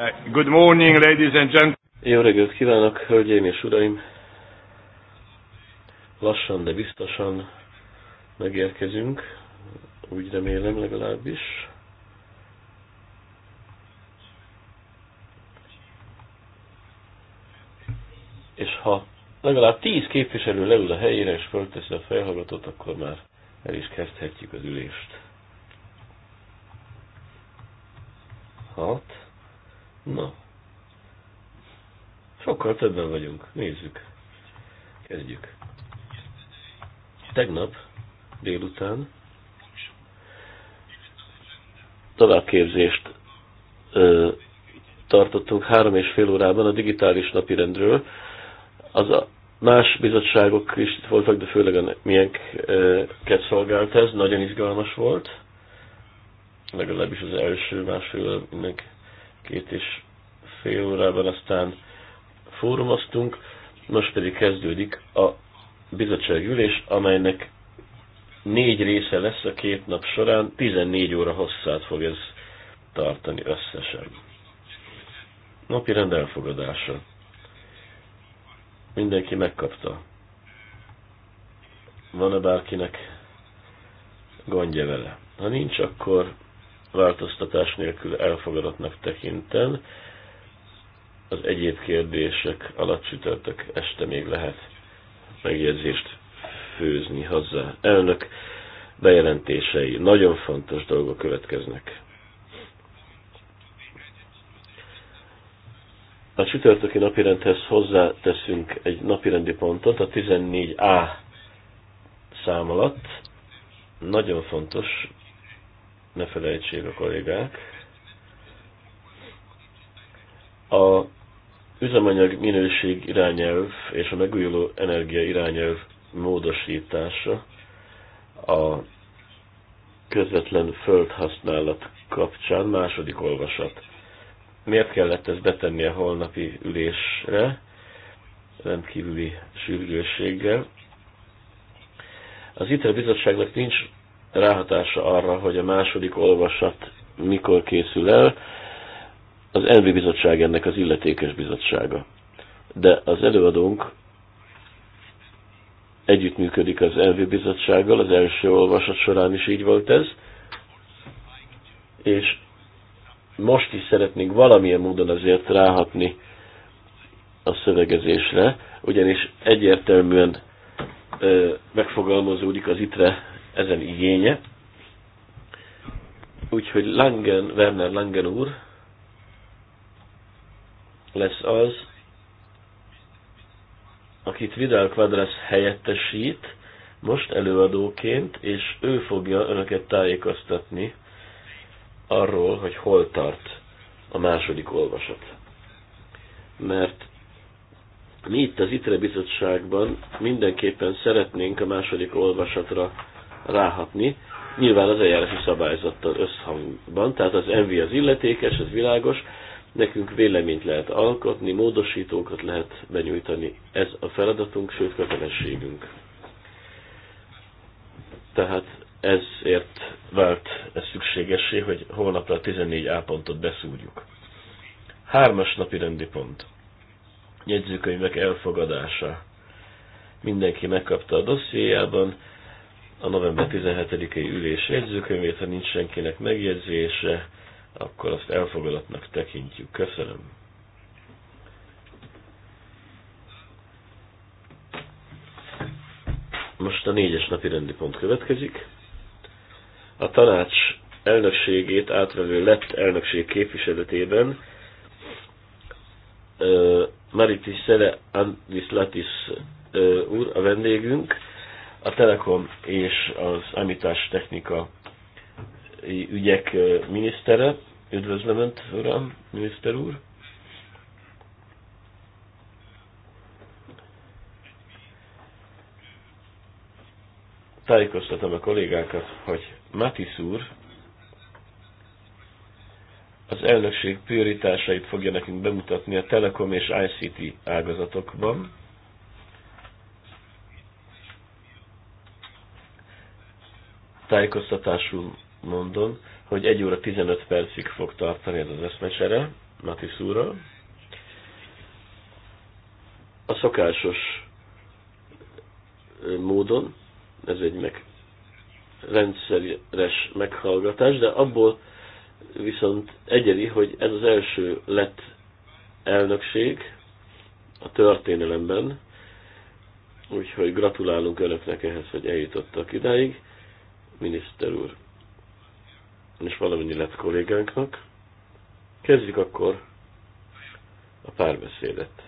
Uh, good morning, ladies and gentlemen. Jó reggelt kívánok, hölgyeim és uraim! Lassan, de biztosan megérkezünk, úgy remélem legalábbis. És ha legalább tíz képviselő leül a helyére és fölteszi a felhallgatót, akkor már el is kezdhetjük az ülést. Hat. Na. Sokkal többen vagyunk. Nézzük. Kezdjük. Tegnap délután továbbképzést ö, tartottunk három és fél órában a digitális napirendről. Az a más bizottságok is itt voltak, de főleg a miénket szolgált ez. Nagyon izgalmas volt. Legalábbis az első másfél mindenki két és fél órában aztán fórumoztunk, most pedig kezdődik a bizottságülés, amelynek négy része lesz a két nap során, 14 óra hosszát fog ez tartani összesen. Napi rend elfogadása. Mindenki megkapta. Van-e bárkinek gondja vele? Ha nincs, akkor változtatás nélkül elfogadottnak tekinten az egyéb kérdések alatt csütörtök este még lehet megjegyzést főzni hozzá. Elnök bejelentései, nagyon fontos dolgok következnek. A csütörtöki napirendhez hozzá teszünk egy napirendi pontot, a 14A szám alatt. Nagyon fontos, ne felejtsék a kollégák. A üzemanyag minőség irányelv és a megújuló energia irányelv módosítása a közvetlen földhasználat kapcsán második olvasat. Miért kellett ezt betenni a holnapi ülésre rendkívüli sürgősséggel? Az ITER bizottságnak nincs ráhatása arra, hogy a második olvasat mikor készül el, az ENVI bizottság ennek az illetékes bizottsága. De az előadónk együttműködik az ENVI bizottsággal, az első olvasat során is így volt ez, és most is szeretnénk valamilyen módon azért ráhatni a szövegezésre, ugyanis egyértelműen ö, megfogalmazódik az itre ezen igénye. Úgyhogy Langen, Werner Langen úr lesz az, akit Vidal Quadras helyettesít, most előadóként, és ő fogja önöket tájékoztatni arról, hogy hol tart a második olvasat. Mert mi itt az ITRE bizottságban mindenképpen szeretnénk a második olvasatra ráhatni, nyilván az eljárási szabályzattal összhangban, tehát az envi az illetékes, ez világos, Nekünk véleményt lehet alkotni, módosítókat lehet benyújtani. Ez a feladatunk, sőt kötelességünk. Tehát ezért vált ez szükségessé, hogy holnapra a 14A pontot beszúrjuk. Hármas napi rendi pont. Jegyzőkönyvek elfogadása. Mindenki megkapta a dossziéjában a november 17-i ülés jegyzőkönyvét, ha nincs senkinek megjegyzése, akkor azt elfogadatnak tekintjük. Köszönöm. Most a négyes napi rendi pont következik. A tanács elnökségét átvevő lett elnökség képviseletében Maritis Szele Andrislatis úr a vendégünk, a Telekom és az Amitás Technika ügyek minisztere. Üdvözlöm Önt, Uram, miniszter úr! Tájékoztatom a kollégákat, hogy Matisz úr az elnökség prioritásait fogja nekünk bemutatni a Telekom és ICT ágazatokban. Tájékoztatásul mondom, hogy 1 óra 15 percig fog tartani ez az eszmecsere Matis úrra. A szokásos módon, ez egy meg rendszeres meghallgatás, de abból viszont egyedi, hogy ez az első lett elnökség a történelemben, úgyhogy gratulálunk Önöknek ehhez, hogy eljutottak idáig, miniszter úr és valamennyi lett kollégánknak. Kezdjük akkor a párbeszédet.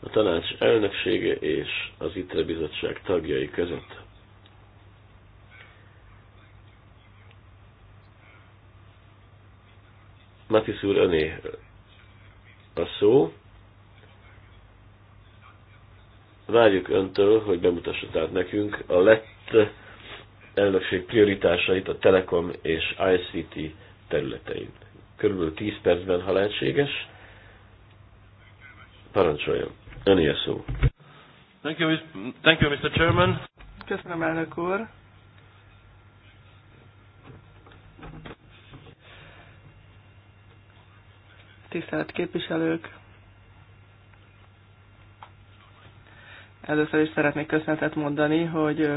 A tanács elnöksége és az ITRE bizottság tagjai között. Matis úr, öné a szó. Várjuk öntől, hogy bemutassa tehát nekünk a lett elnökség prioritásait a Telekom és ICT területein. Körülbelül 10 percben, ha lehetséges. Parancsoljon. Öné a szó. Thank you, thank you, Mr. Chairman. Köszönöm, elnök úr. Tisztelt képviselők! Először is szeretnék köszönetet mondani, hogy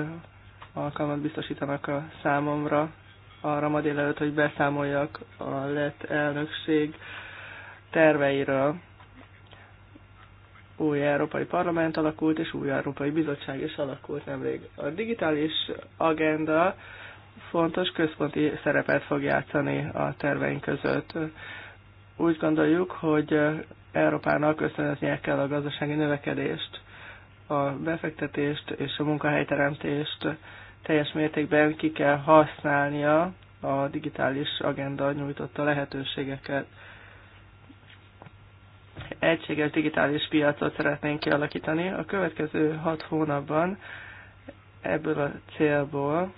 alkalmat biztosítanak a számomra arra ma délelőtt, hogy beszámoljak a lett elnökség terveiről. Új Európai Parlament alakult, és új Európai Bizottság is alakult nemrég. A digitális agenda fontos központi szerepet fog játszani a terveink között. Úgy gondoljuk, hogy Európának ösztönöznie kell a gazdasági növekedést, a befektetést és a munkahelyteremtést, teljes mértékben ki kell használnia a digitális agenda nyújtotta lehetőségeket. Egységes digitális piacot szeretnénk kialakítani. A következő hat hónapban ebből a célból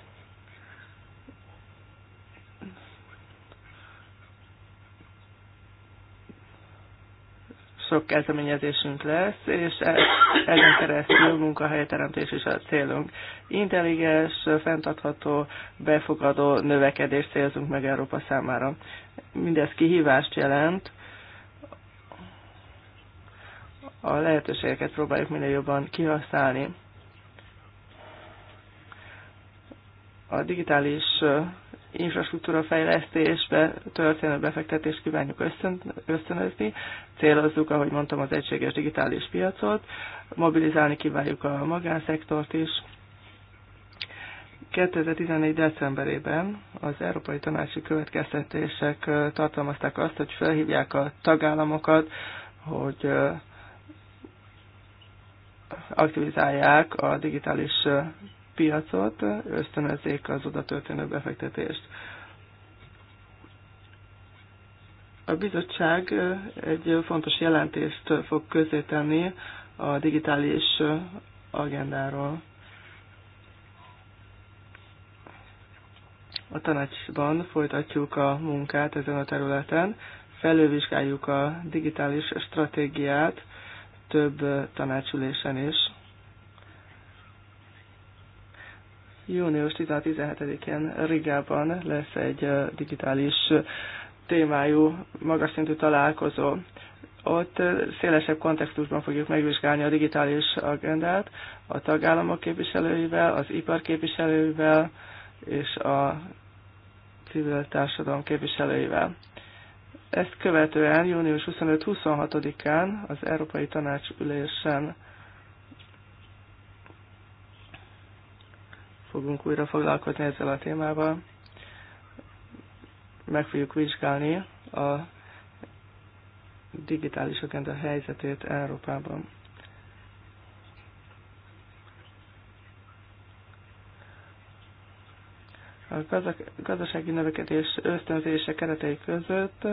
sok kezdeményezésünk lesz, és e- ezen keresztül munkahelyteremtés is a célunk. Intelligens, fenntartható, befogadó növekedést célzunk meg Európa számára. Mindez kihívást jelent, a lehetőségeket próbáljuk minél jobban kihasználni. A digitális infrastruktúra fejlesztésbe történő befektetést kívánjuk ösztön, ösztönözni. Célozzuk, ahogy mondtam, az egységes digitális piacot, mobilizálni kívánjuk a magánszektort is. 2014. decemberében az Európai Tanácsi Következtetések tartalmazták azt, hogy felhívják a tagállamokat, hogy aktivizálják a digitális piacot, ösztönözzék az oda történő befektetést. A bizottság egy fontos jelentést fog közzétenni a digitális agendáról. A tanácsban folytatjuk a munkát ezen a területen, felülvizsgáljuk a digitális stratégiát több tanácsülésen is. Június 17-én Rigában lesz egy digitális témájú, magas szintű találkozó. Ott szélesebb kontextusban fogjuk megvizsgálni a digitális agendát a tagállamok képviselőivel, az ipar képviselőivel és a civil társadalom képviselőivel. Ezt követően június 25-26-án az Európai Tanács ülésen fogunk újra foglalkozni ezzel a témával. Meg fogjuk vizsgálni a digitális agenda helyzetét Európában. a gazdasági növekedés ösztönzése keretei között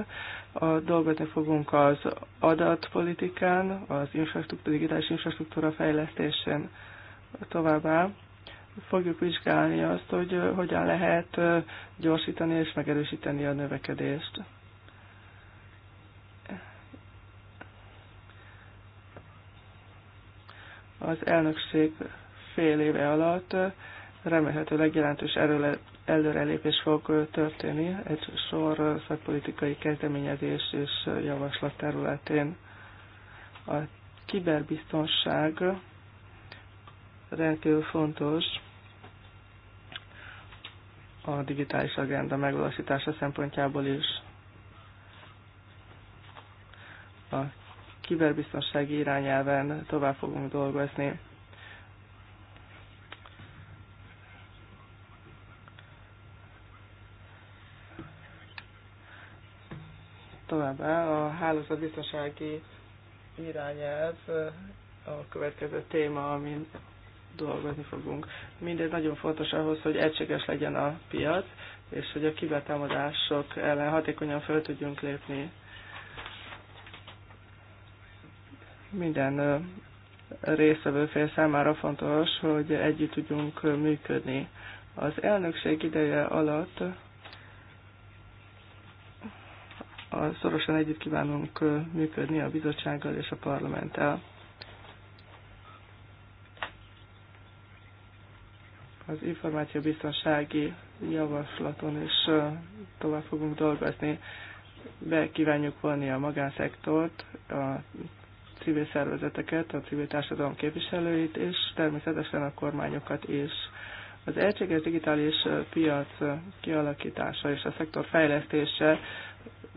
a, dolgozni fogunk az adatpolitikán, az infrastruktúra, digitális infrastruktúra fejlesztésén továbbá fogjuk vizsgálni azt, hogy hogyan lehet gyorsítani és megerősíteni a növekedést. Az elnökség fél éve alatt remélhetőleg jelentős előrelépés fog történni egy sor szakpolitikai kezdeményezés és javaslat területén. A kiberbiztonság rendkívül fontos, a digitális agenda megvalósítása szempontjából is. A kiberbiztonsági irányelven tovább fogunk dolgozni. Továbbá a hálózatbiztonsági irányelv a következő téma, amin dolgozni fogunk. Mindez nagyon fontos ahhoz, hogy egységes legyen a piac, és hogy a kibetámadások ellen hatékonyan föl tudjunk lépni. Minden részvevő fél számára fontos, hogy együtt tudjunk működni. Az elnökség ideje alatt szorosan együtt kívánunk működni a bizottsággal és a parlamenttel. az információbiztonsági javaslaton is tovább fogunk dolgozni. Be kívánjuk vonni a magánszektort, a civil szervezeteket, a civil társadalom képviselőit, és természetesen a kormányokat is. Az egységes digitális piac kialakítása és a szektor fejlesztése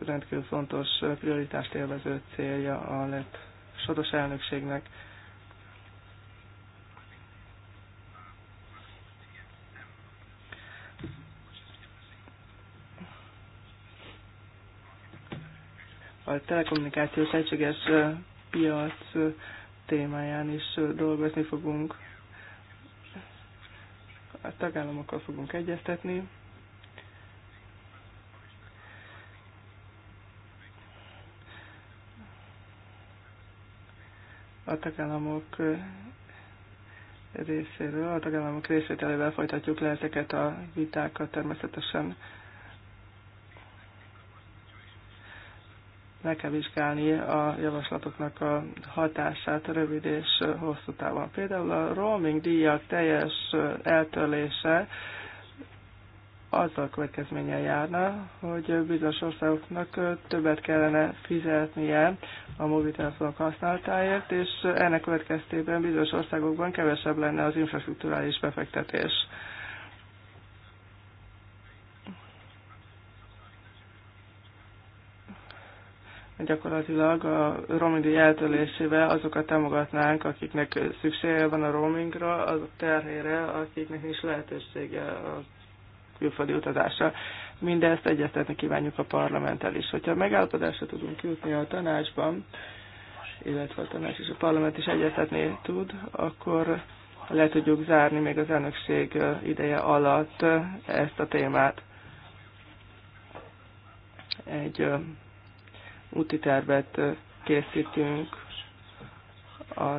rendkívül fontos prioritást élvező célja a lett soros elnökségnek. a telekommunikációs egységes piac témáján is dolgozni fogunk. A tagállamokkal fogunk egyeztetni. A tagállamok részéről, a tagállamok részvételével folytatjuk le ezeket a vitákat természetesen meg kell vizsgálni a javaslatoknak a hatását rövid és hosszú távon. Például a roaming díjak teljes eltörlése azzal következménnyel járna, hogy bizonyos országoknak többet kellene fizetnie a mobiltelefonok használatáért, és ennek következtében bizonyos országokban kevesebb lenne az infrastruktúrális befektetés. gyakorlatilag a roaming eltörlésével azokat támogatnánk, akiknek szüksége van a roamingra, azok terhére, akiknek is lehetősége a külföldi utazásra. Mindezt egyeztetni kívánjuk a parlamenttel is. Hogyha megállapodásra tudunk jutni a tanácsban, illetve a tanács és a parlament is egyeztetni tud, akkor le tudjuk zárni még az elnökség ideje alatt ezt a témát. Egy úti tervet készítünk a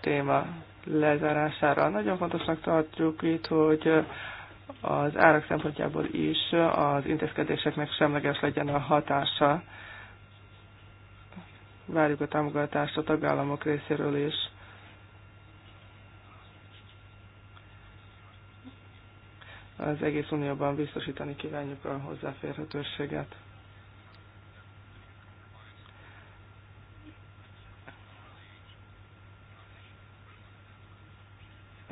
téma lezárására. Nagyon fontosnak tartjuk itt, hogy az árak szempontjából is az intézkedéseknek semleges legyen a hatása. Várjuk a támogatást a tagállamok részéről is. Az egész unióban biztosítani kívánjuk a hozzáférhetőséget.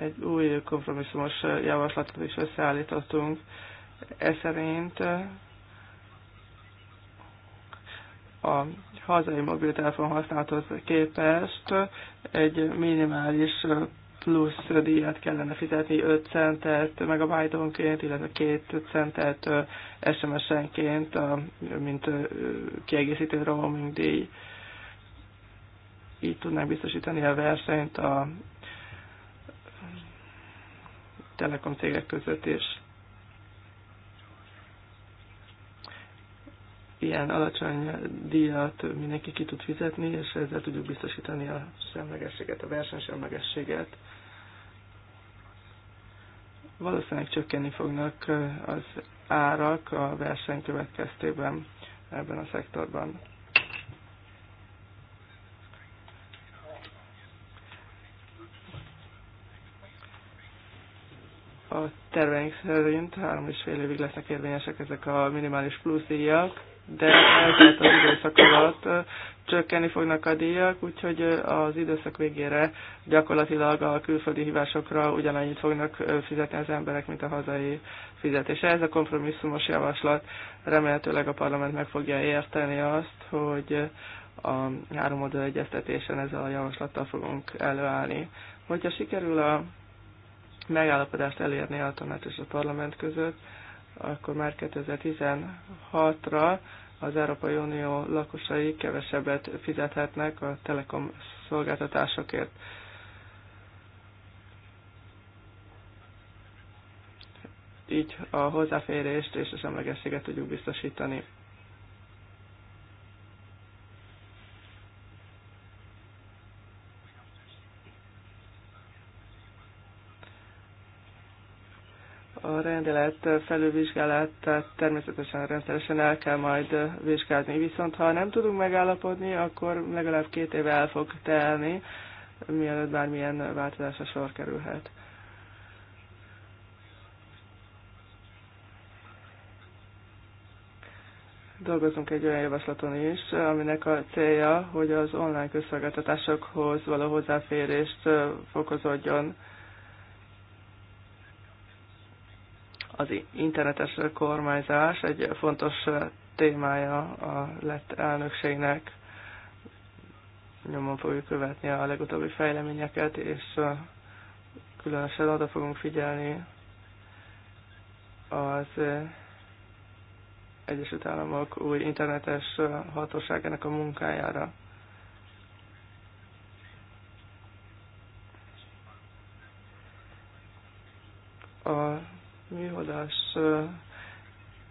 egy új kompromisszumos javaslatot is összeállítottunk. Ez szerint a hazai mobiltelefon használathoz képest egy minimális plusz díjat kellene fizetni 5 centet megabájtonként, illetve 2 centet SMS-enként, mint kiegészítő roaming díj. Így tudnánk biztosítani a versenyt a telekom cégek között is. Ilyen alacsony díjat mindenki ki tud fizetni, és ezzel tudjuk biztosítani a semlegességet, a versenysemlegességet. Valószínűleg csökkenni fognak az árak a verseny következtében ebben a szektorban. a terveink szerint három és fél évig lesznek érvényesek ezek a minimális plusz díjak, de eltelt az időszak alatt csökkenni fognak a díjak, úgyhogy az időszak végére gyakorlatilag a külföldi hívásokra ugyanannyit fognak fizetni az emberek, mint a hazai fizetése. Ez a kompromisszumos javaslat remélhetőleg a parlament meg fogja érteni azt, hogy a három oldal egyeztetésen ezzel a javaslattal fogunk előállni. Hogyha sikerül a megállapodást elérni a tanács és a parlament között, akkor már 2016-ra az Európai Unió lakosai kevesebbet fizethetnek a telekom szolgáltatásokért. Így a hozzáférést és a semlegességet tudjuk biztosítani. rendelet felülvizsgálat természetesen rendszeresen el kell majd vizsgálni, viszont ha nem tudunk megállapodni, akkor legalább két éve el fog telni, mielőtt bármilyen változásra sor kerülhet. dolgozunk egy olyan javaslaton is, aminek a célja, hogy az online közszolgáltatásokhoz való hozzáférést fokozódjon. az internetes kormányzás egy fontos témája a lett elnökségnek. Nyomon fogjuk követni a legutóbbi fejleményeket, és különösen oda fogunk figyelni az Egyesült Államok új internetes hatóságának a munkájára.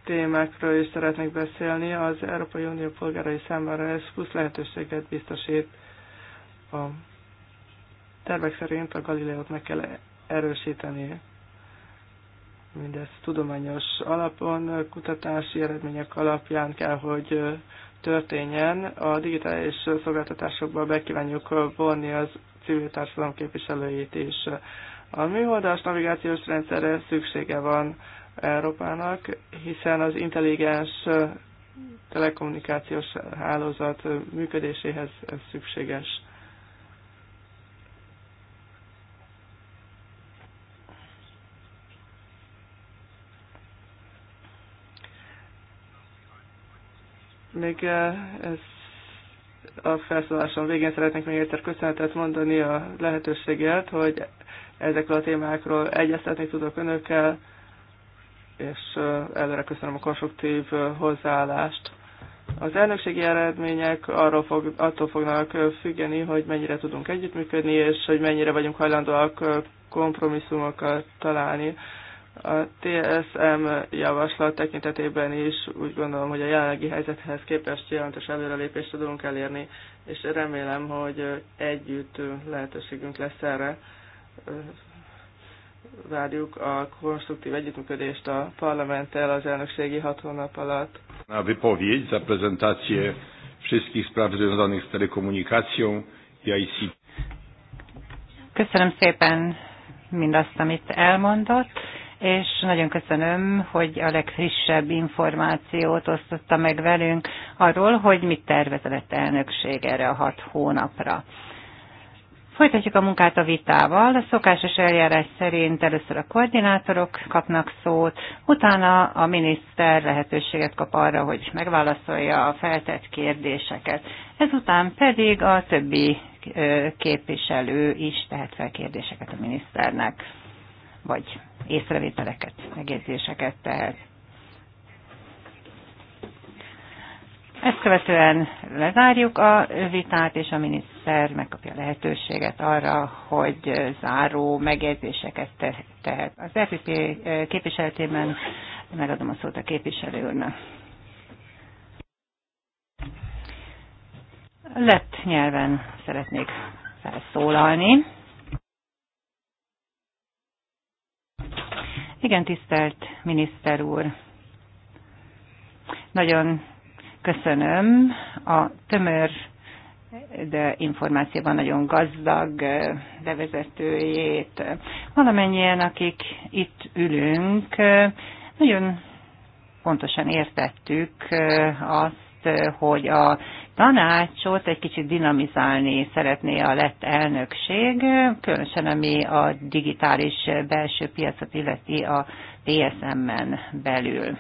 témákról is szeretnék beszélni. Az Európai Unió polgárai számára ez plusz lehetőséget biztosít. A tervek szerint a Galileót meg kell erősíteni. mindez tudományos alapon, kutatási eredmények alapján kell, hogy történjen. A digitális szolgáltatásokba bekívánjuk vonni az civil társadalom képviselőjét is. A műholdas navigációs rendszerre szüksége van Európának, hiszen az intelligens telekommunikációs hálózat működéséhez ez szükséges. Még ez a felszólásom végén szeretnék még egyszer köszönetet mondani a lehetőséget, hogy ezekről a témákról egyeztetni tudok önökkel, és előre köszönöm a konstruktív hozzáállást. Az elnökségi eredmények arról fog, attól fognak függeni, hogy mennyire tudunk együttműködni, és hogy mennyire vagyunk hajlandóak kompromisszumokat találni. A TSM javaslat tekintetében is úgy gondolom, hogy a jelenlegi helyzethez képest jelentős előrelépést tudunk elérni, és remélem, hogy együtt lehetőségünk lesz erre várjuk a konstruktív együttműködést a parlamenttel az elnökségi hat hónap alatt. A wypowiedź za prezentację wszystkich spraw związanych z telekomunikacją i ICT. Köszönöm szépen mindazt, amit elmondott, és nagyon köszönöm, hogy a legfrissebb információt osztotta meg velünk arról, hogy mit tervez a elnökség erre a hat hónapra. Folytatjuk a munkát a vitával. A szokásos eljárás szerint először a koordinátorok kapnak szót, utána a miniszter lehetőséget kap arra, hogy megválaszolja a feltett kérdéseket. Ezután pedig a többi képviselő is tehet fel kérdéseket a miniszternek, vagy észrevételeket, megjegyzéseket tehet. Ezt követően lezárjuk a vitát, és a miniszter megkapja a lehetőséget arra, hogy záró megjegyzéseket tehet. Az FIP képviseletében megadom a szót a képviselő úrnak. Lett nyelven szeretnék felszólalni. Igen, tisztelt miniszter úr! Nagyon Köszönöm a tömör, de információban nagyon gazdag eh, bevezetőjét. Valamennyien, akik itt ülünk, eh, nagyon pontosan értettük eh, azt, hogy a tanácsot egy kicsit dinamizálni szeretné a lett elnökség, különösen ami a digitális belső piacot illeti a tsm en belül.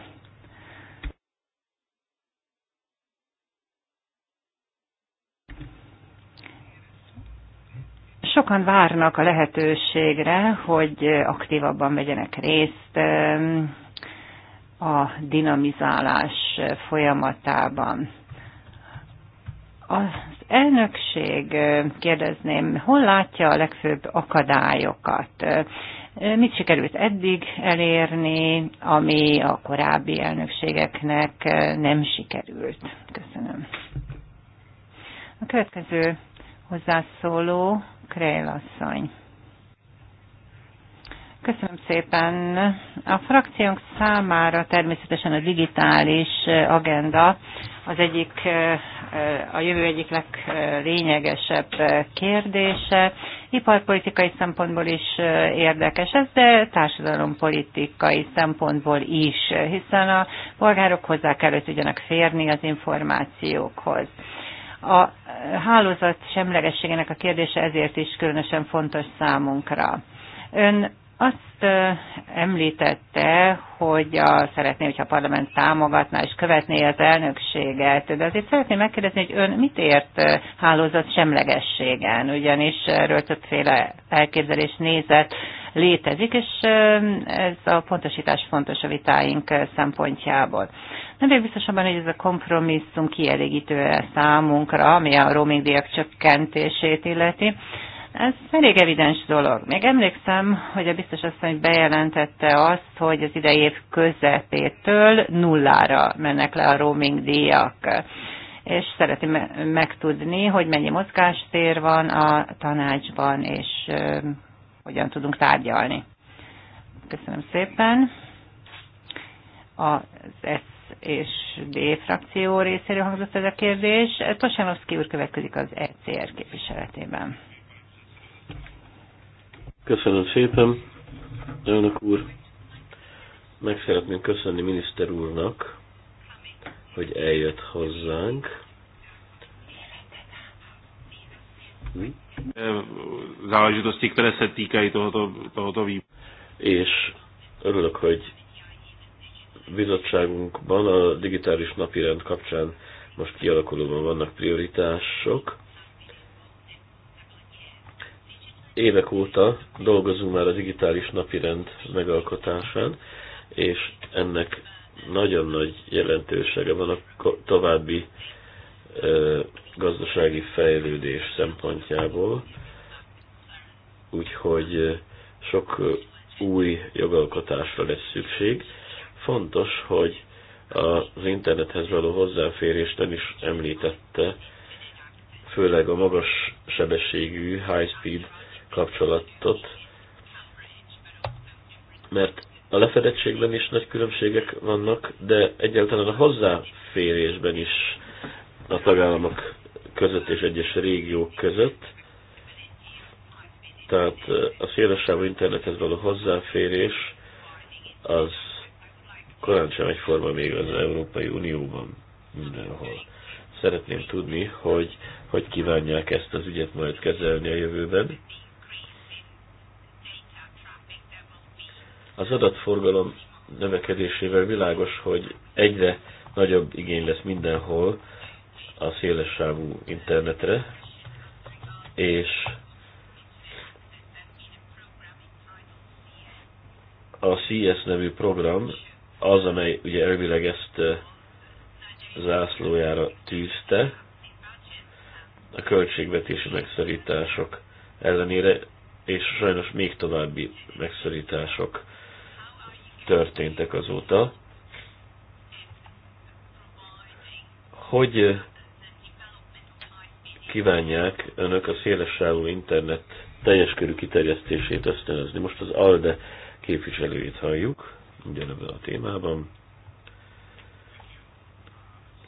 Sokan várnak a lehetőségre, hogy aktívabban vegyenek részt a dinamizálás folyamatában. Az elnökség, kérdezném, hol látja a legfőbb akadályokat? Mit sikerült eddig elérni, ami a korábbi elnökségeknek nem sikerült? Köszönöm. A következő hozzászóló Krél asszony. Köszönöm szépen. A frakciónk számára természetesen a digitális agenda az egyik, a jövő egyik leglényegesebb kérdése. Iparpolitikai szempontból is érdekes ez, de társadalompolitikai szempontból is, hiszen a polgárok hozzá kell, hogy tudjanak férni az információkhoz. A hálózat semlegességének a kérdése ezért is különösen fontos számunkra. Ön azt említette, hogy a, szeretné, hogyha a parlament támogatná és követné az elnökséget, de azért szeretném megkérdezni, hogy ön mit ért hálózat semlegességen, ugyanis erről többféle elképzelés nézett, létezik, és ez a pontosítás fontos a vitáink szempontjából. Nem vagyok biztos abban, hogy ez a kompromisszum kielégítő számunkra, ami a roaming díjak csökkentését illeti. Ez elég evidens dolog. Még emlékszem, hogy a biztos asszony bejelentette azt, hogy az idei év közepétől nullára mennek le a roaming díjak. És szeretném megtudni, hogy mennyi mozgástér van a tanácsban, és hogyan tudunk tárgyalni. Köszönöm szépen. Az S és D frakció részéről hangzott ez a kérdés. Tosánovszki úr következik az ECR képviseletében. Köszönöm szépen, elnök úr. Meg szeretném köszönni miniszter úrnak, hogy eljött hozzánk. Mi? Eh, záležitosti, které se týkají tohoto, tohoto výboru. És örülök, hogy bizottságunkban a digitális napirend kapcsán most kialakulóban vannak prioritások. Évek óta dolgozunk már a digitális napirend megalkotásán, és ennek nagyon nagy jelentősége van a további gazdasági fejlődés szempontjából, úgyhogy sok új jogalkotásra lesz szükség. Fontos, hogy az internethez való hozzáférést nem is említette, főleg a magas sebességű high-speed kapcsolatot, mert a lefedettségben is nagy különbségek vannak, de egyáltalán a hozzáférésben is a tagállamok között és egyes régiók között. Tehát a szélesávú internethez való hozzáférés az korán sem egyforma még az Európai Unióban mindenhol. Szeretném tudni, hogy hogy kívánják ezt az ügyet majd kezelni a jövőben. Az adatforgalom növekedésével világos, hogy egyre nagyobb igény lesz mindenhol a sávú internetre, és a CS nevű program az, amely ugye elvileg ezt eh, zászlójára tűzte, a költségvetési megszorítások ellenére, és sajnos még további megszorítások történtek azóta. Hogy eh, kívánják önök a szélessávú internet teljes körű kiterjesztését ösztönözni. Most az ALDE képviselőjét halljuk, ugyanebben a témában.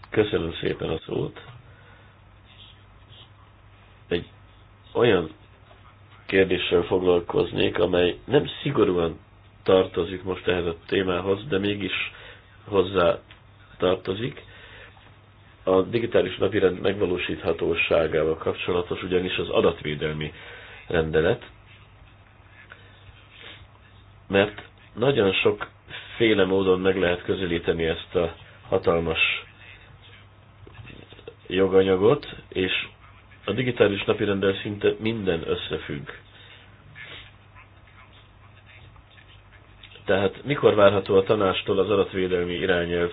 Köszönöm szépen a szót. Egy olyan kérdéssel foglalkoznék, amely nem szigorúan tartozik most ehhez a témához, de mégis hozzá tartozik a digitális napirend megvalósíthatóságával kapcsolatos, ugyanis az adatvédelmi rendelet, mert nagyon sok féle módon meg lehet közelíteni ezt a hatalmas joganyagot, és a digitális napirendel szinte minden összefügg. Tehát mikor várható a tanástól az adatvédelmi irányelv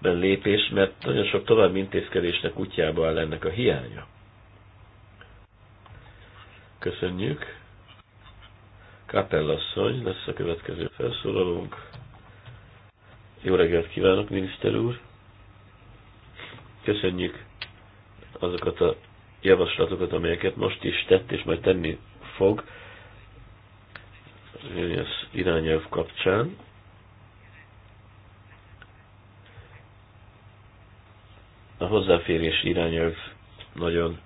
lépés, mert nagyon sok további intézkedésnek útjába áll ennek a hiánya. Köszönjük. Kapellasszony lesz a következő felszólalónk. Jó reggelt kívánok, miniszter úr! Köszönjük azokat a javaslatokat, amelyeket most is tett, és majd tenni fog az irányelv kapcsán. a hozzáférés irányelv nagyon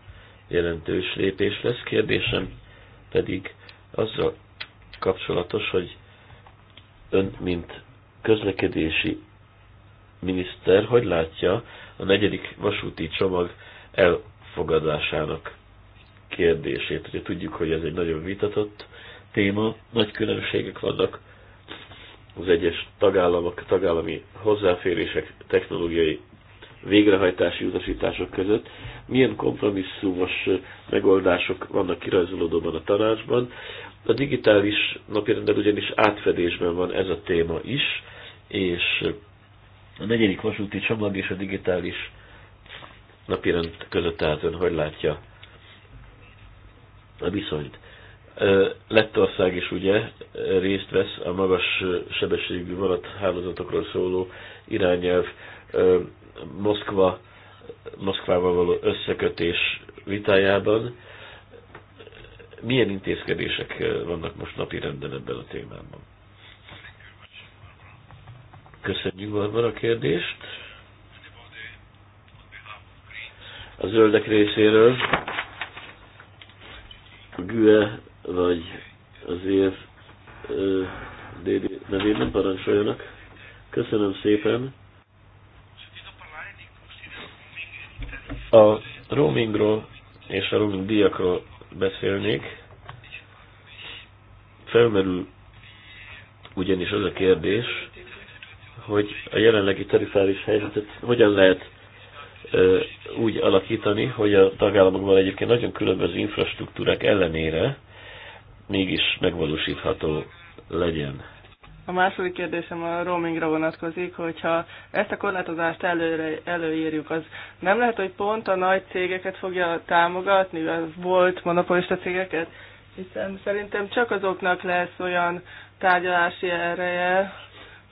jelentős lépés lesz. Kérdésem pedig azzal kapcsolatos, hogy ön, mint közlekedési miniszter, hogy látja a negyedik vasúti csomag elfogadásának kérdését. Ugye tudjuk, hogy ez egy nagyon vitatott téma, nagy különbségek vannak az egyes tagállamok, tagállami hozzáférések, technológiai végrehajtási utasítások között, milyen kompromisszumos megoldások vannak kirajzolódóban a tanácsban. A digitális napirenden ugyanis átfedésben van ez a téma is, és a negyedik vasúti csomag és a digitális napirend között tehát ön hogy látja a viszonyt. Lettország is ugye részt vesz a magas sebességű vonathálózatokról szóló irányelv Moszkva, Moszkvával való összekötés vitájában. Milyen intézkedések vannak most napi renden ebben a témában? Köszönjük Barbara a kérdést. A zöldek részéről a GÜE vagy az év e nevében parancsoljanak. Köszönöm szépen. A roamingról és a roaming díjakról beszélnék. Felmerül ugyanis az a kérdés, hogy a jelenlegi tarifális helyzetet hogyan lehet ö, úgy alakítani, hogy a tagállamokban egyébként nagyon különböző infrastruktúrák ellenére mégis megvalósítható legyen. A második kérdésem a roamingra vonatkozik, hogyha ezt a korlátozást előre, előírjuk, az nem lehet, hogy pont a nagy cégeket fogja támogatni, a volt monopolista cégeket, hiszen szerintem csak azoknak lesz olyan tárgyalási ereje,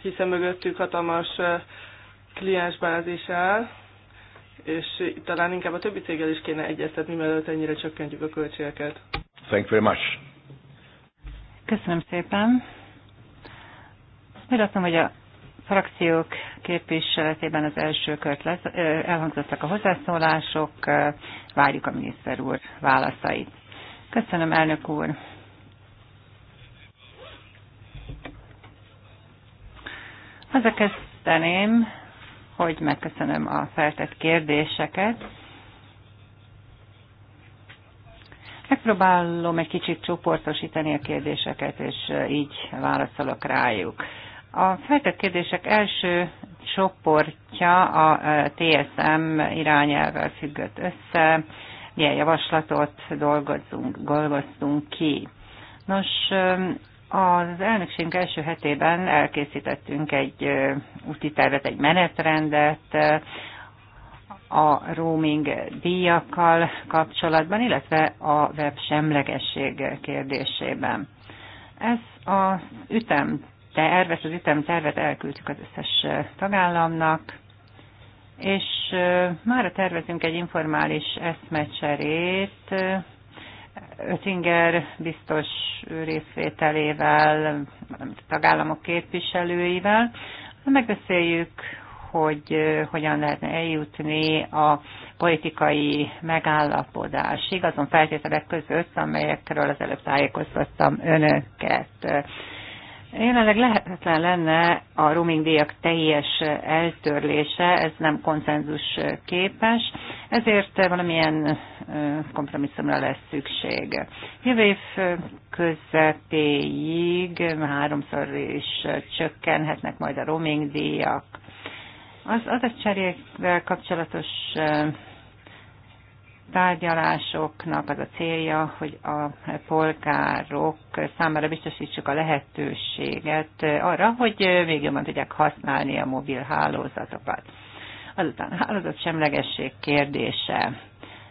hiszen mögöttük hatalmas kliensbázis áll, és talán inkább a többi céggel is kéne egyeztetni, mielőtt ennyire csökkentjük a költségeket. Thank you very much. Köszönöm szépen. Úgy hogy a frakciók képviseletében az első kört lesz, elhangzottak a hozzászólások, várjuk a miniszter úr válaszait. Köszönöm, elnök úr! Az a kezdeném, hogy megköszönöm a feltett kérdéseket. Megpróbálom egy kicsit csoportosítani a kérdéseket, és így válaszolok rájuk. A feltett kérdések első csoportja a e, TSM irányelvvel függött össze, milyen javaslatot dolgozzunk, dolgoztunk ki. Nos, e, az elnökségünk első hetében elkészítettünk egy e, úti tervet, egy menetrendet a roaming díjakkal kapcsolatban, illetve a web semlegesség kérdésében. Ez az ütem tervet, az ütemtervet elküldtük az összes tagállamnak, és már tervezünk egy informális eszmecserét, Ötinger biztos részvételével, tagállamok képviselőivel. Megbeszéljük, hogy hogyan lehetne eljutni a politikai megállapodásig, azon feltételek között, amelyekről az előbb tájékoztattam önöket. Jelenleg lehetetlen lenne a roaming díjak teljes eltörlése, ez nem konszenzus képes, ezért valamilyen kompromisszumra lesz szükség. Jövő év közepéig háromszor is csökkenhetnek majd a roaming díjak. Az adatcserével kapcsolatos tárgyalásoknak az a célja, hogy a polgárok számára biztosítsuk a lehetőséget arra, hogy még jobban tudják használni a mobil hálózatokat. Azután semlegesség kérdése.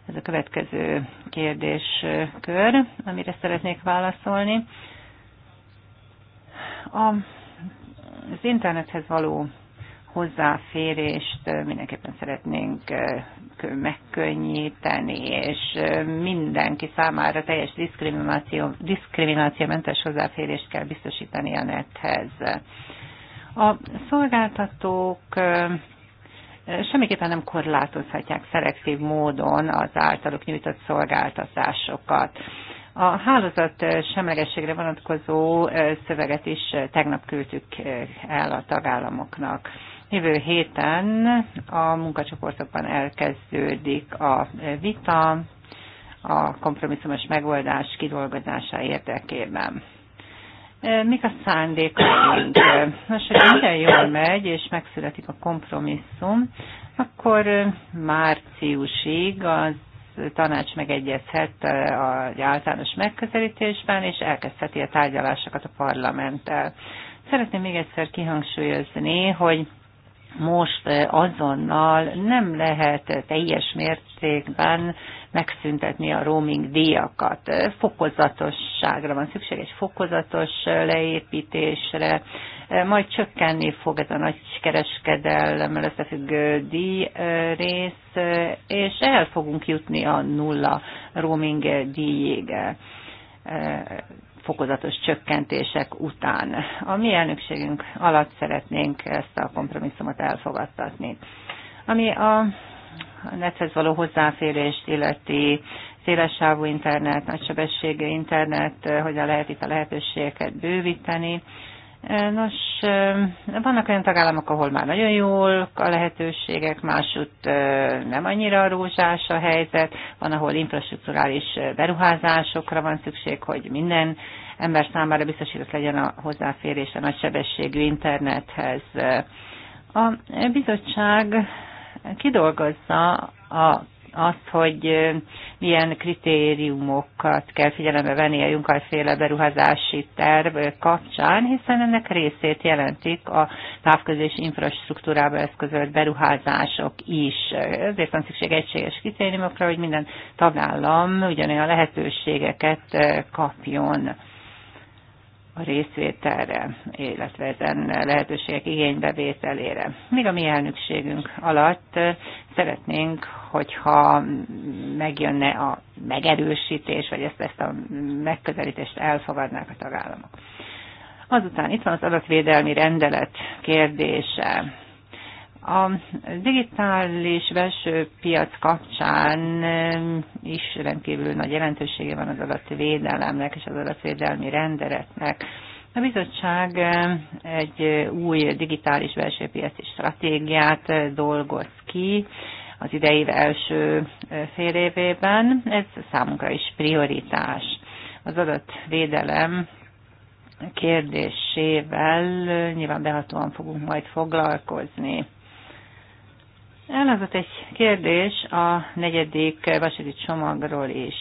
Ez a következő kérdéskör, amire szeretnék válaszolni. A, az internethez való hozzáférést mindenképpen szeretnénk megkönnyíteni, és mindenki számára teljes diszkrimináció, diszkriminációmentes hozzáférést kell biztosítani a nethez. A szolgáltatók semmiképpen nem korlátozhatják szelektív módon az általuk nyújtott szolgáltatásokat. A hálózat semlegességre vonatkozó szöveget is tegnap küldtük el a tagállamoknak. Jövő héten a munkacsoportokban elkezdődik a vita a kompromisszumos megoldás kidolgozása érdekében. Mik a szándékaink? Most, hogy minden jól megy, és megszületik a kompromisszum, akkor márciusig az tanács megegyezhet az általános megközelítésben, és elkezdheti a tárgyalásokat a parlamenttel. Szeretném még egyszer kihangsúlyozni, hogy most eh, azonnal nem lehet eh, teljes mértékben megszüntetni a roaming díjakat. Eh, fokozatosságra van szükség, egy fokozatos leépítésre, majd csökkenni fog ez a nagy kereskedelemmel összefüggő díj rész, és el fogunk jutni a nulla roaming díjig fokozatos csökkentések után. A mi elnökségünk alatt szeretnénk ezt a kompromisszumot elfogadtatni. Ami a nethez való hozzáférést illeti, szélessávú internet, nagysebességű internet, hogyan lehet itt a lehetőségeket bővíteni, Nos, vannak olyan tagállamok, ahol már nagyon jól a lehetőségek, másutt nem annyira rózsás a helyzet, van, ahol infrastruktúrális beruházásokra van szükség, hogy minden ember számára biztosított legyen a hozzáférés a nagysebességű internethez. A bizottság kidolgozza a azt, hogy milyen kritériumokat kell figyelembe venni a Junkajféle beruházási terv kapcsán, hiszen ennek részét jelentik a távközés infrastruktúrába eszközölt beruházások is. Ezért van szükség egységes kritériumokra, hogy minden tagállam ugyanolyan lehetőségeket kapjon a részvételre, illetve ezen lehetőségek igénybevételére. Még a mi elnökségünk alatt eh, szeretnénk, hogyha megjönne a megerősítés, vagy ezt, ezt a megközelítést elfogadnák a tagállamok. Azután itt van az adatvédelmi rendelet kérdése. A digitális belső piac kapcsán is rendkívül nagy jelentősége van az adatvédelemnek és az adatvédelmi rendeletnek. A bizottság egy új digitális belső piaci stratégiát dolgoz ki az idei első fél évében. Ez számunkra is prioritás. Az adatvédelem kérdésével nyilván behatóan fogunk majd foglalkozni. Elhangzott egy kérdés a negyedik vasúti csomagról is.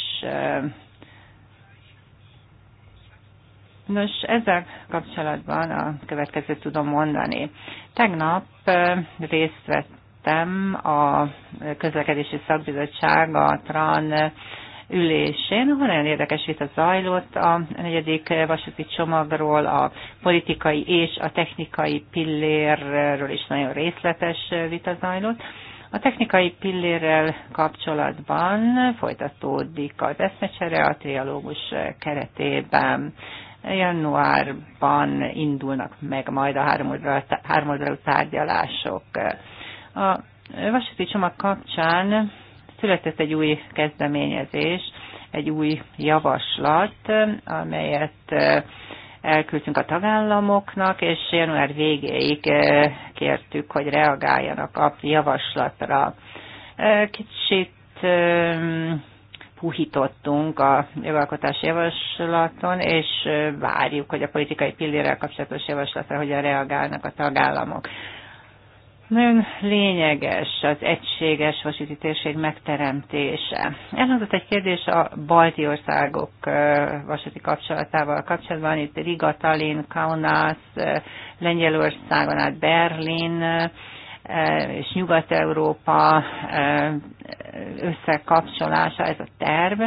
Nos, ezzel kapcsolatban a következőt tudom mondani. Tegnap részt vettem a közlekedési szakbizottság, a TRAN ülésén, ahol nagyon érdekes vita zajlott a negyedik vasúti csomagról, a politikai és a technikai pillérről is nagyon részletes vita zajlott. A technikai pillérrel kapcsolatban folytatódik az eszmecsere a trialógus keretében. Januárban indulnak meg majd a háromoldalú tárgyalások. A vasúti csomag kapcsán született egy új kezdeményezés, egy új javaslat, amelyet elküldtünk a tagállamoknak, és január végéig eh, kértük, hogy reagáljanak a javaslatra. Eh, kicsit eh, puhítottunk a jogalkotási javaslaton, és várjuk, hogy a politikai pillérrel kapcsolatos javaslatra hogyan reagálnak a tagállamok. Nagyon lényeges az egységes vasúti térség megteremtése. Elhangzott egy kérdés a balti országok vasúti kapcsolatával kapcsolatban, itt Riga, Tallinn, Kaunas, Lengyelországon át Berlin, és Nyugat-Európa összekapcsolása, ez a terv.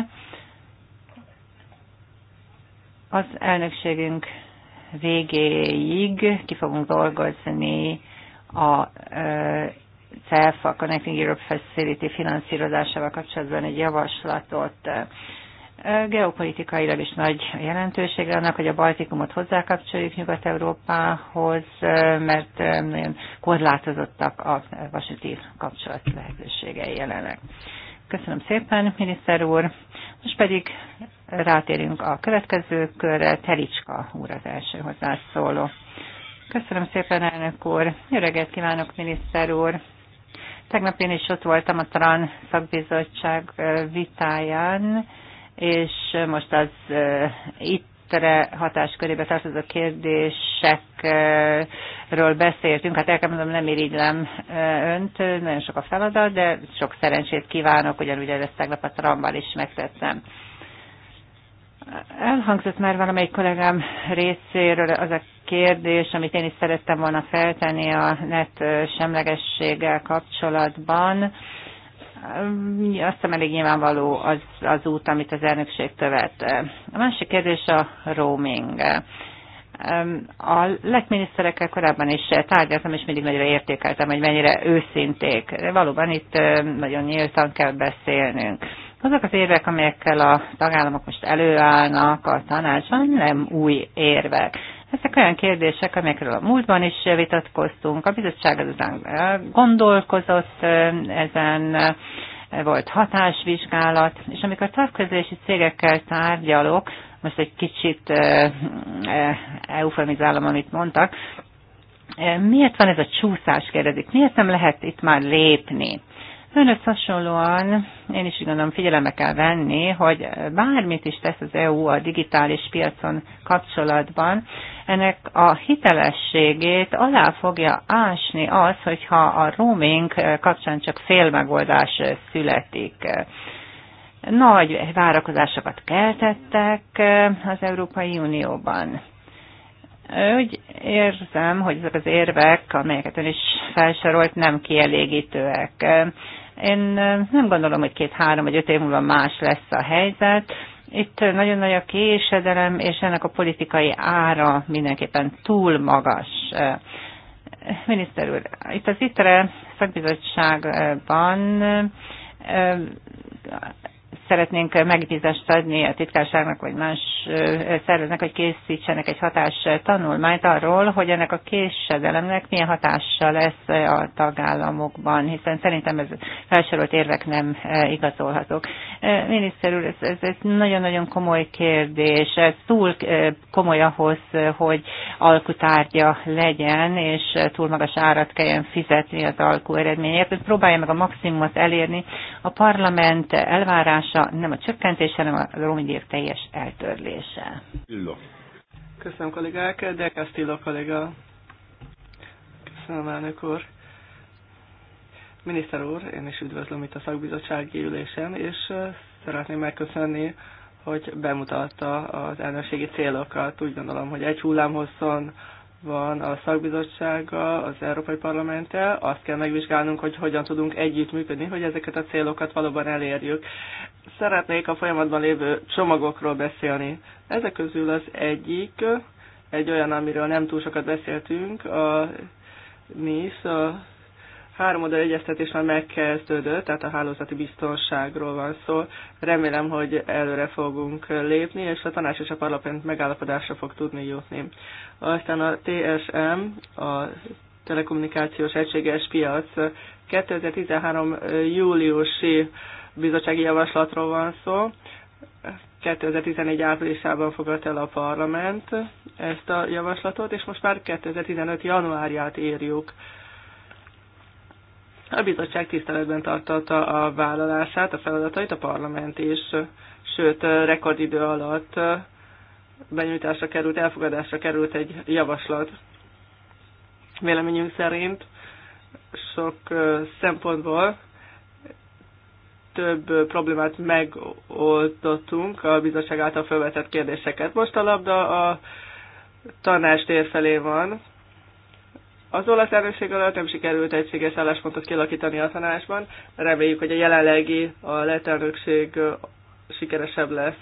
Az elnökségünk végéig ki fogunk dolgozni a CEF, a Connecting Europe Facility finanszírozásával kapcsolatban egy javaslatot. Geopolitikailag is nagy jelentőség annak, hogy a Baltikumot hozzákapcsoljuk Nyugat-Európához, mert nagyon korlátozottak a vasúti kapcsolat lehetőségei jelenleg. Köszönöm szépen, miniszter úr. Most pedig rátérünk a következő körre. Telicska úr az első hozzászóló. Köszönöm szépen, elnök úr. Jó reggelt kívánok, miniszter úr. Tegnap én is ott voltam a TRAN szakbizottság vitáján, és most az itt hatás hatáskörébe tartozó kérdésekről beszéltünk. Hát el kell mondom, nem irigylem önt, nagyon sok a feladat, de sok szerencsét kívánok, ugyanúgy ezt tegnap a tramban is megtettem. Elhangzott már valamelyik kollégám részéről az a kérdés, amit én is szerettem volna feltenni a net semlegességgel kapcsolatban. Azt hiszem elég nyilvánvaló az, az út, amit az elnökség követ. A másik kérdés a roaming. A legminiszterekkel korábban is tárgyaltam, és mindig nagyra értékeltem, hogy mennyire őszinték. De valóban itt nagyon nyíltan kell beszélnünk. Azok az érvek, amelyekkel a tagállamok most előállnak a tanácsban, nem új érvek. Ezek olyan kérdések, amikről a múltban is vitatkoztunk. A bizottság azután gondolkozott ezen, volt hatásvizsgálat, és amikor távközlési cégekkel tárgyalok, most egy kicsit eufemizálom, amit mondtak, miért van ez a csúszás, kérdezik, miért nem lehet itt már lépni? Önök hasonlóan én is gondolom figyelembe kell venni, hogy bármit is tesz az EU a digitális piacon kapcsolatban, ennek a hitelességét alá fogja ásni az, hogyha a roaming kapcsán csak félmegoldás születik. Nagy várakozásokat keltettek az Európai Unióban úgy érzem, hogy ezek az érvek, amelyeket ön is felsorolt, nem kielégítőek. Én nem gondolom, hogy két-három vagy öt év múlva más lesz a helyzet. Itt nagyon nagy a késedelem, és ennek a politikai ára mindenképpen túl magas. Miniszter úr, itt az ITRE szakbizottságban szeretnénk megbízást adni a titkárságnak vagy más szerveznek, hogy készítsenek egy hatás tanulmányt arról, hogy ennek a késedelemnek milyen hatása lesz a tagállamokban, hiszen szerintem ez felsorolt érvek nem igazolhatók. Miniszter úr, ez, ez, nagyon-nagyon komoly kérdés, ez túl komoly ahhoz, hogy alkutárgya legyen, és túl magas árat kelljen fizetni az alkú eredményért. Próbálja meg a maximumot elérni. A parlament elvárása nem a csökkentése, hanem a roamingdíjak teljes eltörlése. Illa. Köszönöm kollégák, de Castillo kollega. Köszönöm elnök úr. Miniszter úr, én is üdvözlöm itt a szakbizottsági ülésen, és szeretném megköszönni, hogy bemutatta az elnökségi célokat. Úgy gondolom, hogy egy hullámhosszon van a szakbizottsággal, az Európai Parlamenttel, azt kell megvizsgálnunk, hogy hogyan tudunk együttműködni, hogy ezeket a célokat valóban elérjük. Szeretnék a folyamatban lévő csomagokról beszélni. Ezek közül az egyik, egy olyan, amiről nem túl sokat beszéltünk, a NISZ, a Három oda egyeztetés már megkezdődött, tehát a hálózati biztonságról van szó. Remélem, hogy előre fogunk lépni, és a tanács és a parlament megállapodásra fog tudni jutni. Aztán a TSM, a telekommunikációs egységes piac 2013. júliusi bizottsági javaslatról van szó. 2014 áprilisában fogadta el a parlament ezt a javaslatot, és most már 2015 januárját írjuk. A bizottság tiszteletben tartotta a vállalását, a feladatait, a parlament és sőt, rekordidő alatt benyújtásra került, elfogadásra került egy javaslat. Véleményünk szerint sok szempontból több problémát megoldottunk a bizottság által felvetett kérdéseket. Most a labda a tanács tér felé van, az olasz erősség alatt nem sikerült egységes álláspontot kialakítani a tanácsban. Reméljük, hogy a jelenlegi, a letelnökség sikeresebb lesz.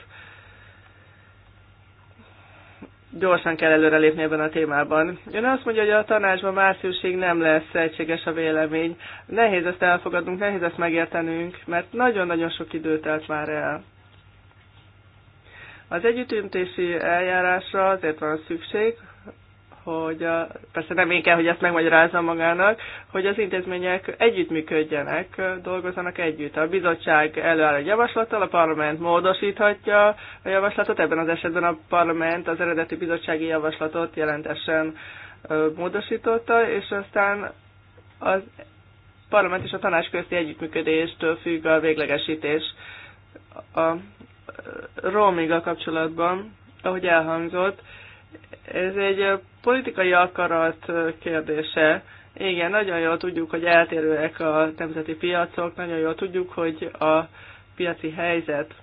Gyorsan kell előrelépni ebben a témában. Ön azt mondja, hogy a tanácsban márciusig nem lesz egységes a vélemény. Nehéz ezt elfogadnunk, nehéz ezt megértenünk, mert nagyon-nagyon sok időt telt már el. Az együttüntési eljárásra azért van szükség, hogy a, persze nem én kell, hogy ezt megmagyarázzam magának, hogy az intézmények együttműködjenek, dolgozzanak együtt. A bizottság előáll egy javaslattal, a parlament módosíthatja a javaslatot, ebben az esetben a parlament az eredeti bizottsági javaslatot jelentesen módosította, és aztán az parlament és a tanács közti együttműködéstől függ a véglegesítés. A roaminggal kapcsolatban, ahogy elhangzott, ez egy politikai akarat kérdése. Igen, nagyon jól tudjuk, hogy eltérőek a nemzeti piacok, nagyon jól tudjuk, hogy a piaci helyzet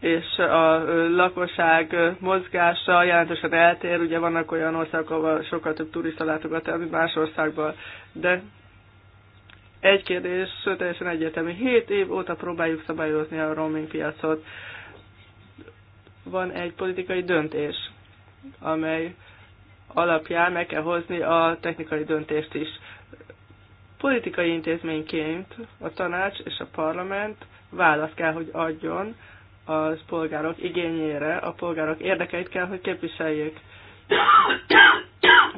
és a lakosság mozgása jelentősen eltér. Ugye vannak olyan országok, ahol sokkal több turista látogat el, mint más országban, de egy kérdés teljesen egyértelmű. Hét év óta próbáljuk szabályozni a roaming piacot. Van egy politikai döntés, amely alapján meg kell hozni a technikai döntést is. Politikai intézményként a tanács és a parlament választ kell, hogy adjon a polgárok igényére, a polgárok érdekeit kell, hogy képviseljék.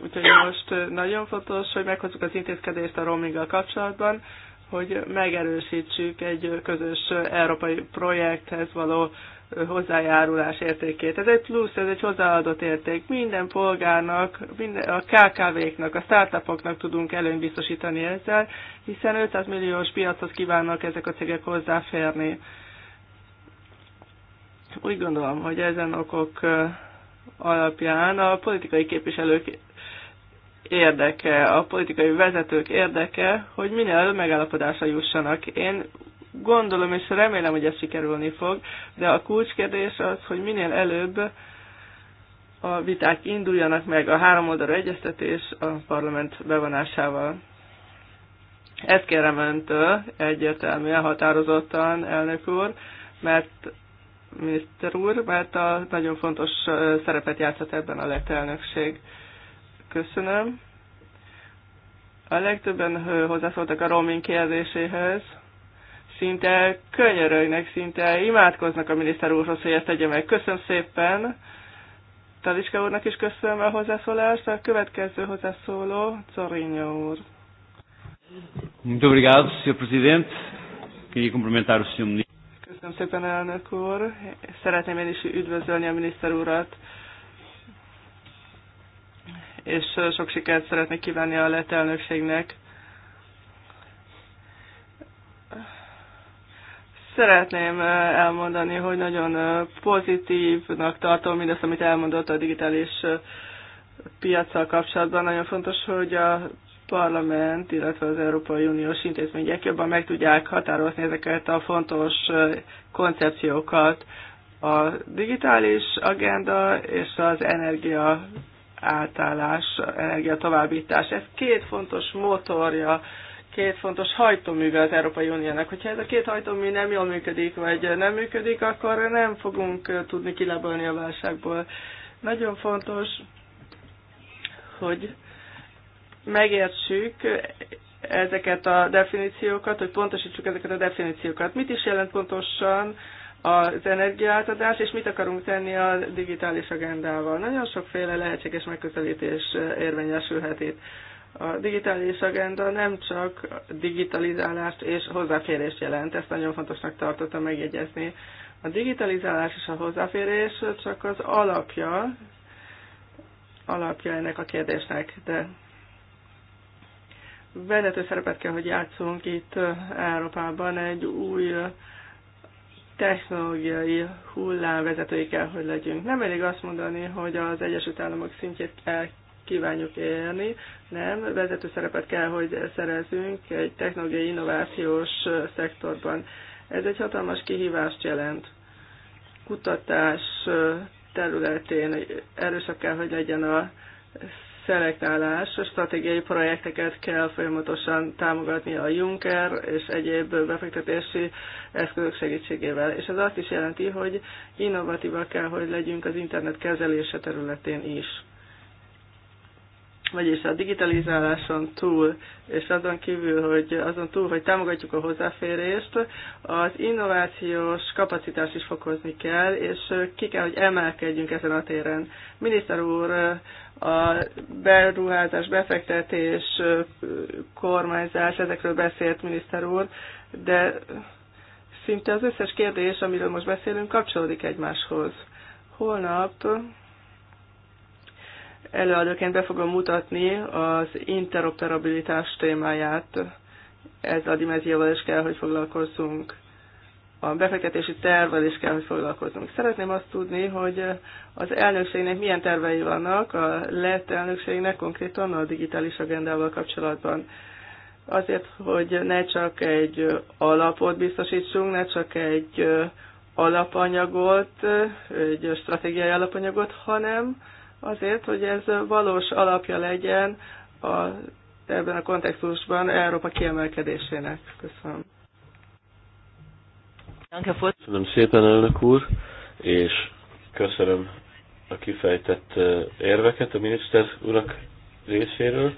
Úgyhogy most nagyon fontos, hogy meghozzuk az intézkedést a roaminggal kapcsolatban, hogy megerősítsük egy közös európai projekthez való hozzájárulás értékét. Ez egy plusz, ez egy hozzáadott érték. Minden polgárnak, minden, a KKV-knak, a startupoknak tudunk előnyt biztosítani ezzel, hiszen 500 milliós piachoz kívánnak ezek a cégek hozzáférni. Úgy gondolom, hogy ezen okok alapján a politikai képviselők érdeke, a politikai vezetők érdeke, hogy minél előbb megállapodásra jussanak. Én gondolom és remélem, hogy ez sikerülni fog, de a kulcskérdés az, hogy minél előbb a viták induljanak meg a három oldalra egyeztetés a parlament bevonásával. Ezt kérem öntől egyértelműen, határozottan, elnök úr, mert miniszter úr, mert a nagyon fontos szerepet játszhat ebben a lett elnökség. Köszönöm. A legtöbben hozzászóltak a roaming kérdéséhez. Szinte könyörögnek, szinte imádkoznak a miniszter úrhoz, hogy ezt tegye meg. Köszönöm szépen. Taliska úrnak is köszönöm a hozzászólást. A következő hozzászóló, Zorinho úr. Muito obrigado, Sr. Presidente. Queria cumprimentar o Sr. Ministro. Köszönöm szépen, elnök úr. Szeretném én is üdvözölni a miniszter urat és sok sikert szeretnék kívánni a lett elnökségnek. Szeretném elmondani, hogy nagyon pozitívnak tartom mindazt, amit elmondott a digitális piaccal kapcsolatban. Nagyon fontos, hogy a parlament, illetve az Európai Uniós intézmények jobban meg tudják határozni ezeket a fontos koncepciókat. A digitális agenda és az energia átállás, energia továbbítás. Ez két fontos motorja, két fontos hajtóműve az Európai Uniónak. Hogyha ez a két hajtómű nem jól működik, vagy nem működik, akkor nem fogunk tudni kilabolni a válságból. Nagyon fontos, hogy megértsük ezeket a definíciókat, hogy pontosítsuk ezeket a definíciókat. Mit is jelent pontosan az energiaátadás, és mit akarunk tenni a digitális agendával. Nagyon sokféle lehetséges megközelítés érvényesülhet itt. A digitális agenda nem csak digitalizálást és hozzáférést jelent, ezt nagyon fontosnak tartottam megjegyezni. A digitalizálás és a hozzáférés csak az alapja, alapja ennek a kérdésnek, de vezető szerepet kell, hogy játszunk itt Európában egy új technológiai hullám vezetői kell, hogy legyünk. Nem elég azt mondani, hogy az Egyesült Államok szintjét el kívánjuk élni, nem, vezető szerepet kell, hogy szerezünk egy technológiai innovációs szektorban. Ez egy hatalmas kihívást jelent. Kutatás területén erősebb kell, hogy legyen a szelektálás, stratégiai projekteket kell folyamatosan támogatni a Juncker és egyéb befektetési eszközök segítségével. És ez azt is jelenti, hogy innovatívak kell, hogy legyünk az internet kezelése területén is vagyis a digitalizáláson túl, és azon kívül, hogy azon túl, hogy támogatjuk a hozzáférést, az innovációs kapacitást is fokozni kell, és ki kell, hogy emelkedjünk ezen a téren. Miniszter úr, a beruházás, befektetés, kormányzás, ezekről beszélt miniszter úr, de szinte az összes kérdés, amiről most beszélünk, kapcsolódik egymáshoz. Holnap Előadóként be fogom mutatni az interoperabilitás témáját. Ez a dimenzióval is kell, hogy foglalkozzunk. A befektetési tervvel is kell, hogy foglalkozzunk. Szeretném azt tudni, hogy az elnökségnek milyen tervei vannak, a lett elnökségnek konkrétan a digitális agendával kapcsolatban azért, hogy ne csak egy alapot biztosítsunk, ne csak egy alapanyagot, egy stratégiai alapanyagot, hanem azért, hogy ez valós alapja legyen a, ebben a kontextusban Európa kiemelkedésének. Köszönöm. Köszönöm szépen, elnök úr, és köszönöm a kifejtett érveket a miniszter urak részéről,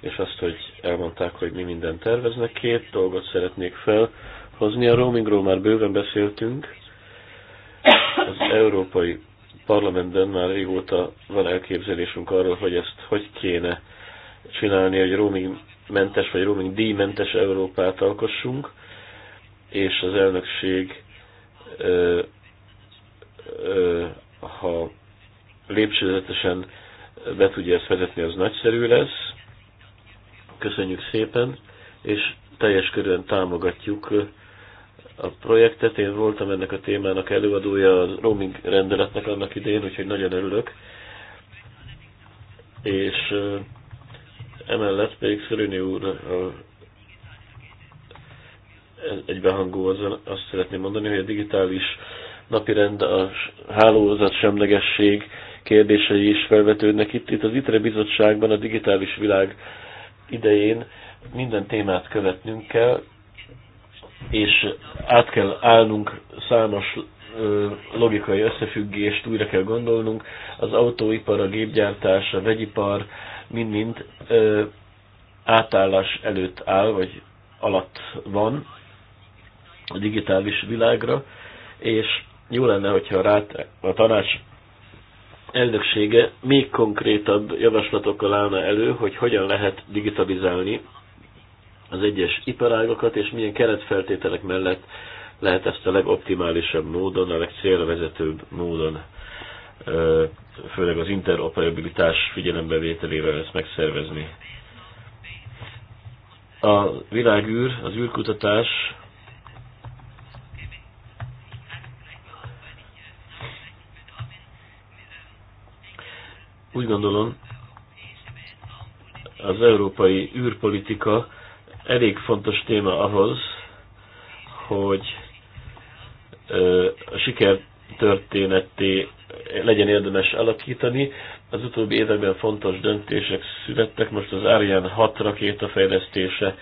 és azt, hogy elmondták, hogy mi mindent terveznek. Két dolgot szeretnék felhozni. A roamingról már bőven beszéltünk. Az európai parlamentben már régóta van elképzelésünk arról, hogy ezt hogy kéne csinálni, hogy roaming mentes vagy roaming díjmentes Európát alkossunk, és az elnökség, ö, ö, ha lépcsőzetesen be tudja ezt vezetni, az nagyszerű lesz. Köszönjük szépen, és teljes körülön támogatjuk a projektet. Én voltam ennek a témának előadója a roaming rendeletnek annak idén, úgyhogy nagyon örülök. És emellett pedig Szörőni úr egybehangú azzal azt szeretném mondani, hogy a digitális napirend, a hálózat semlegesség kérdései is felvetődnek itt. Itt az ITRE bizottságban a digitális világ idején minden témát követnünk kell, és át kell állnunk számos logikai összefüggést, újra kell gondolnunk. Az autóipar, a gépgyártás, a vegyipar mind-mind átállás előtt áll, vagy alatt van a digitális világra, és jó lenne, hogyha rát, a tanács elnöksége még konkrétabb javaslatokkal állna elő, hogy hogyan lehet digitalizálni az egyes iparágokat, és milyen keretfeltételek mellett lehet ezt a legoptimálisabb módon, a legcélvezetőbb módon, főleg az interoperabilitás figyelembevételével ezt megszervezni. A világűr, az űrkutatás úgy gondolom, az európai űrpolitika elég fontos téma ahhoz, hogy a siker történetté legyen érdemes alakítani. Az utóbbi években fontos döntések születtek, most az Ariane 6 rakéta fejlesztése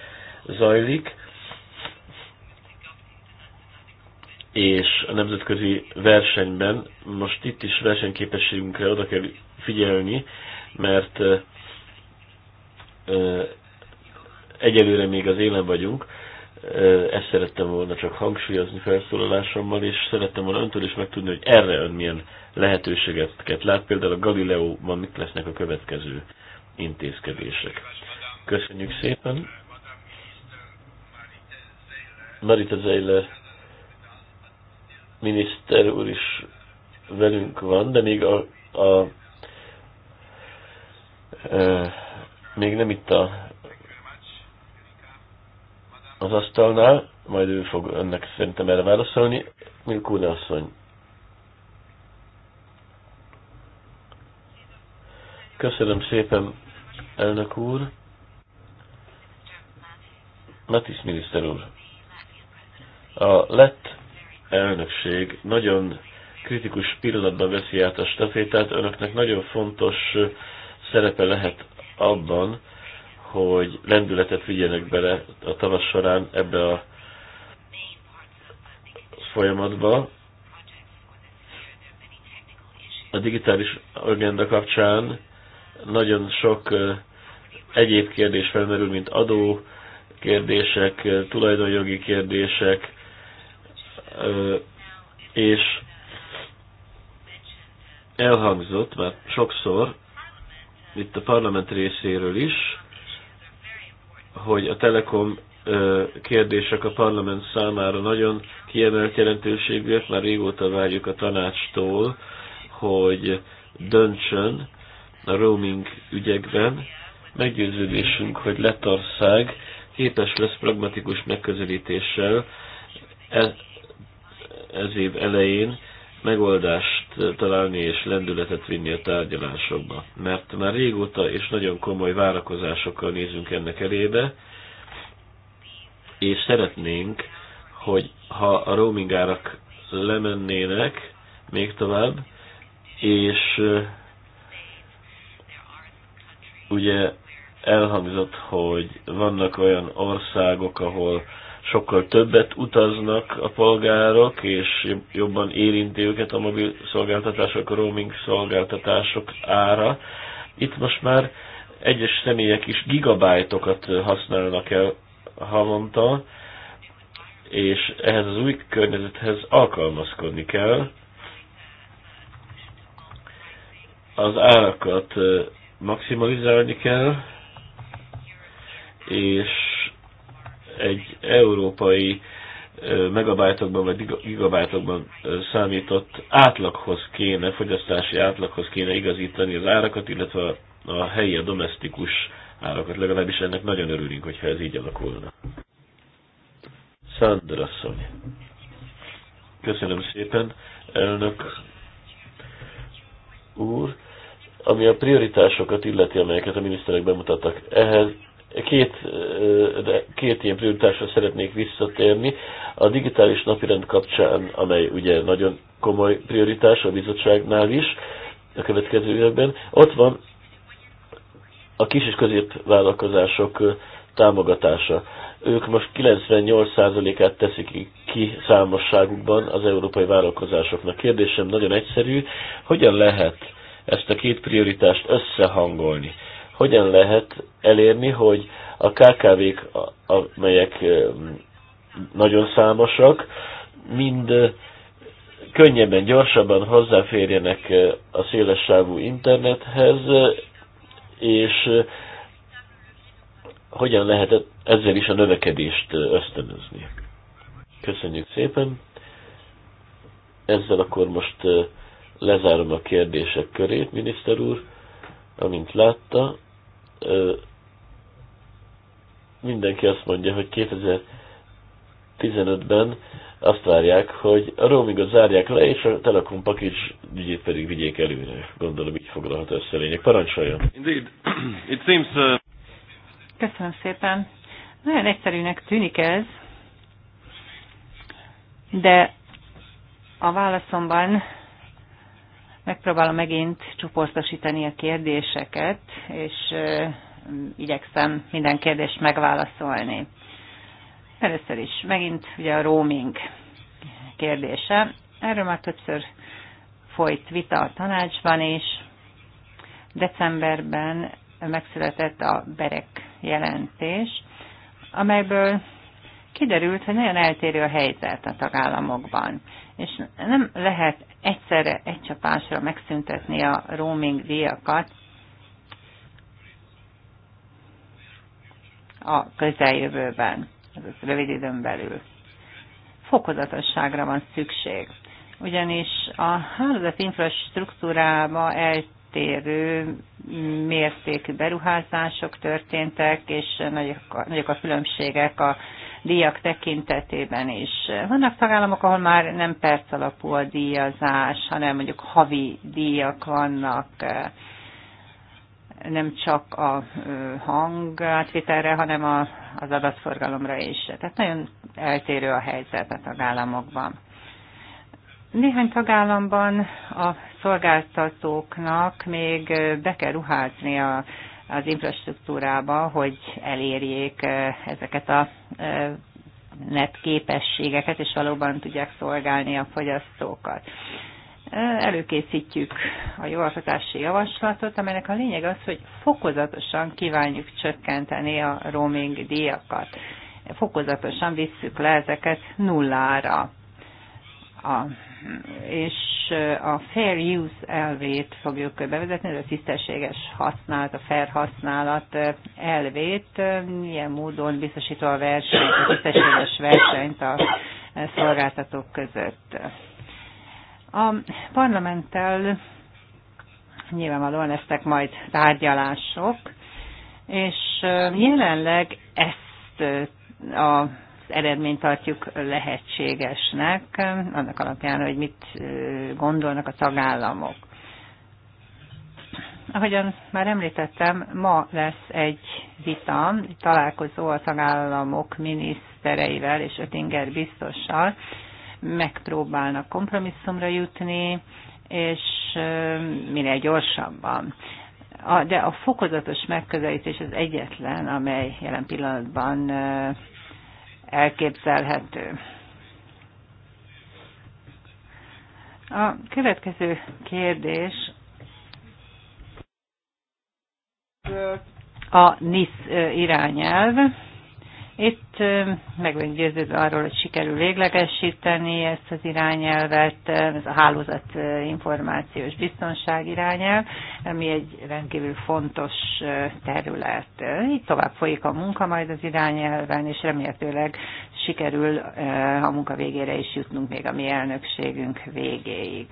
zajlik, és a nemzetközi versenyben most itt is versenyképességünkre oda kell figyelni, mert egyelőre még az élen vagyunk, ezt szerettem volna csak hangsúlyozni felszólalásommal, és szerettem volna öntől is megtudni, hogy erre ön milyen lehetőségeket lát. Például a Galileóban mit lesznek a következő intézkedések. Köszönjük szépen. Marita Zeiler miniszter úr is velünk van, de még a, a a, még nem itt a az asztalnál, majd ő fog önnek szerintem erre válaszolni. Milkúne asszony. Köszönöm szépen, elnök úr. Matisz miniszter úr. A lett elnökség nagyon kritikus pillanatban veszi át a stafétát. Önöknek nagyon fontos szerepe lehet abban, hogy lendületet vigyenek bele a tavasz során ebbe a folyamatba. A digitális agenda kapcsán nagyon sok egyéb kérdés felmerül, mint adó kérdések, tulajdonjogi kérdések, és elhangzott már sokszor, itt a parlament részéről is, hogy a Telekom kérdések a parlament számára nagyon kiemelt jelentőségűek, már régóta várjuk a tanácstól, hogy döntsön a roaming ügyekben. Meggyőződésünk, hogy Lettország képes lesz pragmatikus megközelítéssel e, ez év elején megoldást találni és lendületet vinni a tárgyalásokba. Mert már régóta és nagyon komoly várakozásokkal nézünk ennek elébe, és szeretnénk, hogy ha a roaming árak lemennének még tovább, és ugye elhangzott, hogy vannak olyan országok, ahol sokkal többet utaznak a polgárok, és jobban érinti őket a mobil szolgáltatások, a roaming szolgáltatások ára. Itt most már egyes személyek is gigabájtokat használnak el havonta, és ehhez az új környezethez alkalmazkodni kell. Az árakat maximalizálni kell, és egy európai megabájtokban vagy gigabájtokban számított átlaghoz kéne, fogyasztási átlaghoz kéne igazítani az árakat, illetve a, a helyi, a domestikus árakat. Legalábbis ennek nagyon örülünk, hogyha ez így alakulna. Szándor asszony. Köszönöm szépen, elnök úr. Ami a prioritásokat illeti, amelyeket a miniszterek bemutattak, ehhez két, két ilyen prioritásra szeretnék visszatérni. A digitális napirend kapcsán, amely ugye nagyon komoly prioritás a bizottságnál is a következő években, ott van a kis és középvállalkozások támogatása. Ők most 98%-át teszik ki számosságukban az európai vállalkozásoknak. Kérdésem nagyon egyszerű, hogyan lehet ezt a két prioritást összehangolni? hogyan lehet elérni, hogy a KKV-k, amelyek nagyon számosak, mind könnyebben, gyorsabban hozzáférjenek a szélessávú internethez, és hogyan lehet e-, ezzel is a növekedést ösztönözni. Köszönjük szépen! Ezzel akkor most lezárom a kérdések körét, miniszter úr, amint látta mindenki azt mondja, hogy 2015-ben azt várják, hogy a roamingot zárják le, és a Telekom Pakics ügyét pedig vigyék előre. Gondolom, így foglalhat össze lényeg. Parancsoljon! Indeed. It seems, uh... Köszönöm szépen. Nagyon egyszerűnek tűnik ez, de a válaszomban Megpróbálom megint csoportosítani a kérdéseket, és igyekszem minden kérdést megválaszolni. Először is megint ugye a roaming kérdése. Erről már többször folyt vita a tanácsban is. Decemberben megszületett a BEREK jelentés, amelyből kiderült, hogy nagyon eltérő a helyzet a tagállamokban, és nem lehet egyszerre, egy csapásra megszüntetni a roaming díjakat a közeljövőben, azaz rövid időn belül. Fokozatosságra van szükség ugyanis a hálózat infrastruktúrába el eltérő mértékű beruházások történtek, és nagyok a, nagyok a különbségek a díjak tekintetében is. Vannak tagállamok, ahol már nem perc alapú a díjazás, hanem mondjuk havi díjak vannak, nem csak a hang átvitelre, hanem a, az adatforgalomra is. Tehát nagyon eltérő a helyzet a tagállamokban. Néhány tagállamban a szolgáltatóknak még be kell ruházni a, az infrastruktúrába, hogy elérjék ezeket a net képességeket, és valóban tudják szolgálni a fogyasztókat. Előkészítjük a jogalkotási javaslatot, amelynek a lényeg az, hogy fokozatosan kívánjuk csökkenteni a roaming díjakat. Fokozatosan visszük le ezeket nullára. A és a fair use elvét fogjuk bevezetni, ez a tisztességes használat, a fair használat elvét, ilyen módon biztosítva a versenyt, a tisztességes versenyt a szolgáltatók között. A parlamenttel nyilvánvalóan lesznek majd tárgyalások, és jelenleg ezt a eredményt tartjuk lehetségesnek, annak alapján, hogy mit gondolnak a tagállamok. Ahogyan már említettem, ma lesz egy vita, egy találkozó a tagállamok minisztereivel és Ötinger biztossal. Megpróbálnak kompromisszumra jutni, és minél gyorsabban. De a fokozatos megközelítés az egyetlen, amely jelen pillanatban elképzelhető. A következő kérdés a NISZ irányelv. Itt meg vagyunk győződve arról, hogy sikerül véglegesíteni ezt az irányelvet, ez a hálózat információs biztonság irányelv, ami egy rendkívül fontos terület. Így tovább folyik a munka majd az irányelven, és remélhetőleg sikerül a munka végére is jutnunk még a mi elnökségünk végéig,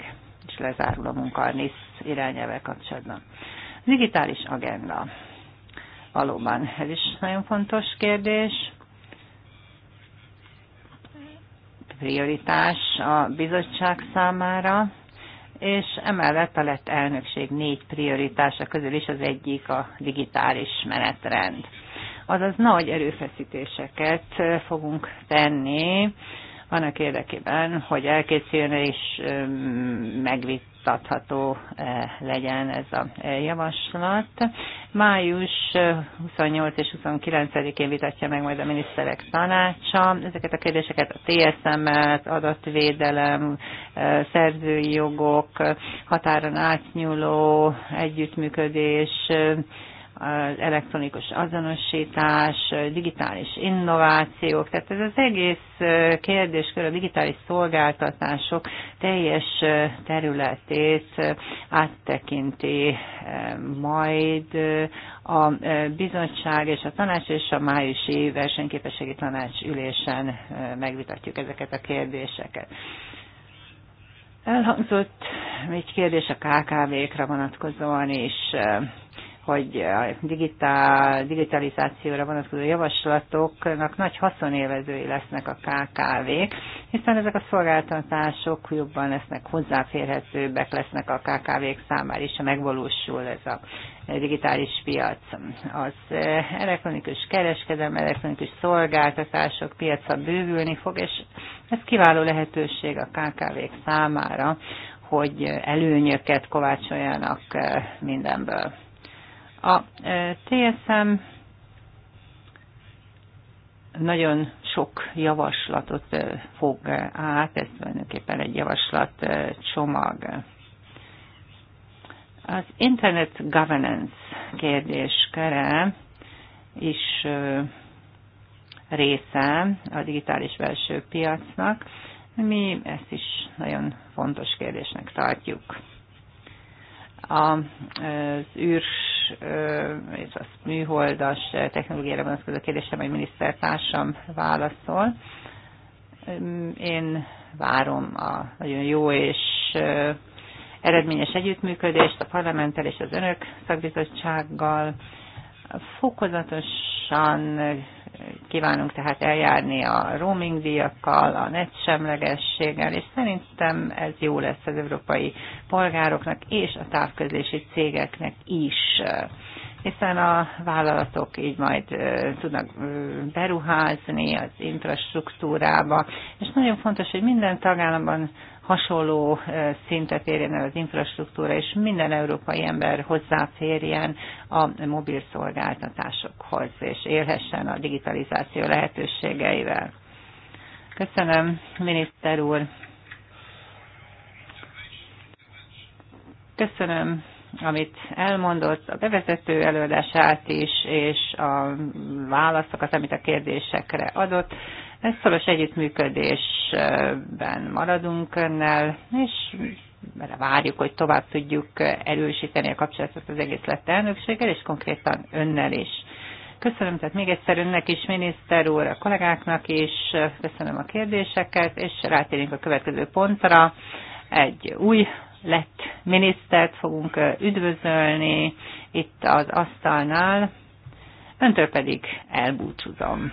és lezárul a munka a NISZ irányelve kapcsolatban. Digitális agenda. Valóban, ez is nagyon fontos kérdés. Prioritás a bizottság számára, és emellett a lett elnökség négy prioritása közül is az egyik a digitális menetrend. Azaz nagy erőfeszítéseket fogunk tenni, annak érdekében, hogy elkészüljön és megvit, elfogadható eh, legyen ez a eh, javaslat. Május 28 eh, és 29-én vitatja meg majd a miniszterek tanácsa. Ezeket a kérdéseket a TSM-et, adatvédelem, szerzői jogok, határon átnyúló együttműködés, az elektronikus azonosítás, digitális innovációk, tehát ez az egész kérdéskör a digitális szolgáltatások teljes területét áttekinti majd a bizottság és a tanács és a májusi versenyképességi tanács ülésen megvitatjuk ezeket a kérdéseket. Elhangzott egy kérdés a KKV-kra vonatkozóan is hogy a digitál, digitalizációra vonatkozó javaslatoknak nagy haszonélvezői lesznek a KKV-k, hiszen ezek a szolgáltatások jobban lesznek hozzáférhetőbbek lesznek a KKV-k számára is, ha megvalósul ez a digitális piac. Az elektronikus kereskedelem, elektronikus szolgáltatások piaca bővülni fog, és ez kiváló lehetőség a KKV-k számára, hogy előnyöket kovácsoljanak mindenből. A e, TSM nagyon sok javaslatot e, fog át, ez tulajdonképpen egy javaslat e, csomag. Az Internet Governance kérdéskere is része a digitális belső piacnak. Mi ezt is nagyon fontos kérdésnek tartjuk az űr és az műholdas technológiára vonatkozó kérdésre majd minisztertársam válaszol. Én várom a nagyon jó és eredményes együttműködést a parlamenttel és az önök szakbizottsággal, Fokozatosan kívánunk tehát eljárni a roaming díjakkal, a semlegességgel, és szerintem ez jó lesz az európai polgároknak és a távközlési cégeknek is hiszen a vállalatok így majd tudnak beruházni az infrastruktúrába, és nagyon fontos, hogy minden tagállamban hasonló szintet érjen el az infrastruktúra, és minden európai ember hozzáférjen a mobil szolgáltatásokhoz, és élhessen a digitalizáció lehetőségeivel. Köszönöm, miniszter úr! Köszönöm amit elmondott, a bevezető előadását is, és a válaszokat, amit a kérdésekre adott. Ez szoros együttműködésben maradunk önnel, és várjuk, hogy tovább tudjuk erősíteni a kapcsolatot az egész lett elnökséggel, és konkrétan önnel is. Köszönöm tehát még egyszer önnek is, miniszter úr, a kollégáknak is, köszönöm a kérdéseket, és rátérünk a következő pontra. Egy új lett minisztert fogunk üdvözölni itt az asztalnál, öntől pedig elbúcsúzom.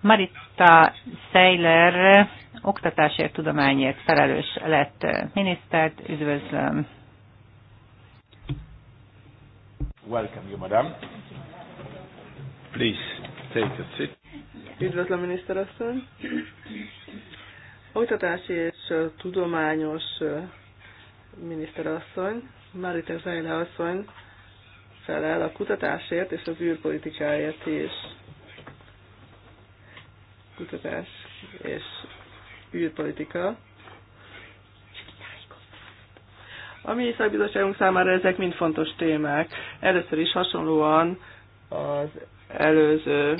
Marita Seiler oktatásért, tudományért felelős lett minisztert. Üdvözlöm! Welcome you, madam. Please take a seat. Üdvözlöm, miniszterasszony! Oktatási és tudományos miniszterasszony, Marita Zajle asszony felel a kutatásért és az űrpolitikáért is. Kutatás és űrpolitika. A mi szakbizottságunk számára ezek mind fontos témák. Először is hasonlóan az előző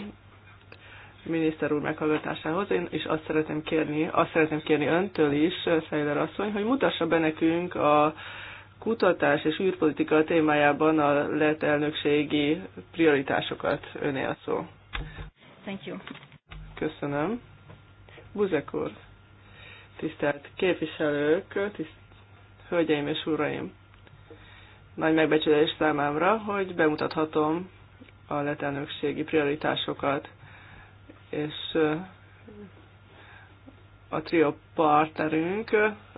miniszter úr meghallgatásához. Én is azt szeretném kérni, azt szeretném kérni öntől is, Szejler asszony, hogy mutassa be nekünk a kutatás és űrpolitika témájában a lett elnökségi prioritásokat öné a szó. Thank you. Köszönöm. Buzek úr, tisztelt képviselők, tiszt, hölgyeim és uraim, nagy megbecsülés számámra, hogy bemutathatom a letelnökségi prioritásokat és a trio partnerünk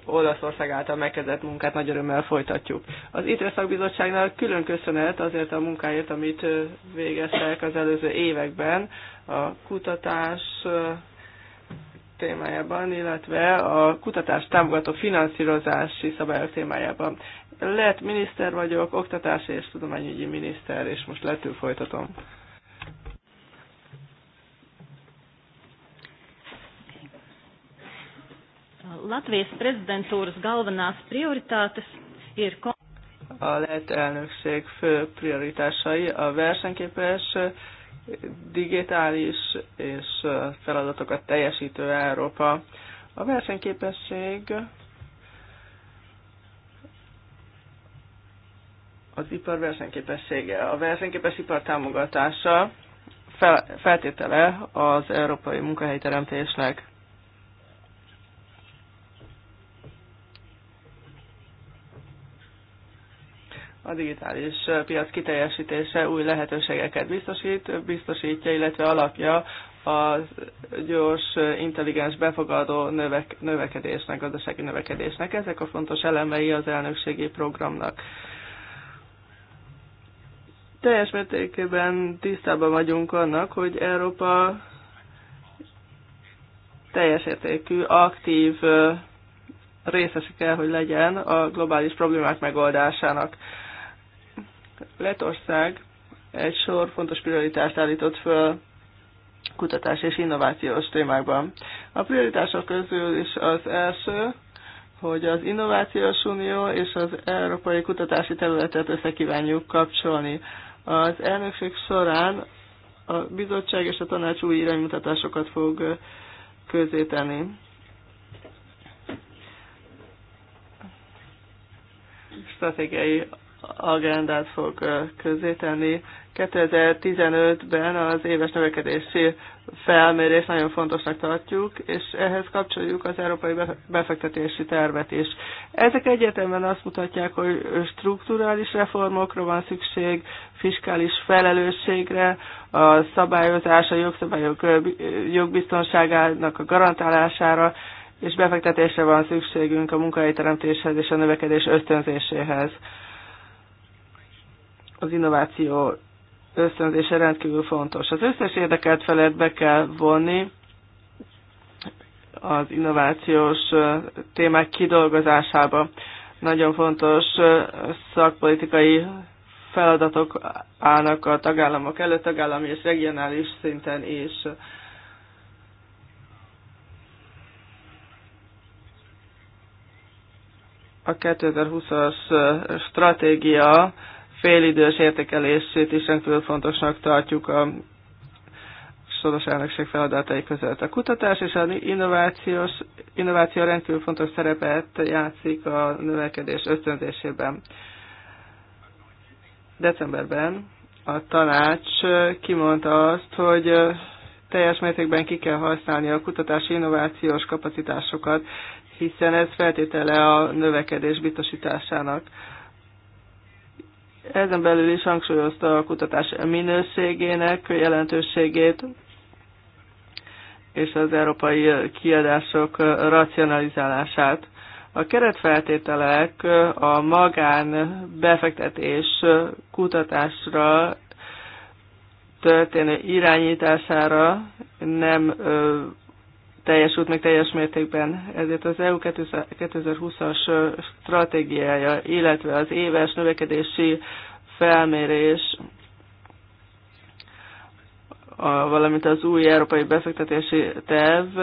Olaszország által megkezdett munkát nagy örömmel folytatjuk. Az ITRE szakbizottságnál külön köszönet azért a munkáért, amit végeztek az előző években a kutatás témájában, illetve a kutatás támogató finanszírozási szabályok témájában. Lett miniszter vagyok, oktatás és tudományügyi miniszter, és most lettől folytatom. Latvijas prezidentūras galvenās prioritātes ir. A lett elnökség fő prioritásai a versenyképes, digitális és feladatokat teljesítő Európa. A versenyképesség az ipar versenyképessége, a versenyképes ipar támogatása feltétele az európai munkahelyteremtésnek. a digitális piac kiteljesítése új lehetőségeket biztosít, biztosítja, illetve alapja a gyors, intelligens, befogadó növek, növekedésnek, gazdasági növekedésnek. Ezek a fontos elemei az elnökségi programnak. Teljes mértékben tisztában vagyunk annak, hogy Európa teljes értékű, aktív részese kell, hogy legyen a globális problémák megoldásának. Letország egy sor fontos prioritást állított föl kutatás és innovációs témákban. A prioritások közül is az első, hogy az Innovációs Unió és az Európai Kutatási Területet összekívánjuk kapcsolni. Az elnökség során a bizottság és a tanács új iránymutatásokat fog közéteni. Stratégiai agendát fog közzétenni. 2015-ben az éves növekedési felmérés nagyon fontosnak tartjuk, és ehhez kapcsoljuk az európai befektetési tervet is. Ezek egyetemben azt mutatják, hogy strukturális reformokra van szükség, fiskális felelősségre, a szabályozás, a jogszabályok jogbiztonságának a garantálására, és befektetésre van szükségünk a munkahelyteremtéshez és a növekedés ösztönzéséhez az innováció ösztönzése rendkívül fontos. Az összes érdekelt felet be kell vonni az innovációs témák kidolgozásába. Nagyon fontos szakpolitikai feladatok állnak a tagállamok előtt, tagállami és regionális szinten is. A 2020-as stratégia félidős értékelését is rendkívül fontosnak tartjuk a soros elnökség feladatai között. A kutatás és az innovációs, innováció rendkívül fontos szerepet játszik a növekedés ösztönzésében. Decemberben a tanács kimondta azt, hogy teljes mértékben ki kell használni a kutatási innovációs kapacitásokat, hiszen ez feltétele a növekedés biztosításának. Ezen belül is hangsúlyozta a kutatás minőségének jelentőségét, és az európai kiadások racionalizálását. A keretfeltételek a magán befektetés kutatásra történő irányítására nem teljesült meg teljes mértékben. Ezért az EU 2020-as stratégiája, illetve az éves növekedési felmérés, valamint az új európai befektetési terv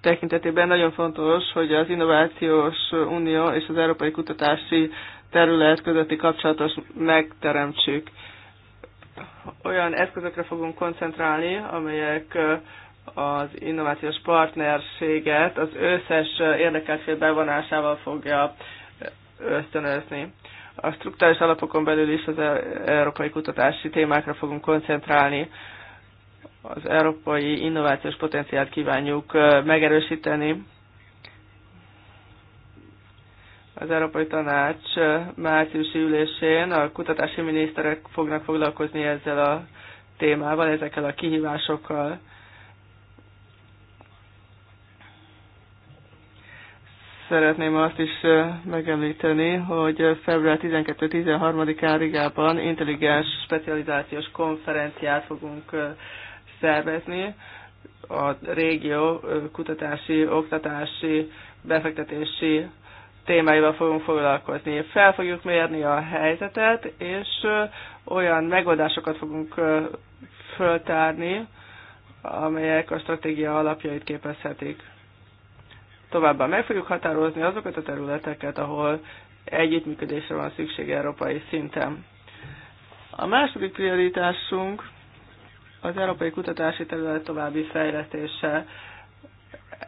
tekintetében nagyon fontos, hogy az Innovációs Unió és az Európai Kutatási Terület közötti kapcsolatos megteremtsük. Olyan eszközökre fogunk koncentrálni, amelyek az innovációs partnerséget az összes érdekelt fél bevonásával fogja ösztönözni. A struktúrális alapokon belül is az európai kutatási témákra fogunk koncentrálni. Az európai innovációs potenciált kívánjuk megerősíteni. Az Európai Tanács márciusi ülésén a kutatási miniszterek fognak foglalkozni ezzel a témával, ezekkel a kihívásokkal szeretném azt is megemlíteni, hogy február 12-13-án Rigában intelligens specializációs konferenciát fogunk szervezni a régió kutatási, oktatási, befektetési témáival fogunk foglalkozni. Fel fogjuk mérni a helyzetet, és olyan megoldásokat fogunk föltárni, amelyek a stratégia alapjait képezhetik. Továbbá meg fogjuk határozni azokat a területeket, ahol együttműködésre van szükség európai szinten. A második prioritásunk az európai kutatási terület további fejlesztése.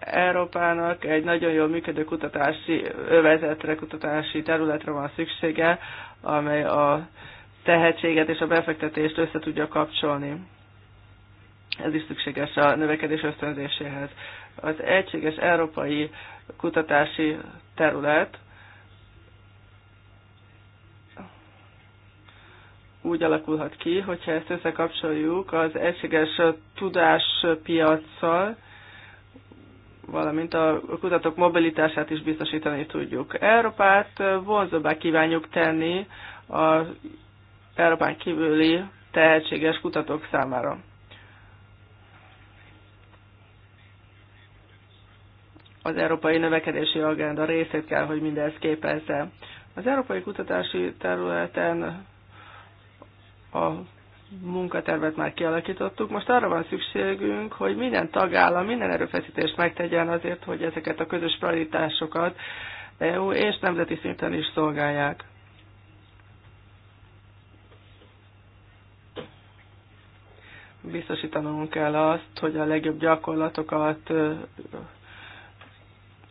Európának egy nagyon jól működő kutatási övezetre, kutatási területre van szüksége, amely a tehetséget és a befektetést össze tudja kapcsolni. Ez is szükséges a növekedés ösztönzéséhez az egységes európai kutatási terület úgy alakulhat ki, hogyha ezt összekapcsoljuk az egységes tudáspiacsal, valamint a kutatók mobilitását is biztosítani tudjuk. Európát vonzóbbá kívánjuk tenni az Európán kívüli tehetséges kutatók számára. az európai növekedési agenda részét kell, hogy mindez képezze. Az európai kutatási területen a munkatervet már kialakítottuk. Most arra van szükségünk, hogy minden tagállam minden erőfeszítést megtegyen azért, hogy ezeket a közös prioritásokat EU és nemzeti szinten is szolgálják. Biztosítanunk kell azt, hogy a legjobb gyakorlatokat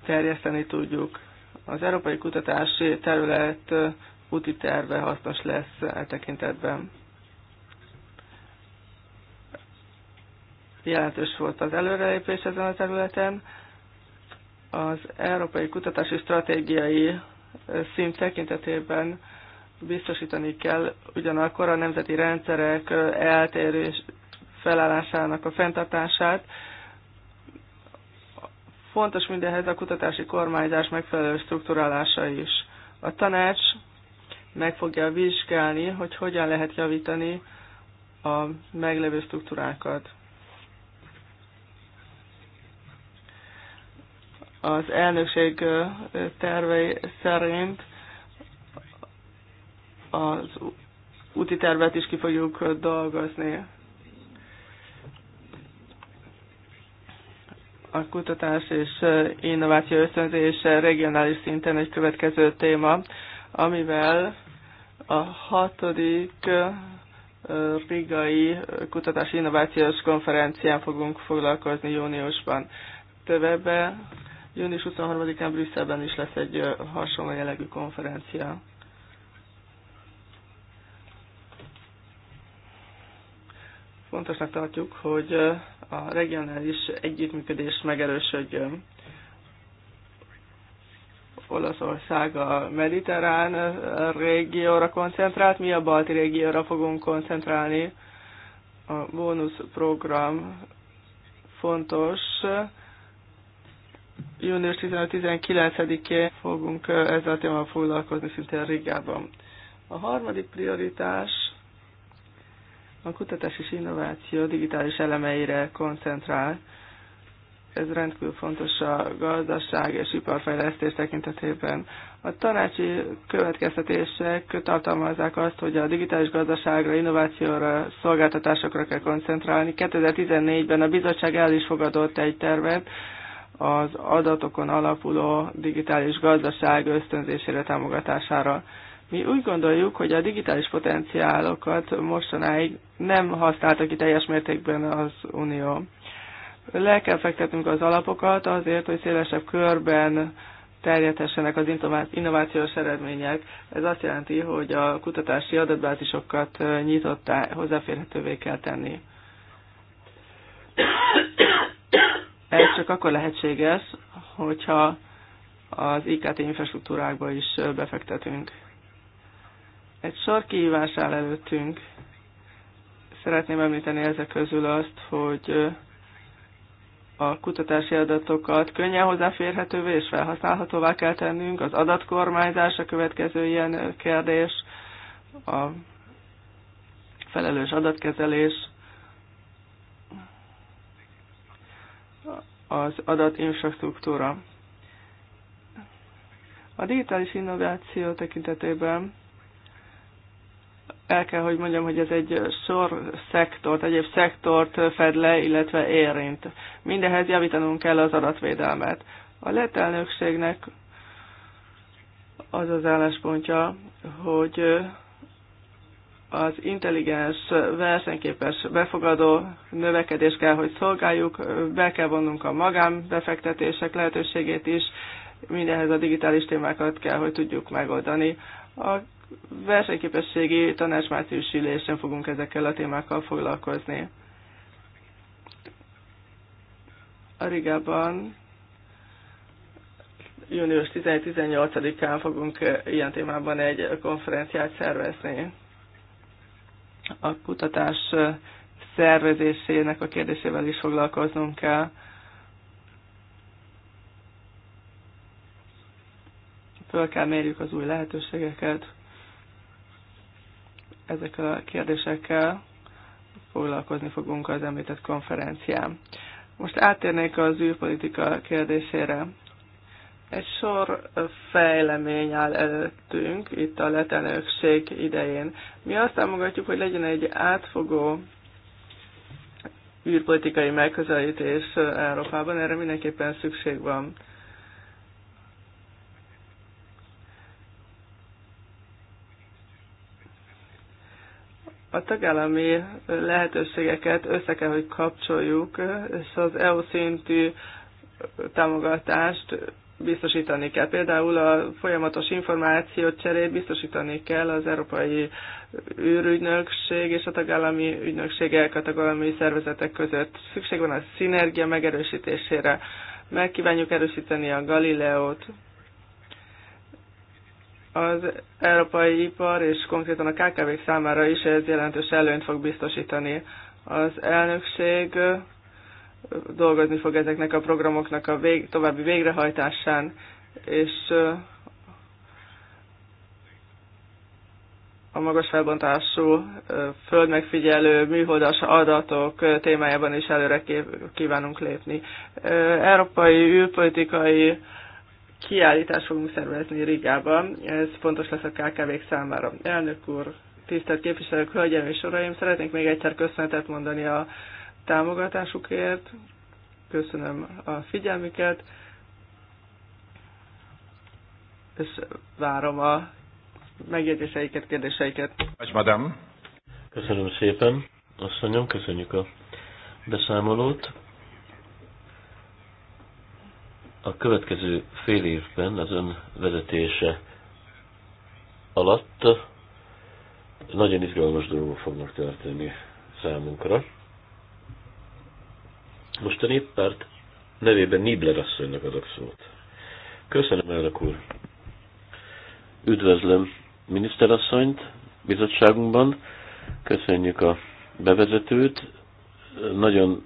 terjeszteni tudjuk. Az európai kutatási terület úti terve hasznos lesz e tekintetben. Jelentős volt az előrelépés ezen a területen. Az európai kutatási stratégiai szint tekintetében biztosítani kell ugyanakkor a nemzeti rendszerek eltérés felállásának a fenntartását, Fontos mindenhez a kutatási kormányzás megfelelő strukturálása is. A tanács meg fogja vizsgálni, hogy hogyan lehet javítani a meglevő struktúrákat. Az elnökség tervei szerint az úti tervet is ki fogjuk dolgozni. a kutatás és innováció ösztönzése regionális szinten egy következő téma, amivel a hatodik Rigai Kutatási Innovációs Konferencián fogunk foglalkozni júniusban. Tövebbe június 23-án Brüsszelben is lesz egy hasonló jellegű konferencia. Fontosnak tartjuk, hogy a regionális együttműködés megerősödjön. Olaszország a mediterrán régióra koncentrált, mi a balti régióra fogunk koncentrálni. A bónuszprogram fontos. Június 15-19-én fogunk ezzel a témával foglalkozni szintén Rigában. A harmadik prioritás a kutatás és innováció digitális elemeire koncentrál. Ez rendkívül fontos a gazdaság és iparfejlesztés tekintetében. A tanácsi következtetések tartalmazzák azt, hogy a digitális gazdaságra, innovációra, szolgáltatásokra kell koncentrálni. 2014-ben a bizottság el is fogadott egy tervet, az adatokon alapuló digitális gazdaság ösztönzésére, támogatására. Mi úgy gondoljuk, hogy a digitális potenciálokat mostanáig nem használta ki teljes mértékben az Unió. Le kell fektetnünk az alapokat azért, hogy szélesebb körben terjedhessenek az innovációs eredmények. Ez azt jelenti, hogy a kutatási adatbázisokat nyitottá, hozzáférhetővé kell tenni. Ez csak akkor lehetséges, hogyha az IKT infrastruktúrákba is befektetünk. Egy sor kihívás áll előttünk. Szeretném említeni ezek közül azt, hogy a kutatási adatokat könnyen hozzáférhetővé és felhasználhatóvá kell tennünk. Az adatkormányzás a következő ilyen kérdés, a felelős adatkezelés, az adatinfrastruktúra. A digitális innováció tekintetében el kell, hogy mondjam, hogy ez egy sor szektort, egyéb szektort fed le, illetve érint. Mindehez javítanunk kell az adatvédelmet. A lett elnökségnek az az álláspontja, hogy az intelligens, versenyképes, befogadó növekedés kell, hogy szolgáljuk, be kell vonnunk a magánbefektetések lehetőségét is, Mindenhez a digitális témákat kell, hogy tudjuk megoldani. A versenyképességi tanácsmárcius ülésen fogunk ezekkel a témákkal foglalkozni. A Rigában június 18 án fogunk eh, ilyen témában egy konferenciát szervezni. A kutatás eh, szervezésének a kérdésével is foglalkoznunk kell. Föl kell mérjük az új lehetőségeket ezekkel a kérdésekkel foglalkozni fogunk az említett konferencián. Most átérnék az űrpolitika kérdésére. Egy sor fejlemény áll előttünk itt a letelnökség idején. Mi azt támogatjuk, hogy legyen egy átfogó űrpolitikai megközelítés Európában, erre mindenképpen szükség van. A tagállami lehetőségeket össze kell, hogy kapcsoljuk, és az EU szintű támogatást biztosítani kell. Például a folyamatos információt cserét biztosítani kell az Európai űrügynökség és a tagállami ügynökségek, a tagállami szervezetek között. Szükség van a szinergia megerősítésére. Megkívánjuk erősíteni a Galileót, az európai ipar és konkrétan a kkv számára is ez jelentős előnyt fog biztosítani. Az elnökség dolgozni fog ezeknek a programoknak a vég, további végrehajtásán, és a magas felbontású földmegfigyelő műholdas adatok témájában is előre kívánunk lépni. Európai űrpolitikai kiállítást fogunk szervezni Rigában. Ez fontos lesz a KKV-k számára. Elnök úr, tisztelt képviselők, hölgyeim és uraim, szeretnék még egyszer köszönetet mondani a támogatásukért. Köszönöm a figyelmüket, és várom a megjegyzéseiket, kérdéseiket. Köszönöm szépen, asszonyom, köszönjük a beszámolót a következő fél évben az ön vezetése alatt nagyon izgalmas dolgok fognak történni számunkra. Most a néppárt nevében Nibler asszonynak adok szót. Köszönöm, elnök úr! Üdvözlöm miniszterasszonyt bizottságunkban, köszönjük a bevezetőt, nagyon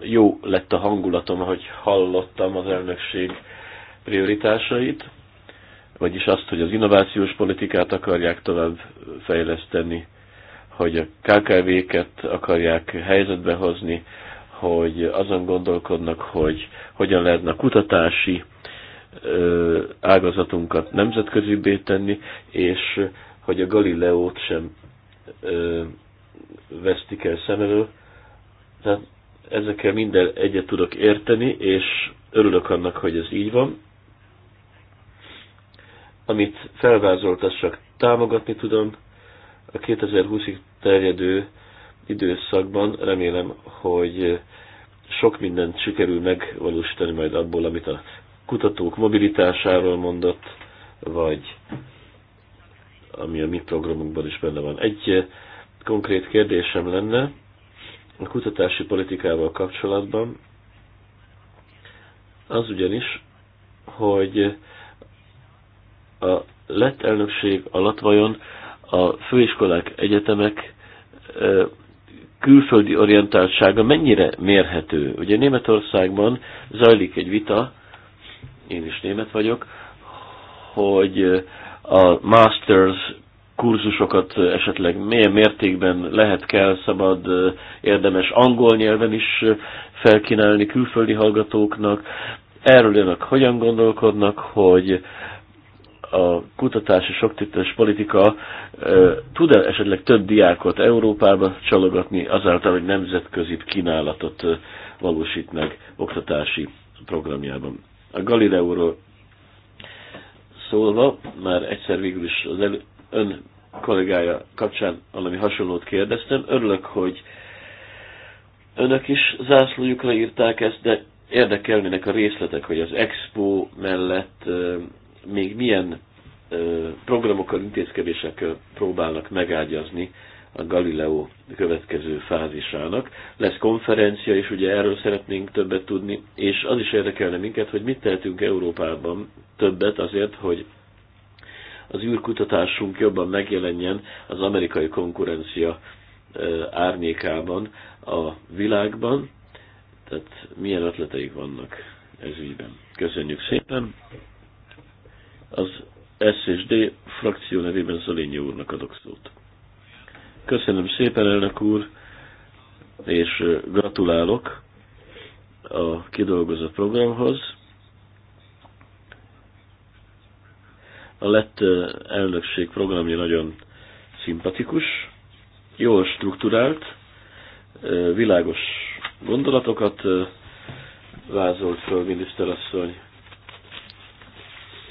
jó lett a hangulatom, hogy hallottam az elnökség prioritásait, vagyis azt, hogy az innovációs politikát akarják tovább fejleszteni, hogy a KKV-ket akarják helyzetbe hozni, hogy azon gondolkodnak, hogy hogyan lehetne a kutatási ágazatunkat nemzetközibbé tenni, és hogy a Galileót sem vesztik el szem elől. Tehát Ezekkel minden egyet tudok érteni, és örülök annak, hogy ez így van. Amit felvázolt, azt csak támogatni tudom. A 2020-ig terjedő időszakban remélem, hogy sok mindent sikerül megvalósítani majd abból, amit a kutatók mobilitásáról mondott, vagy ami a mi programunkban is benne van. Egy konkrét kérdésem lenne, a kutatási politikával kapcsolatban, az ugyanis, hogy a lett elnökség alatt vajon a főiskolák, egyetemek külföldi orientáltsága mennyire mérhető. Ugye Németországban zajlik egy vita, én is német vagyok, hogy a master's kurzusokat esetleg milyen mértékben lehet, kell, szabad, érdemes angol nyelven is felkínálni külföldi hallgatóknak. Erről önök hogyan gondolkodnak, hogy a kutatási soktételes politika tud-e esetleg több diákot Európába csalogatni azáltal, hogy nemzetközi kínálatot valósít meg oktatási programjában. A Galileóról szólva, már egyszer végül is az elő, ön kollégája kapcsán valami hasonlót kérdeztem. Örülök, hogy önök is zászlójukra írták ezt, de érdekelnének a részletek, hogy az Expo mellett még milyen programokkal, intézkedésekkel próbálnak megágyazni a Galileo következő fázisának. Lesz konferencia, és ugye erről szeretnénk többet tudni, és az is érdekelne minket, hogy mit tehetünk Európában többet azért, hogy az űrkutatásunk jobban megjelenjen az amerikai konkurencia árnyékában a világban. Tehát milyen ötleteik vannak ez ügyben. Köszönjük szépen. Az SSD frakció nevében Szolényi úrnak adok szót. Köszönöm szépen, elnök úr, és gratulálok a kidolgozott programhoz. A lett elnökség programja nagyon szimpatikus, jól strukturált, világos gondolatokat vázolt föl miniszterasszony,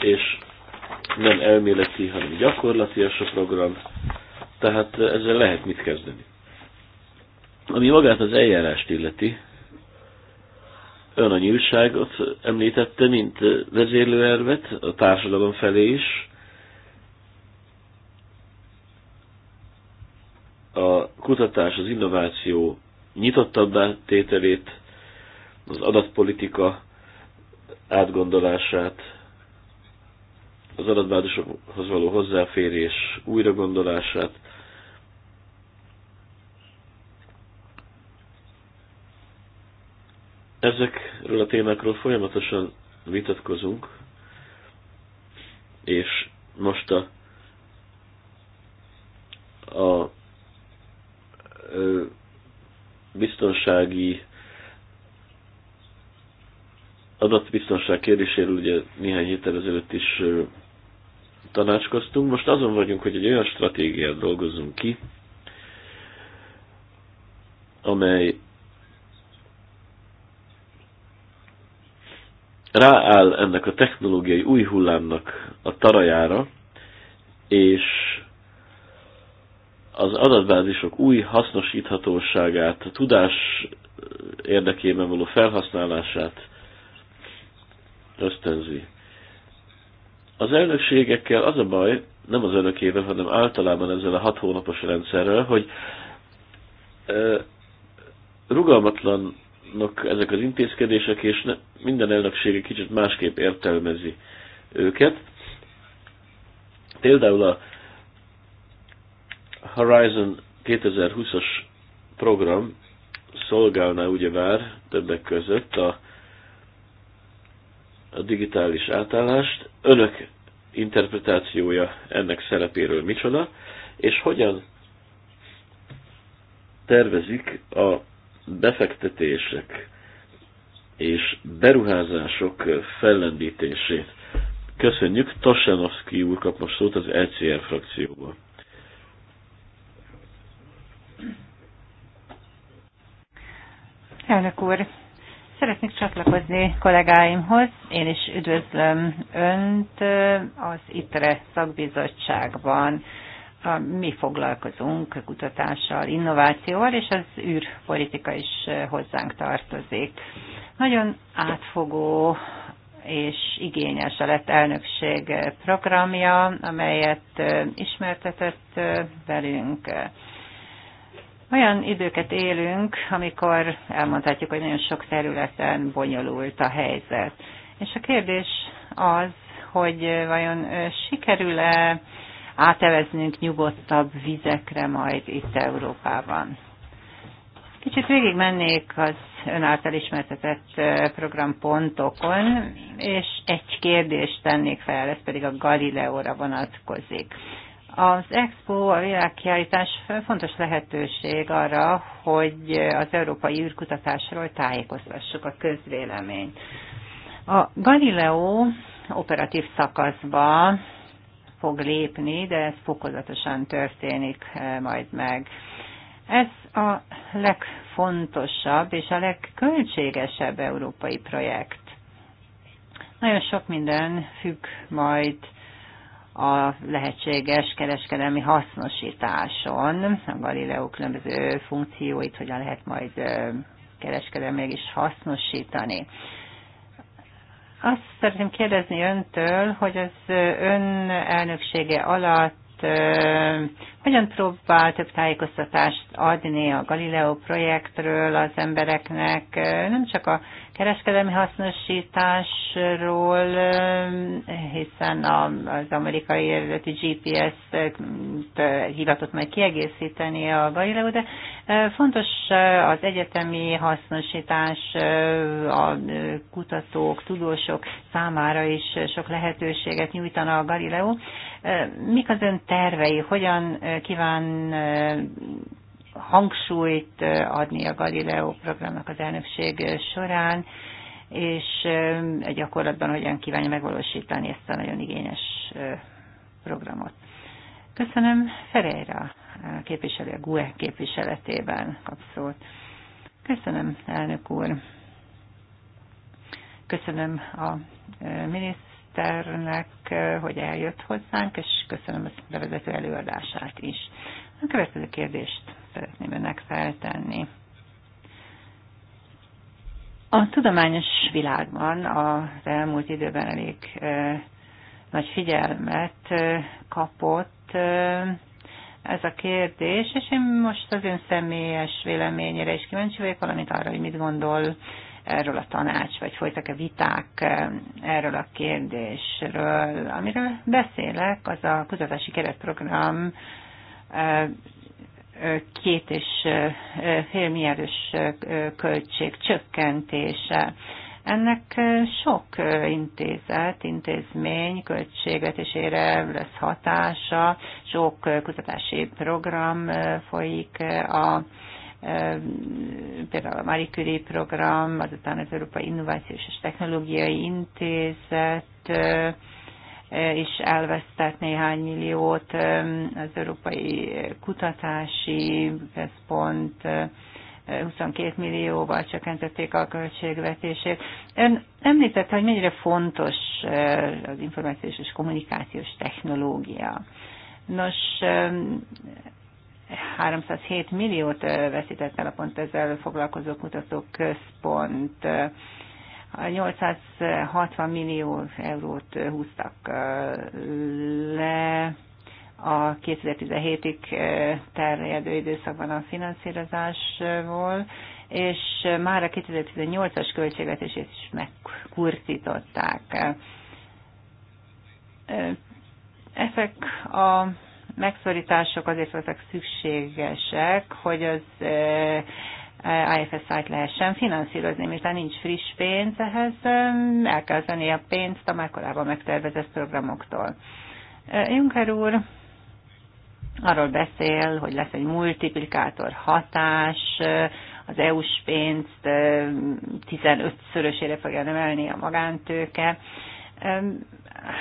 és nem elméleti, hanem gyakorlatias a program, tehát ezzel lehet mit kezdeni. Ami magát az eljárást illeti, Ön a nyílságot említette, mint vezérlőervet a társadalom felé is. A kutatás, az innováció nyitottabbá tételét, az adatpolitika átgondolását, az adatbázisokhoz való hozzáférés újragondolását, Ezekről a témákról folyamatosan vitatkozunk, és most a, a ö, biztonsági adatbiztonság kérdéséről ugye néhány héttel ezelőtt is ö, tanácskoztunk. Most azon vagyunk, hogy egy olyan stratégiát dolgozzunk ki, amely rááll ennek a technológiai új hullámnak a tarajára, és az adatbázisok új hasznosíthatóságát, a tudás érdekében való felhasználását ösztönzi. Az elnökségekkel az a baj, nem az önökével, hanem általában ezzel a hat hónapos rendszerrel, hogy rugalmatlan ezek az intézkedések, és ne, minden elnöksége kicsit másképp értelmezi őket. Például a Horizon 2020-as program szolgálná ugyebár többek között a, a digitális átállást. Önök interpretációja ennek szerepéről micsoda, és hogyan tervezik a befektetések és beruházások fellendítését. Köszönjük, Tosanovszki úr kap most szót az ECR frakcióból. Elnök úr, szeretnék csatlakozni kollégáimhoz. Én is üdvözlöm Önt az ITRE szakbizottságban a, mi foglalkozunk kutatással, innovációval, és az űrpolitika is hozzánk tartozik. Nagyon átfogó és igényes a lett elnökség programja, amelyet ismertetett velünk. Olyan időket élünk, amikor elmondhatjuk, hogy nagyon sok területen bonyolult a helyzet. És a kérdés az, hogy vajon sikerül-e áteveznünk nyugodtabb vizekre majd itt Európában. Kicsit végig mennék az ön által ismertetett programpontokon, és egy kérdést tennék fel, ez pedig a Galileóra vonatkozik. Az Expo, a világkiállítás fontos lehetőség arra, hogy az európai űrkutatásról tájékoztassuk a közvéleményt. A Galileo operatív szakaszban fog lépni, de ez fokozatosan történik eh, majd meg. Ez a legfontosabb és a legköltségesebb európai projekt. Nagyon sok minden függ majd a lehetséges kereskedelmi hasznosításon, a Galileo különböző funkcióit hogyan lehet majd eh, kereskedelmileg is hasznosítani. Azt szeretném kérdezni öntől, hogy az ön elnöksége alatt hogyan próbál több tájékoztatást adni a Galileo projektről az embereknek, nem csak a kereskedelmi hasznosításról, hiszen az amerikai eredeti GPS-t hivatott majd kiegészíteni a Galileo, de fontos az egyetemi hasznosítás a kutatók, tudósok számára is sok lehetőséget nyújtana a Galileo. Mik az ön tervei? Hogyan kíván hangsúlyt eh, adni a Galileo programnak az elnökség eh, során, és eh, gyakorlatban hogyan kívánja megvalósítani ezt a nagyon igényes programot. Köszönöm Ferreira képviselő, a GUE képviseletében kap Köszönöm, elnök úr. Köszönöm a miniszternek, hogy eljött hozzánk, és köszönöm a bevezető előadását is. A következő kérdést szeretném önnek feltenni. A tudományos világban az elmúlt időben elég nagy figyelmet kapott ez a kérdés, és én most az ön személyes véleményére is kíváncsi vagyok, valamint arra, hogy mit gondol erről a tanács, vagy folytak-e viták erről a kérdésről. Amiről beszélek, az a kutatási keretprogram két és fél milliárdos költség csökkentése. Ennek sok intézet, intézmény költségvetésére lesz hatása, sok kutatási program folyik a például a Marie Curie program, azután az Európai Innovációs és Technológiai Intézet, és elvesztett néhány milliót az Európai Kutatási Központ, 22 millióval csökkentették a költségvetését. Ön említette, hogy mennyire fontos az információs és kommunikációs technológia. Nos, 307 milliót veszített el a pont ezzel foglalkozó kutatóközpont. központ 860 millió eurót húztak le a 2017-ig terjedő időszakban a finanszírozásból, és már a 2018-as költségvetését is megkurtították. Ezek a megszorítások azért voltak szükségesek, hogy az IFS szájt lehessen finanszírozni, miután nincs friss pénz, ehhez el kell zenni a pénzt a már korábban megtervezett programoktól. Juncker úr arról beszél, hogy lesz egy multiplikátor hatás, az EU-s pénzt 15-szörösére fogja emelni a magántőke.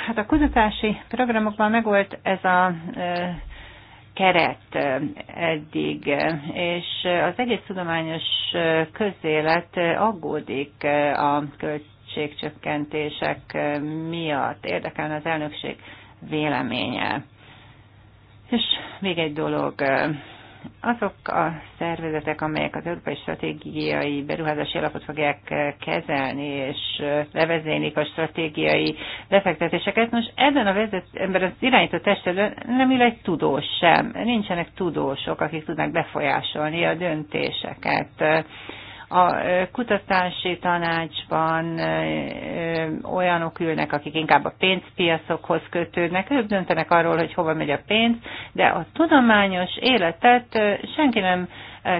Hát a kutatási programokban megvolt ez a keret eddig, és az egész tudományos közélet aggódik a költségcsökkentések miatt. Érdekel az elnökség véleménye. És még egy dolog, azok a szervezetek, amelyek az Európai Stratégiai Beruházási Alapot fogják eh, kezelni és eh, levezénik a stratégiai befektetéseket, most ebben a vezet, ember az irányító testedben nem ül egy tudós sem. Nincsenek tudósok, akik tudnak befolyásolni a döntéseket a kutatási tanácsban olyanok ülnek, akik inkább a pénzpiacokhoz kötődnek, ők döntenek arról, hogy hova megy a pénz, de a tudományos életet senki nem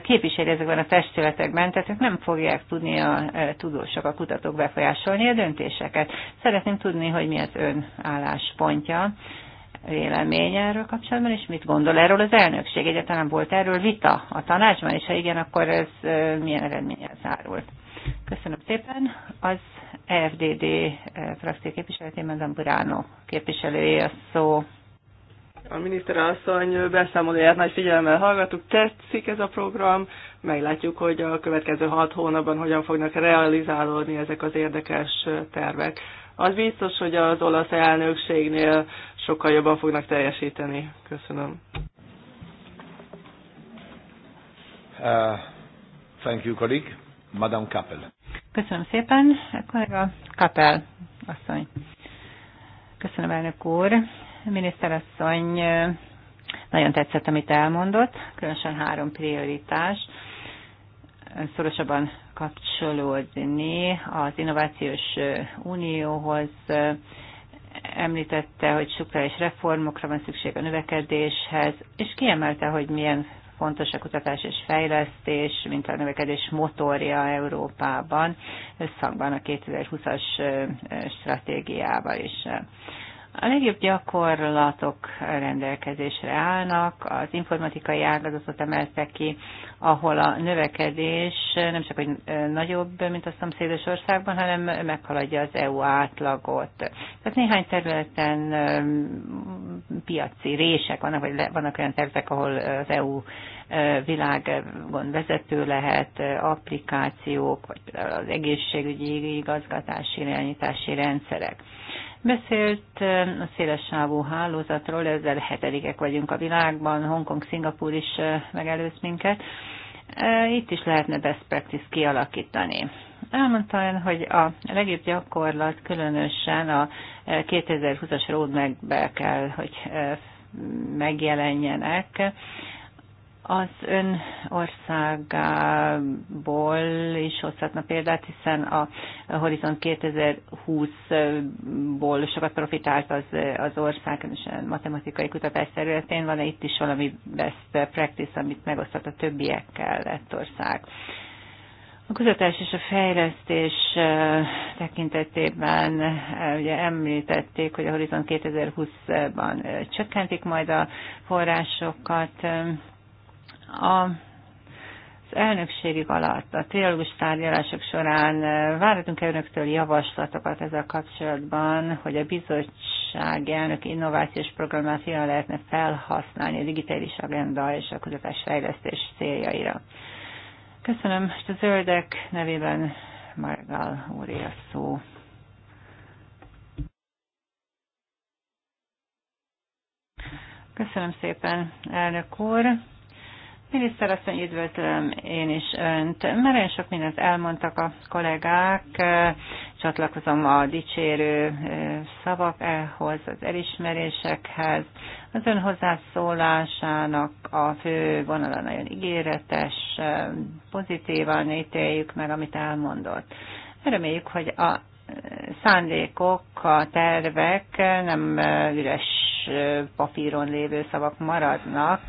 képviseli ezekben a testületekben, tehát ők nem fogják tudni a tudósok, a kutatók befolyásolni a döntéseket. Szeretném tudni, hogy mi az ön álláspontja vélemény erről kapcsolatban, és mit gondol erről az elnökség? Egyáltalán volt erről vita a tanácsban, és ha igen, akkor ez milyen eredménnyel zárult? Köszönöm szépen. Az EFDD frakció képviseletében Zamburano képviselője a szó. A miniszterasszony beszámolóját nagy figyelemmel hallgattuk, tetszik ez a program, meglátjuk, hogy a következő hat hónapban hogyan fognak realizálódni ezek az érdekes tervek. Az biztos, hogy az olasz elnökségnél sokkal jobban fognak teljesíteni. Köszönöm. Uh, thank you, colleague. Madame Kappel. Köszönöm szépen, kollega Kappel asszony. Köszönöm, elnök úr. Miniszterasszony, nagyon tetszett, amit elmondott, különösen három prioritás. Szorosabban kapcsolódni az Innovációs Unióhoz. Említette, hogy struktúrális reformokra van szükség a növekedéshez, és kiemelte, hogy milyen fontos a kutatás és fejlesztés, mint a növekedés motorja Európában, összhangban a 2020-as stratégiával is. A legjobb gyakorlatok rendelkezésre állnak, az informatikai ágazatot emeltek ki, ahol a növekedés nem csak hogy nagyobb, mint a szomszédos országban, hanem meghaladja az EU átlagot. Tehát néhány területen piaci rések vannak, vagy vannak olyan területek, ahol az EU világon vezető lehet, applikációk, vagy például az egészségügyi igazgatási irányítási rendszerek. Beszélt a szélessávú hálózatról, ezzel hetedikek vagyunk a világban, Hongkong, Szingapúr is megelőz minket. Itt is lehetne best practice kialakítani. Elmondta el, hogy a legjobb gyakorlat különösen a 2020-as roadmap kell, hogy megjelenjenek az ön országából is hozhatna példát, hiszen a Horizon 2020-ból sokat profitált az, az ország, és a matematikai kutatás területén van -e itt is valami best practice, amit megosztott a többiekkel lett ország. A kutatás és a fejlesztés tekintetében ugye említették, hogy a Horizon 2020-ban csökkentik majd a forrásokat, a az elnökségük alatt, a trialógus tárgyalások során váratunk e önöktől javaslatokat ezzel kapcsolatban, hogy a bizottság elnök innovációs programát hogyan lehetne felhasználni a digitális agenda és a fejlesztés céljaira? Köszönöm, és a zöldek nevében Margal úré a szó. Köszönöm szépen, elnök úr. Miniszter asszony, üdvözlöm én is önt. Nagyon sok mindent elmondtak a kollégák, csatlakozom a dicsérő szavakhoz, az elismerésekhez. Az ön hozzászólásának a fő vonala nagyon ígéretes, pozitívan ítéljük meg, amit elmondott. Reméljük, hogy a szándékok, a tervek nem üres papíron lévő szavak maradnak,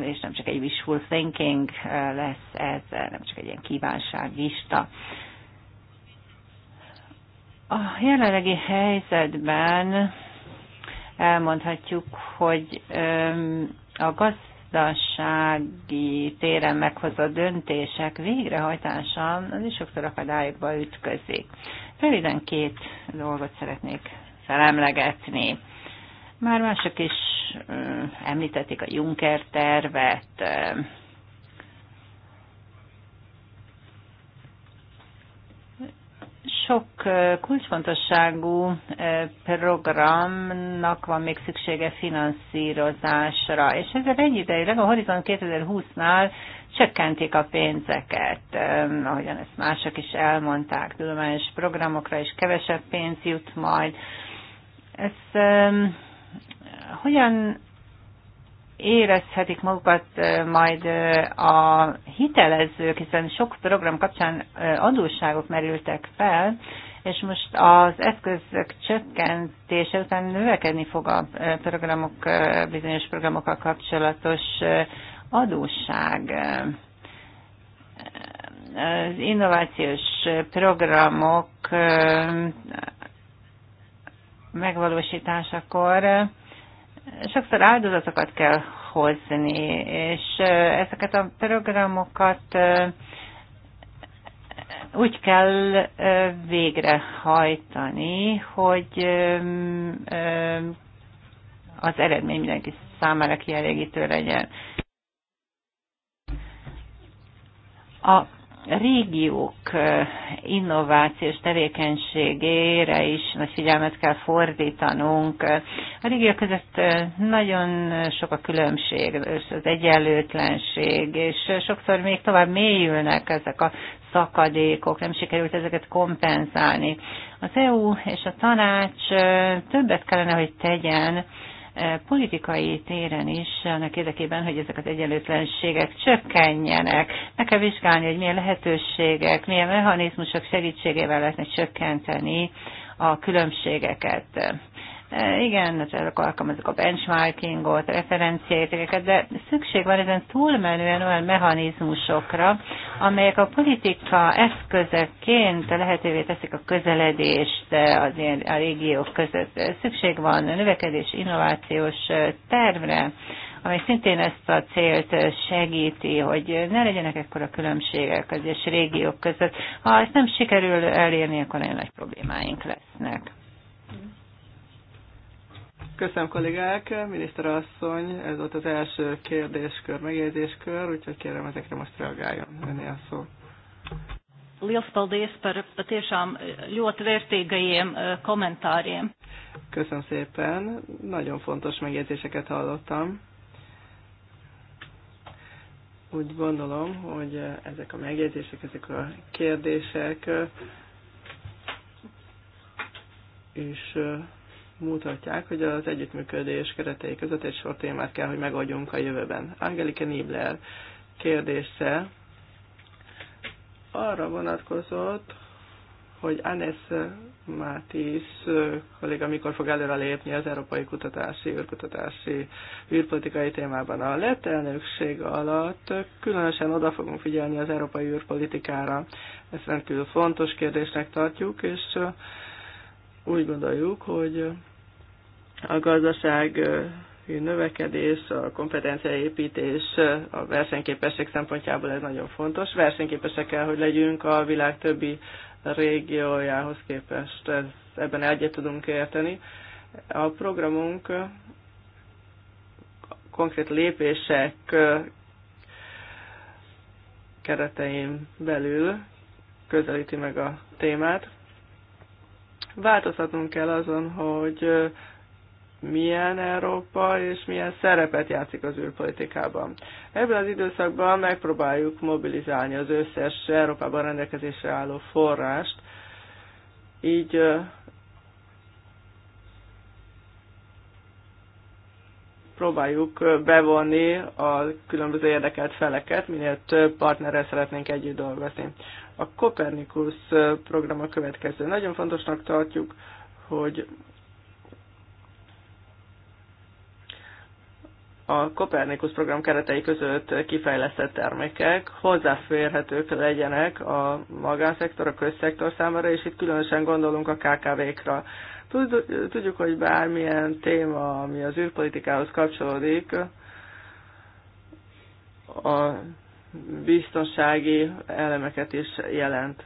és nem csak egy wishful thinking lesz ez, nem csak egy ilyen kívánságista. A jelenlegi helyzetben elmondhatjuk, hogy a gazdasági téren meghozott döntések végrehajtása az is sokszor akadályokba ütközik. Röviden két dolgot szeretnék felemlegetni. Már mások is említették a Juncker tervet, sok kulcsfontosságú programnak van még szüksége finanszírozásra, és ezzel egyidejűleg a Horizon 2020-nál csökkentik a pénzeket, ahogyan ezt mások is elmondták, tudományos programokra is kevesebb pénz jut majd. Ez hogyan érezhetik magukat majd a hitelezők, hiszen sok program kapcsán adósságok merültek fel, és most az eszközök csökkentése után növekedni fog a programok, bizonyos programokkal kapcsolatos adósság. Az innovációs programok megvalósításakor sokszor áldozatokat kell hozni, és ezeket a programokat úgy kell végrehajtani, hogy az eredmény mindenki számára kielégítő legyen. A régiók eh, innovációs tevékenységére is nagy figyelmet kell fordítanunk. A régiók között eh, nagyon sok a különbség, az egyenlőtlenség, és sokszor még tovább mélyülnek ezek a szakadékok, nem sikerült ezeket kompenzálni. Az EU és a tanács eh, többet kellene, hogy tegyen, E, politikai téren is, annak érdekében, hogy ezek az egyenlőtlenségek csökkenjenek. Meg kell vizsgálni, hogy milyen lehetőségek, milyen mechanizmusok segítségével lehetne csökkenteni a különbségeket. E, igen, akkor alkalmazok a benchmarkingot, referenciaértékeket, de szükség van ezen túlmenően olyan mechanizmusokra, amelyek a politika eszközeként lehetővé teszik a közeledést az ilyen, a régiók között. E, szükség van növekedés, innovációs e, tervre, amely szintén ezt a célt segíti, hogy ne legyenek ekkora különbségek az és régiók között. Ha ezt nem sikerül elérni, akkor nagyon nagy problémáink lesznek. Köszönöm kollégák, miniszter asszony, ez volt az első kérdéskör, megjegyzéskör, úgyhogy kérem ezekre most reagáljon, önné a szó. Liels paldies par patiešām ļoti vērtīgajiem eh, kommentāriem. Köszönöm szépen, nagyon fontos megjegyzéseket hallottam. Úgy gondolom, hogy ezek a megjegyzések, ezek a kérdések eh, és eh, mutatják, hogy az együttműködés keretei között egy sor témát kell, hogy megoldjunk a jövőben. Angelike Nibler kérdése arra vonatkozott, hogy Anes Mátis kolléga mikor fog előre lépni az európai kutatási, űrkutatási, űrpolitikai témában. A lett elnökség alatt különösen oda fogunk figyelni az európai űrpolitikára. Ezt rendkívül fontos kérdésnek tartjuk, és úgy gondoljuk, hogy a gazdaság növekedés, a kompetenciaépítés, a versenyképesség szempontjából ez nagyon fontos. Versenyképesek kell, hogy legyünk a világ többi régiójához képest. Ez, ebben egyet tudunk érteni. A programunk konkrét lépések keretein belül közelíti meg a témát. Változtatnunk kell azon, hogy milyen Európa és milyen szerepet játszik az űrpolitikában. Ebben az időszakban megpróbáljuk mobilizálni az összes Európában rendelkezésre álló forrást, így próbáljuk bevonni a különböző érdekelt feleket, minél több partnerrel szeretnénk együtt dolgozni. A Copernicus program a következő. Nagyon fontosnak tartjuk, hogy a Kopernikus program keretei között kifejlesztett termékek hozzáférhetők legyenek a magánszektor, a közszektor számára, és itt különösen gondolunk a KKV-kra. Tudjuk, hogy bármilyen téma, ami az űrpolitikához kapcsolódik, a biztonsági elemeket is jelent.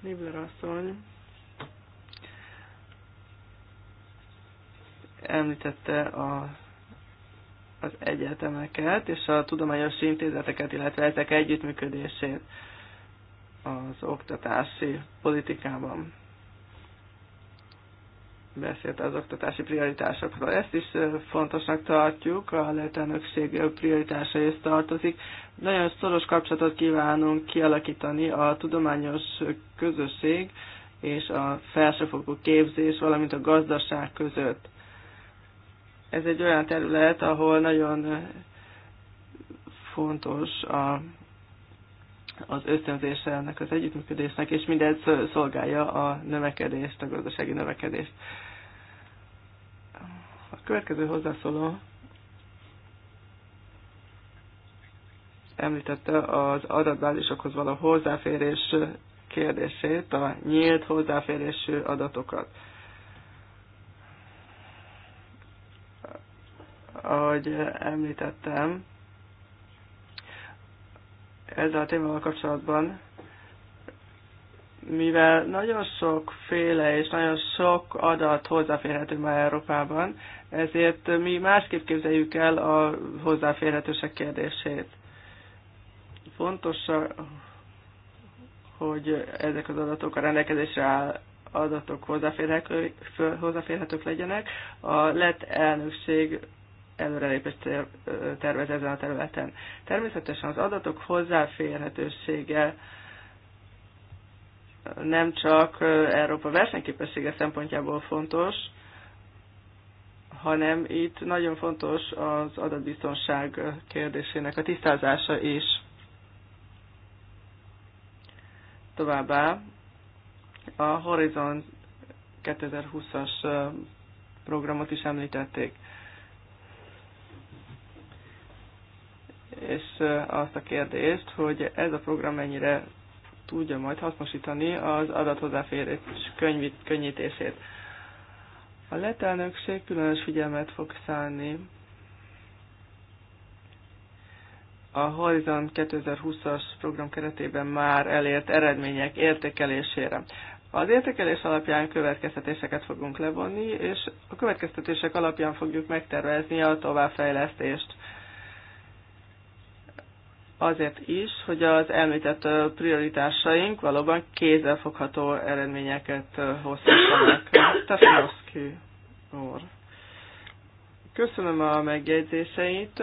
Nibler asszony említette a, az egyetemeket és a tudományos intézeteket, illetve ezek együttműködését az oktatási politikában beszélt az oktatási prioritásokról. Ezt is fontosnak tartjuk, a letelnökség prioritásaihoz tartozik. Nagyon szoros kapcsolatot kívánunk kialakítani a tudományos közösség és a felsőfokú képzés, valamint a gazdaság között. Ez egy olyan terület, ahol nagyon fontos a az ösztönzése ennek az együttműködésnek, és mindez szolgálja a növekedést, a gazdasági növekedést. Következő hozzászóló említette az adatbázisokhoz való hozzáférés kérdését, a nyílt hozzáférésű adatokat. Ahogy említettem, ezzel a témával kapcsolatban mivel nagyon sok féle és nagyon sok adat hozzáférhető már Európában, ezért mi másképp képzeljük el a hozzáférhetőség kérdését. Fontos, hogy ezek az adatok a rendelkezésre áll, adatok hozzáférhetők, hozzáférhetők legyenek. A lett elnökség előrelépést tervez ezen a területen. Természetesen az adatok hozzáférhetősége nem csak Európa versenyképessége szempontjából fontos, hanem itt nagyon fontos az adatbiztonság kérdésének a tisztázása is. Továbbá a Horizon 2020-as programot is említették. És azt a kérdést, hogy ez a program mennyire tudja majd hasznosítani az adathozáférés könnyítését. A letelnökség különös figyelmet fog szállni a Horizon 2020-as program keretében már elért eredmények értékelésére. Az értékelés alapján következtetéseket fogunk levonni, és a következtetések alapján fogjuk megtervezni a továbbfejlesztést azért is, hogy az említett prioritásaink valóban kézzelfogható eredményeket hozhatnak. Tafinovszki úr. Köszönöm a megjegyzéseit.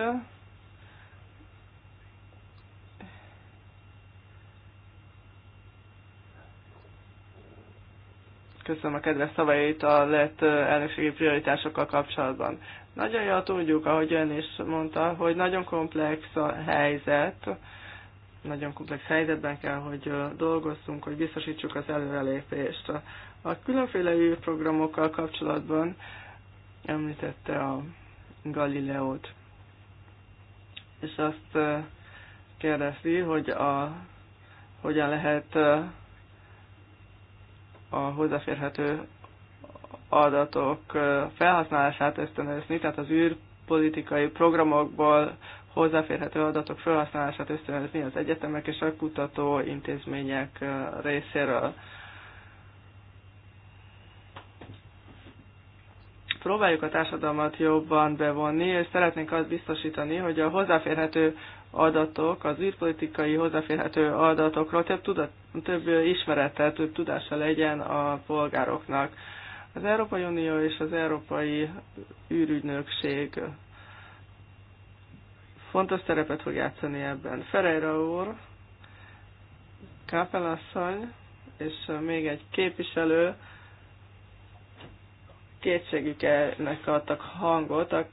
Köszönöm a kedves szavait a lett elnökségi prioritásokkal kapcsolatban. Nagyon jól tudjuk, ahogy ön is mondta, hogy nagyon komplex a helyzet, nagyon komplex helyzetben kell, hogy dolgozzunk, hogy biztosítsuk az előrelépést. A különféle űrprogramokkal kapcsolatban említette a Galileót, és azt kérdezi, hogy a, hogyan lehet a hozzáférhető adatok felhasználását ösztönözni, tehát az űrpolitikai programokból hozzáférhető adatok felhasználását ösztönözni az egyetemek és a kutató intézmények részéről. Próbáljuk a társadalmat jobban bevonni, és szeretnénk azt biztosítani, hogy a hozzáférhető adatok, az űrpolitikai hozzáférhető adatokról több, tudat, több ismerettel, több tudása legyen a polgároknak. Az Európai Unió és az Európai űrügynökség fontos szerepet fog játszani ebben. Ferreira úr, Kápelasszony és még egy képviselő kétségüknek adtak hangot a,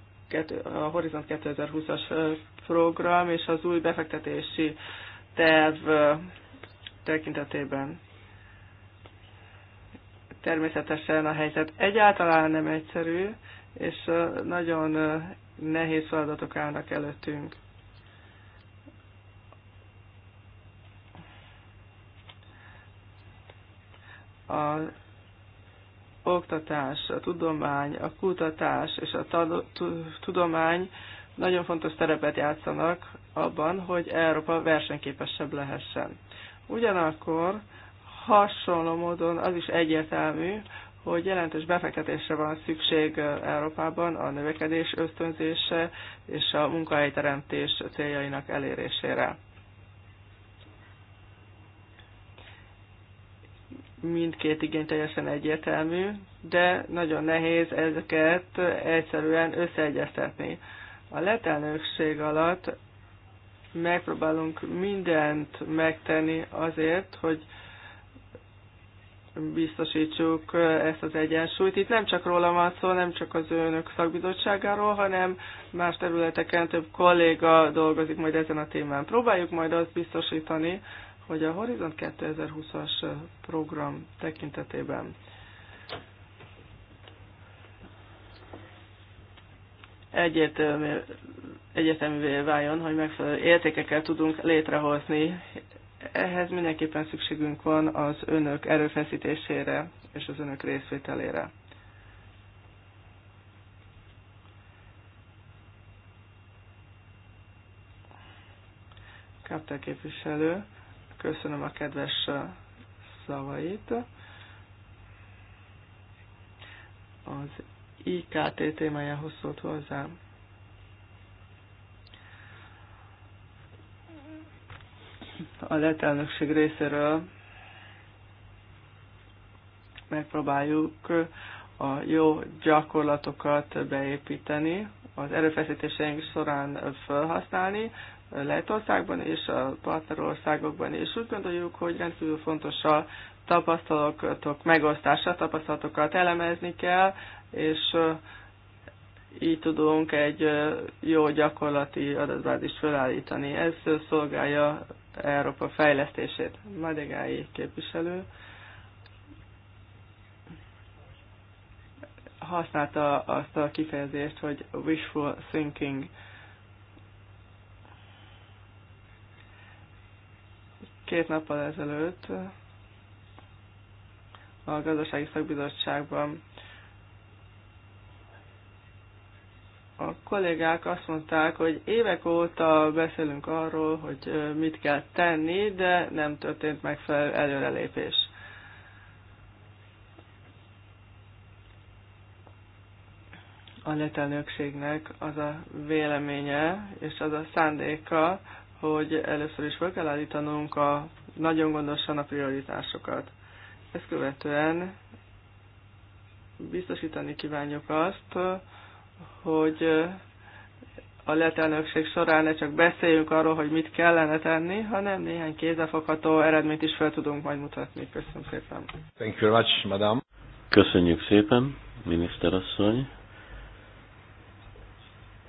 a Horizont 2020-as program és az új befektetési terv tekintetében. Természetesen a helyzet egyáltalán nem egyszerű, és nagyon nehéz feladatok állnak előttünk. A oktatás, a tudomány, a kutatás és a tudomány nagyon fontos szerepet játszanak abban, hogy Európa versenyképesebb lehessen. Ugyanakkor hasonló módon az is egyértelmű, hogy jelentős befektetésre van szükség Európában a növekedés ösztönzése és a munkahelyteremtés céljainak elérésére. Mindkét igény teljesen egyértelmű, de nagyon nehéz ezeket egyszerűen összeegyeztetni. A letelnökség alatt megpróbálunk mindent megtenni azért, hogy biztosítsuk eh, ezt az egyensúlyt. Itt nem csak rólam van szó, nem csak az önök szakbizottságáról, hanem más területeken több kolléga dolgozik majd ezen a témán. Próbáljuk majd azt biztosítani, hogy a Horizont 2020-as program tekintetében egyértelmű, egyértelművé váljon, hogy megfelelő értékeket tudunk létrehozni, ehhez mindenképpen szükségünk van az önök erőfeszítésére és az önök részvételére. Kapta képviselő, köszönöm a kedves szavait. Az IKT témájához szólt hozzám. a lett elnökség részéről megpróbáljuk a jó gyakorlatokat beépíteni, az erőfeszítéseink során felhasználni Lettországban és a partnerországokban, és úgy gondoljuk, hogy rendkívül fontos a tapasztalatok megosztása, tapasztalatokat elemezni kell, és uh, így tudunk egy uh, jó gyakorlati adatbázist felállítani. Ez szolgálja Európa fejlesztését. Madegái képviselő használta azt a kifejezést, hogy wishful thinking. Két nappal ezelőtt a gazdasági szakbizottságban a kollégák azt mondták, hogy évek óta beszélünk arról, hogy mit kell tenni, de nem történt megfelelő előrelépés. A letelnökségnek az a véleménye és az a szándéka, hogy először is fel kell állítanunk a, nagyon gondosan a prioritásokat. Ezt követően biztosítani kívánjuk azt, hogy a lett elnökség során ne csak beszéljünk arról, hogy mit kellene tenni, hanem néhány kézzelfogható eredményt is fel tudunk majd mutatni. Köszönöm szépen. Thank you very much, madam. Köszönjük szépen, miniszterasszony.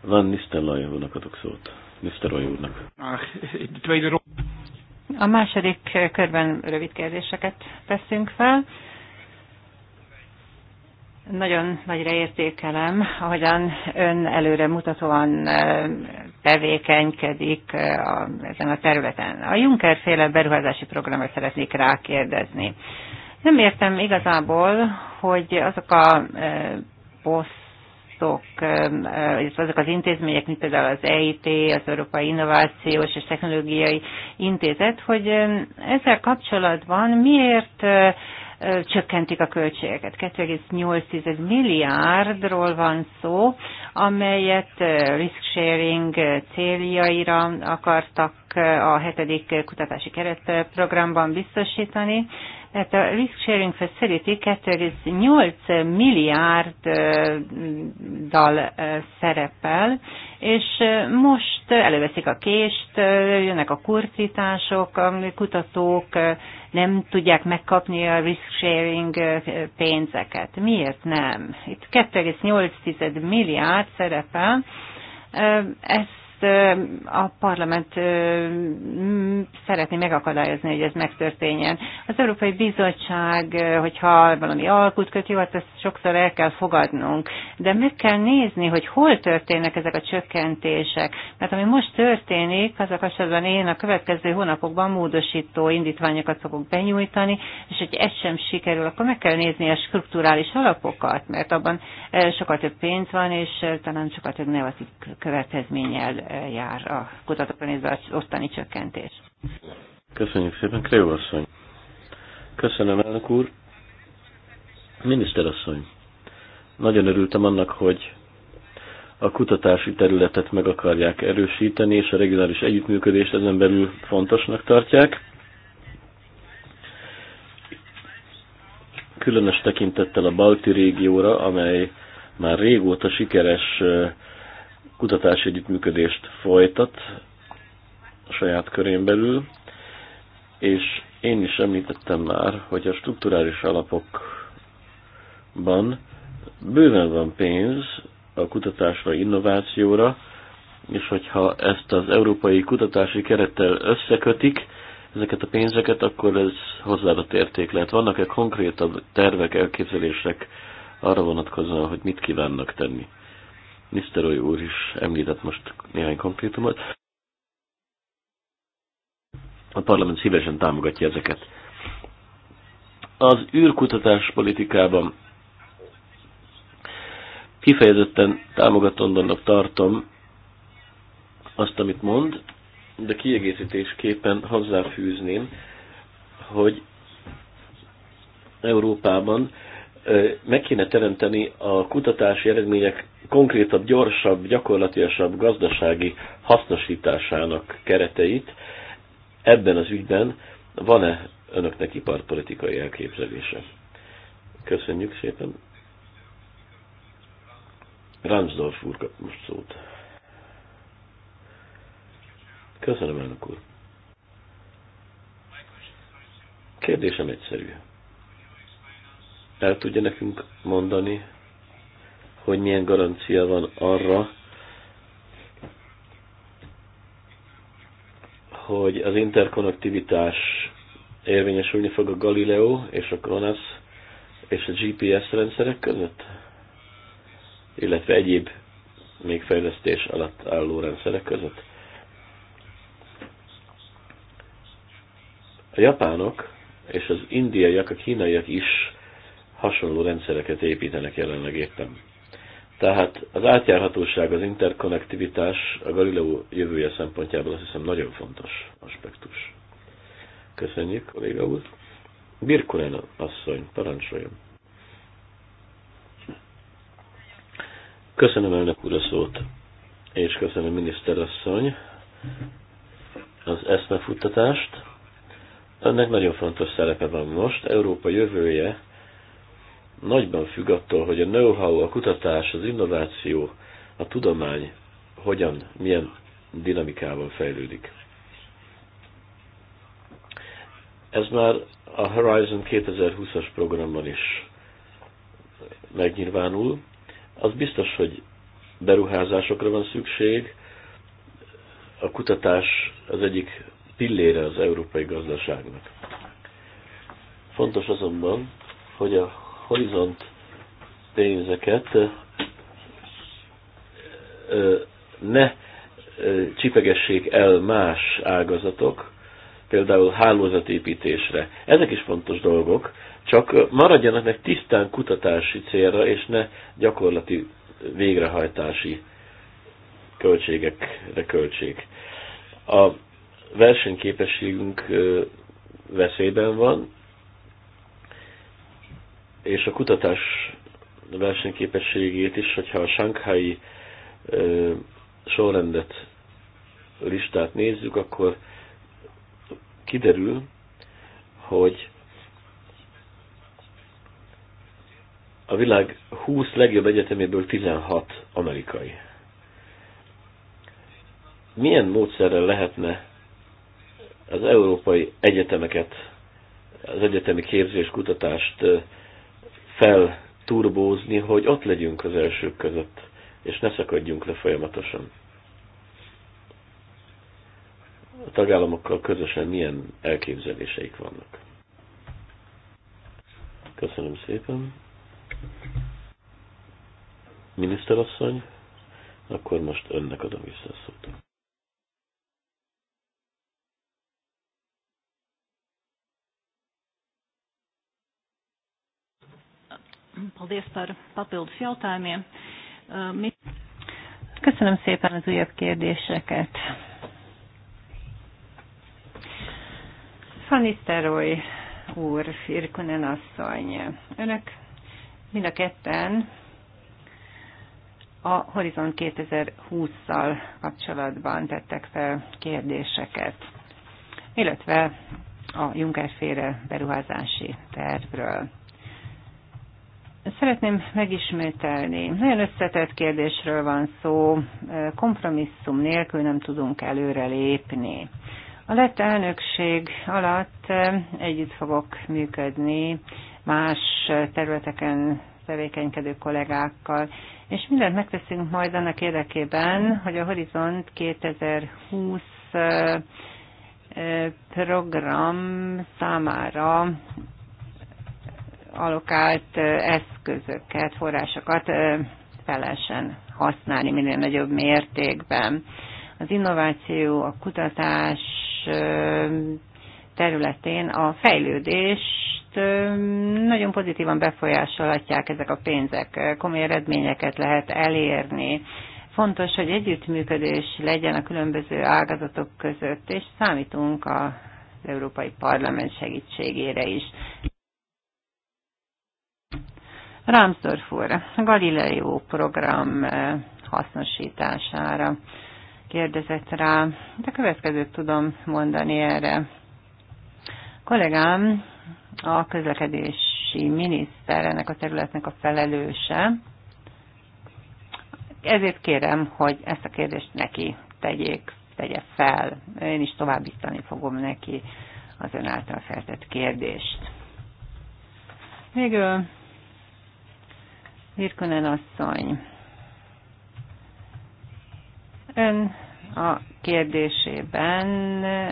Van Mr. Lajónak adok szót. Mr. Lajónak. Ah, a második körben rövid kérdéseket teszünk fel. Nagyon nagyra értékelem, ahogyan ön előre mutatóan tevékenykedik a, ezen a területen. A Juncker féle beruházási programra szeretnék rákérdezni. Nem értem igazából, hogy azok a posztok, illetve azok az intézmények, mint például az EIT, az Európai Innovációs és Technológiai Intézet, hogy ezzel kapcsolatban miért csökkentik a költségeket. 2,8 milliárdról van szó, amelyet risk-sharing céljaira akartak a hetedik kutatási keretprogramban biztosítani, mert hát a Risk Sharing Facility 2,8 milliárddal szerepel, és most előveszik a kést, jönnek a kurcítások, a kutatók nem tudják megkapni a risk sharing pénzeket. Miért nem? Itt 2,8 milliárd szerepel, ez ezt a parlament szeretné megakadályozni, hogy ez megtörténjen. Az Európai Bizottság, hogyha valami alkut köt, jó, hát ezt sokszor el kell fogadnunk, de meg kell nézni, hogy hol történnek ezek a csökkentések. Mert ami most történik, az a kapcsolatban én a következő hónapokban módosító indítványokat fogok benyújtani, és hogy ez sem sikerül, akkor meg kell nézni a strukturális alapokat, mert abban sokkal több pénz van, és talán sokkal több negatív következménnyel jár a kutatókra az osztani csökkentés. Köszönjük szépen, Kreó asszony. Köszönöm, elnök úr. Miniszter asszony, nagyon örültem annak, hogy a kutatási területet meg akarják erősíteni, és a regionális együttműködést ezen belül fontosnak tartják. Különös tekintettel a balti régióra, amely már régóta sikeres kutatási együttműködést folytat a saját körén belül, és én is említettem már, hogy a strukturális alapokban bőven van pénz a kutatásra, innovációra, és hogyha ezt az európai kutatási kerettel összekötik, ezeket a pénzeket, akkor ez hozzáadott érték lehet. Vannak-e konkrétabb tervek, elképzelések arra vonatkozóan, hogy mit kívánnak tenni? Nisztelói úr is említett most néhány konkrétumot. A parlament szívesen támogatja ezeket. Az űrkutatás politikában kifejezetten támogatondannak tartom azt, amit mond, de kiegészítésképpen hozzáfűzném, hogy Európában meg kéne teremteni a kutatási eredmények konkrétabb, gyorsabb, gyakorlatilasabb gazdasági hasznosításának kereteit. Ebben az ügyben van-e önöknek iparpolitikai elképzelése? Köszönjük szépen. Ramsdorf úr kap most szót. Köszönöm, elnök úr. Kérdésem egyszerű el tudja nekünk mondani, hogy milyen garancia van arra, hogy az interkonnektivitás érvényesülni fog a Galileo és a Kronasz és a GPS rendszerek között? Illetve egyéb még fejlesztés alatt álló rendszerek között? A japánok és az indiaiak, a kínaiak is hasonló rendszereket építenek jelenleg éppen. Tehát az átjárhatóság, az interkonnektivitás a Galileo jövője szempontjából azt hiszem nagyon fontos aspektus. Köszönjük, kolléga úr. Birkulen asszony, parancsoljon. Köszönöm elnök úr a szót, és köszönöm miniszter asszony, az eszmefuttatást. Ennek nagyon fontos szerepe van most. Európa jövője nagyban függ attól, hogy a know-how, a kutatás, az innováció, a tudomány hogyan, milyen dinamikában fejlődik. Ez már a Horizon 2020-as programban is megnyilvánul. Az biztos, hogy beruházásokra van szükség. A kutatás az egyik pillére az európai gazdaságnak. Fontos azonban, hogy a horizont pénzeket ne csipegessék el más ágazatok, például hálózatépítésre. Ezek is fontos dolgok, csak maradjanak meg tisztán kutatási célra, és ne gyakorlati végrehajtási költségekre költség. A versenyképességünk veszélyben van, és a kutatás versenyképességét is, hogyha a sánkhái sorrendet, listát nézzük, akkor kiderül, hogy a világ 20 legjobb egyeteméből 16 amerikai. Milyen módszerrel lehetne az európai egyetemeket, az egyetemi képzés kutatást felturbózni, hogy ott legyünk az elsők között, és ne szakadjunk le folyamatosan. A tagállamokkal közösen milyen elképzeléseik vannak. Köszönöm szépen. Miniszterasszony, akkor most önnek adom vissza a szót. Paldies par papildus jautājumiem. Köszönöm szépen az újabb kérdéseket. Fanisztároly úr, Firkunen asszony, önök mind a ketten a Horizon 2020-szal kapcsolatban tettek fel kérdéseket, illetve a Juncker féle beruházási tervről. Szeretném megismételni. Nagyon összetett kérdésről van szó, kompromisszum nélkül nem tudunk előre lépni. A lett elnökség alatt eh, együtt fogok működni más területeken tevékenykedő kollégákkal, és mindent megteszünk majd annak érdekében, hogy a Horizont 2020 eh, eh, program számára alokált eszközöket, forrásokat felesen használni minél nagyobb mértékben. Az innováció, a kutatás területén a fejlődést nagyon pozitívan befolyásolhatják ezek a pénzek. Komoly eredményeket lehet elérni. Fontos, hogy együttműködés legyen a különböző ágazatok között, és számítunk a az Európai Parlament segítségére is. Rámsdorf úr, a Galileo program eh, hasznosítására kérdezett rá. De következőt tudom mondani erre. A kollégám a közlekedési miniszter, ennek a területnek a felelőse. Ezért kérem, hogy ezt a kérdést neki tegyék, tegye fel. Én is továbbítani fogom neki az ön által feltett kérdést. Végül Hirkonen asszony, ön a kérdésében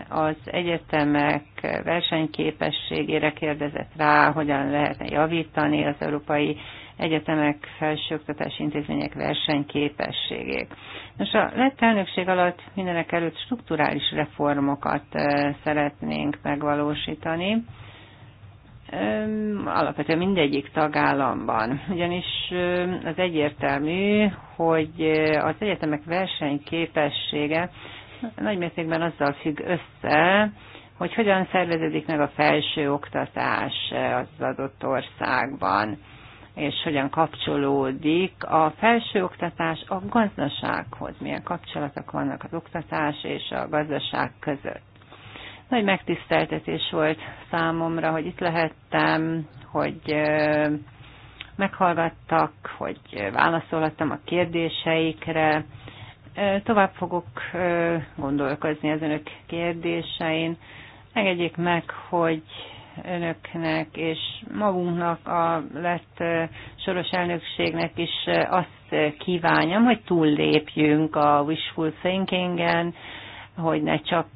az egyetemek versenyképességére kérdezett rá, hogyan lehetne javítani az európai egyetemek, felsőoktatási intézmények versenyképességét. Nos, a lett elnökség alatt mindenek előtt strukturális reformokat eh, szeretnénk megvalósítani, alapvetően mindegyik tagállamban. Ugyanis az egyértelmű, hogy az egyetemek versenyképessége mértékben azzal függ össze, hogy hogyan szerveződik meg a felső oktatás az adott országban, és hogyan kapcsolódik a felső oktatás a gazdasághoz, milyen kapcsolatok vannak az oktatás és a gazdaság között. Nagy megtiszteltetés volt számomra, hogy itt lehettem, hogy meghallgattak, hogy válaszolhattam a kérdéseikre. Tovább fogok gondolkozni az önök kérdésein. Engedjék meg, hogy önöknek és magunknak a lett soros elnökségnek is azt kívánjam, hogy túllépjünk a wishful thinkingen, hogy ne csak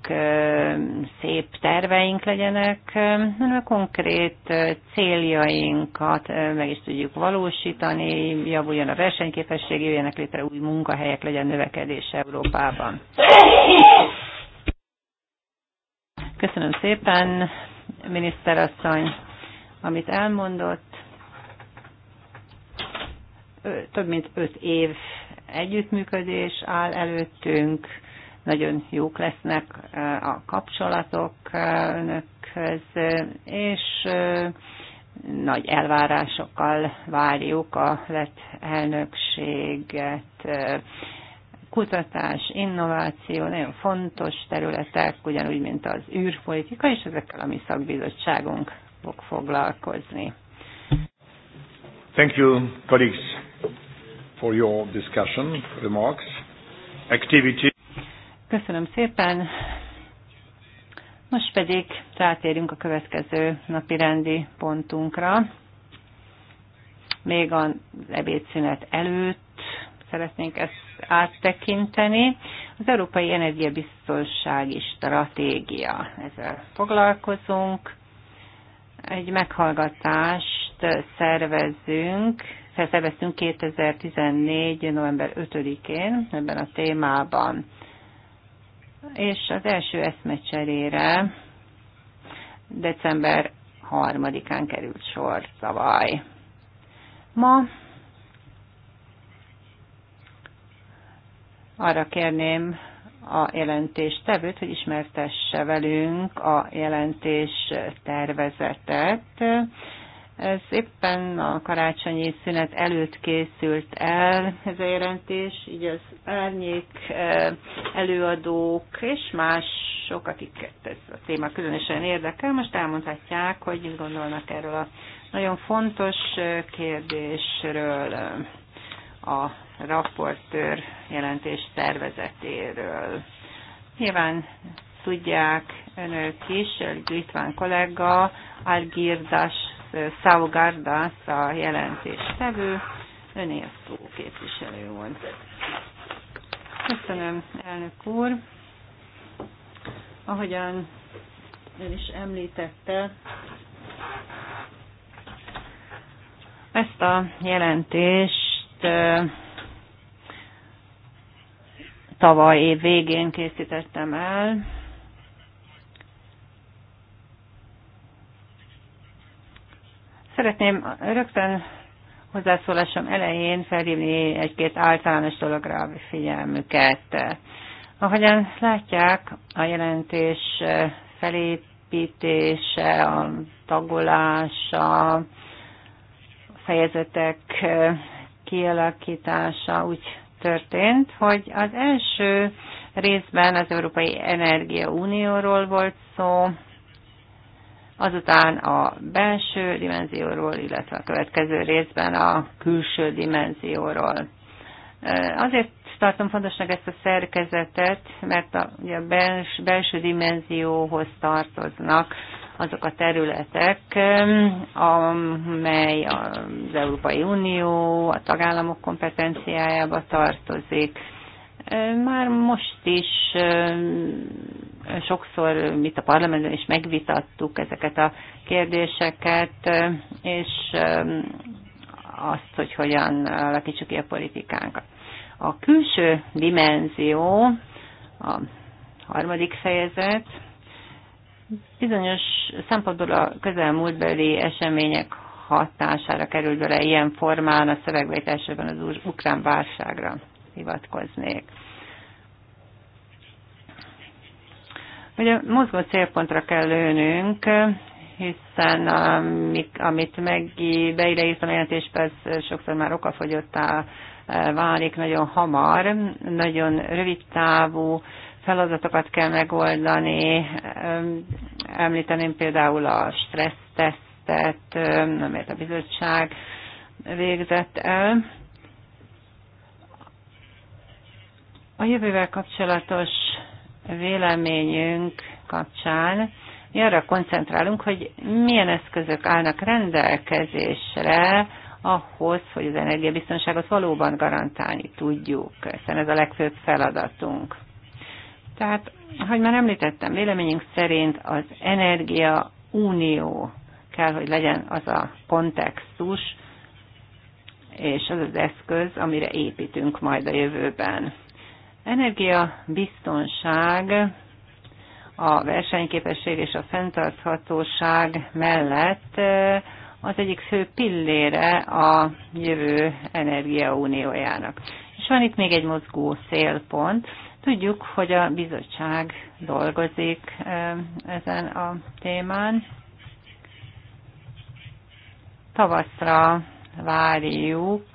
szép terveink legyenek, hanem a konkrét céljainkat meg is tudjuk valósítani, javuljon a versenyképesség, jöjjenek létre új munkahelyek, legyen növekedés Európában. Köszönöm szépen, miniszterasszony, amit elmondott. Több mint öt év együttműködés áll előttünk nagyon jók lesznek eh, a kapcsolatok eh, önökhöz, eh, és nagy elvárásokkal várjuk a lett elnökséget. Kutatás, innováció, nagyon fontos területek, ugyanúgy, mint az űrpolitika, és ezekkel a mi szakbizottságunk fog foglalkozni. Thank you, colleagues, for your discussion, remarks, activity. Köszönöm szépen. Most pedig rátérünk a következő napi rendi pontunkra. Még az ebédszünet előtt szeretnénk ezt áttekinteni. Az Európai Energiabiztonsági Stratégia. Ezzel foglalkozunk. Egy meghallgatást szervezünk, szerveztünk 2014. november 5-én ebben a témában és az első eszmecserére december 3-án került sor szavaj. Ma arra kérném a tevőt, hogy ismertesse velünk a jelentés tervezetet, ez éppen a karácsonyi szünet előtt készült el ez a jelentés, így az árnyék eh, előadók és mások, akiket ez a téma különösen érdekel, most elmondhatják, hogy mit gondolnak erről a nagyon fontos eh, kérdésről, eh, a raportőr jelentés szervezetéről. Nyilván tudják önök is, Litván kollega Algirdas Szávó Gárdász a jelentéstevő. Öné képviselő volt. Köszönöm, elnök úr. Ahogyan ön is említette, ezt a jelentést tavaly év végén készítettem el, Szeretném rögtön hozzászólásom elején felhívni egy-két általános dologra a figyelmüket. Ahogyan látják, a jelentés felépítése, a tagolása, a fejezetek kialakítása úgy történt, hogy az első részben az Európai Energia Unióról volt szó, azután a belső dimenzióról, illetve a következő részben a külső dimenzióról. Azért tartom fontosnak ezt a szerkezetet, mert a, ugye a bels, belső dimenzióhoz tartoznak azok a területek, amely az Európai Unió, a tagállamok kompetenciájába tartozik. Már most is sokszor itt a parlamentben is megvitattuk ezeket a kérdéseket, és um, azt, hogy hogyan alakítsuk ki a politikánkat. A külső dimenzió, a harmadik fejezet, bizonyos szempontból a közelmúltbeli események hatására került bele ilyen formán a szövegvételsőben az ukrán válságra hivatkoznék. Ugye mozgó célpontra kell lőnünk, hiszen amik, amit meg beide a jelentésbe, ez sokszor már okafogyottá válik nagyon hamar, nagyon rövid távú feladatokat kell megoldani. Említeném például a stressztesztet, amelyet a bizottság végzett el. A jövővel kapcsolatos véleményünk kapcsán mi arra koncentrálunk, hogy milyen eszközök állnak rendelkezésre ahhoz, hogy az energiabiztonságot valóban garantálni tudjuk, hiszen ez a legfőbb feladatunk. Tehát, ahogy már említettem, véleményünk szerint az energia unió kell, hogy legyen az a kontextus, és az az eszköz, amire építünk majd a jövőben energia biztonság a versenyképesség és a fenntarthatóság mellett az egyik fő pillére a jövő energiauniójának. És van itt még egy mozgó szélpont. Tudjuk, hogy a bizottság dolgozik ezen a témán. Tavaszra várjuk,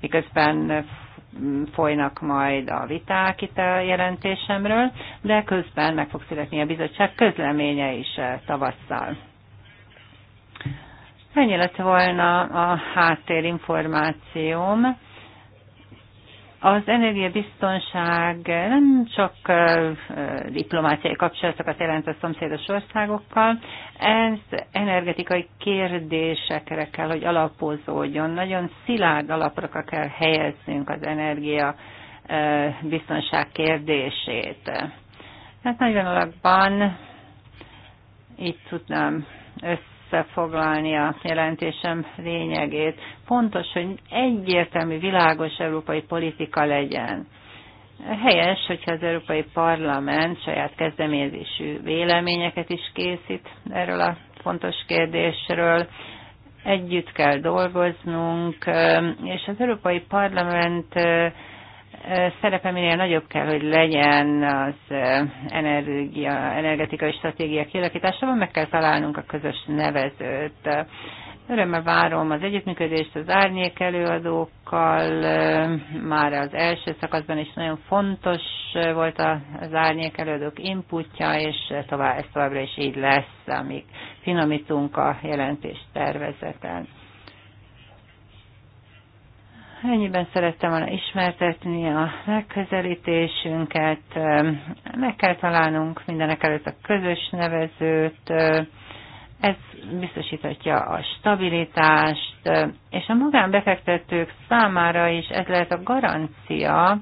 miközben folynak majd a viták itt a jelentésemről, de közben meg fog születni a bizottság közleménye is eh, tavasszal. Ennyi lett volna a háttérinformációm. Az energiabiztonság nem csak diplomáciai kapcsolatokat jelent a szomszédos országokkal, ez energetikai kérdésekre kell, hogy alapozódjon. Nagyon szilárd alapokra kell helyeznünk az energia biztonság kérdését. Hát nagyon alapban itt tudnám össze összefoglalni a jelentésem lényegét. Fontos, hogy egyértelmű, világos európai politika legyen. Helyes, hogyha az Európai Parlament saját kezdeményezésű véleményeket is készít erről a fontos kérdésről. Együtt kell dolgoznunk, és az Európai Parlament szerepe minél nagyobb kell, hogy legyen az energia, energetikai stratégia kialakításában, meg kell találnunk a közös nevezőt. Örömmel várom az együttműködést az árnyék előadókkal. Már az első szakaszban is nagyon fontos volt az árnyék előadók inputja, és tovább, ez továbbra is így lesz, amíg finomítunk a jelentés tervezeten. Ennyiben szerettem volna ismertetni a megközelítésünket. Meg kell találnunk mindenek előtt a közös nevezőt. Ez biztosítatja a stabilitást, és a magánbefektetők számára is ez lehet a garancia,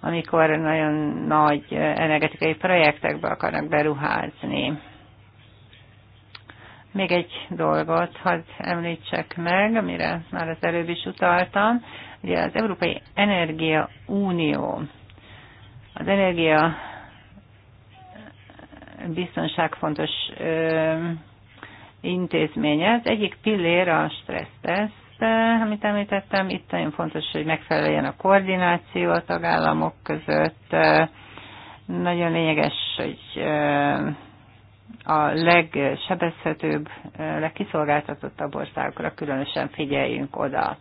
amikor nagyon nagy energetikai projektekbe akarnak beruházni. Még egy dolgot hadd említsek meg, amire már az előbb is utaltam. Ugye az Európai Energia Unió, az energia biztonság fontos ö, intézménye. Az egyik pillér a stressztesz, amit említettem, itt nagyon fontos, hogy megfeleljen a koordináció a tagállamok között. Nagyon lényeges, hogy a legsebezhetőbb, legkiszolgáltatottabb országokra különösen figyeljünk oda.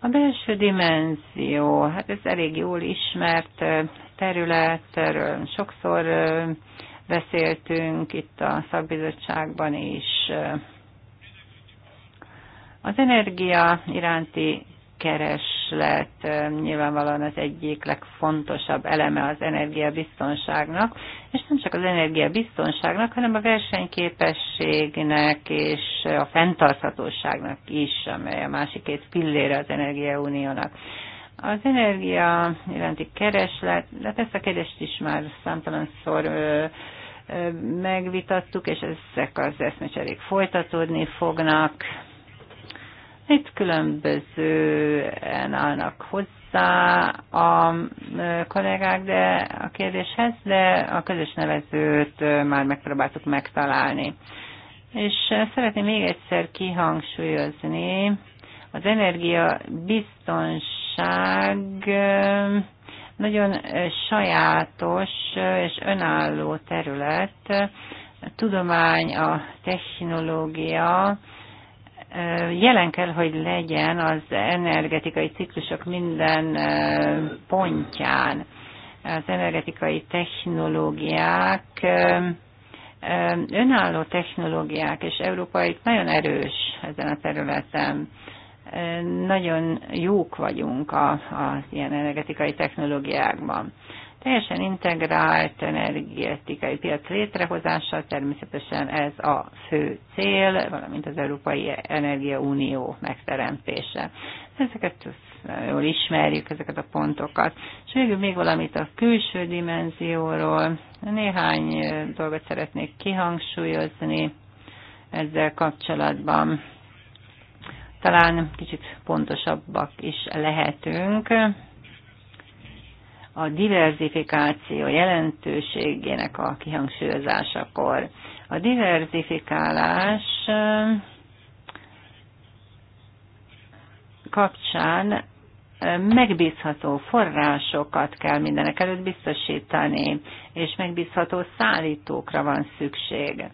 A belső dimenzió, hát ez elég jól ismert terület, erről sokszor beszéltünk itt a szakbizottságban is. Az energia iránti keres kereslet nyilvánvalóan az egyik legfontosabb eleme az energiabiztonságnak, és nem csak az energiabiztonságnak, hanem a versenyképességnek és a fenntarthatóságnak is, amely a másik két pillére az Energiauniónak. Az energia iránti kereslet, de ezt a kérdést is már számtalanszor szor megvitattuk, és ezek az eszmecserék folytatódni fognak. Itt különbözően állnak hozzá a kollégák de a kérdéshez, de a közös nevezőt már megpróbáltuk megtalálni. És szeretném még egyszer kihangsúlyozni, az energia biztonság nagyon sajátos és önálló terület, a tudomány, a technológia, jelen kell, hogy legyen az energetikai ciklusok minden pontján. Az energetikai technológiák önálló technológiák, és Európa itt nagyon erős ezen a területen. Nagyon jók vagyunk az ilyen energetikai technológiákban teljesen integrált energetikai piac létrehozása, természetesen ez a fő cél, valamint az Európai Energia Unió megteremtése. Ezeket jól ismerjük, ezeket a pontokat. És végül még valamit a külső dimenzióról. Néhány dolgot szeretnék kihangsúlyozni ezzel kapcsolatban. Talán kicsit pontosabbak is lehetünk a diversifikáció jelentőségének a kihangsúlyozásakor. A diversifikálás eh, kapcsán eh, megbízható forrásokat kell mindenek előtt biztosítani, és megbízható szállítókra van szükség.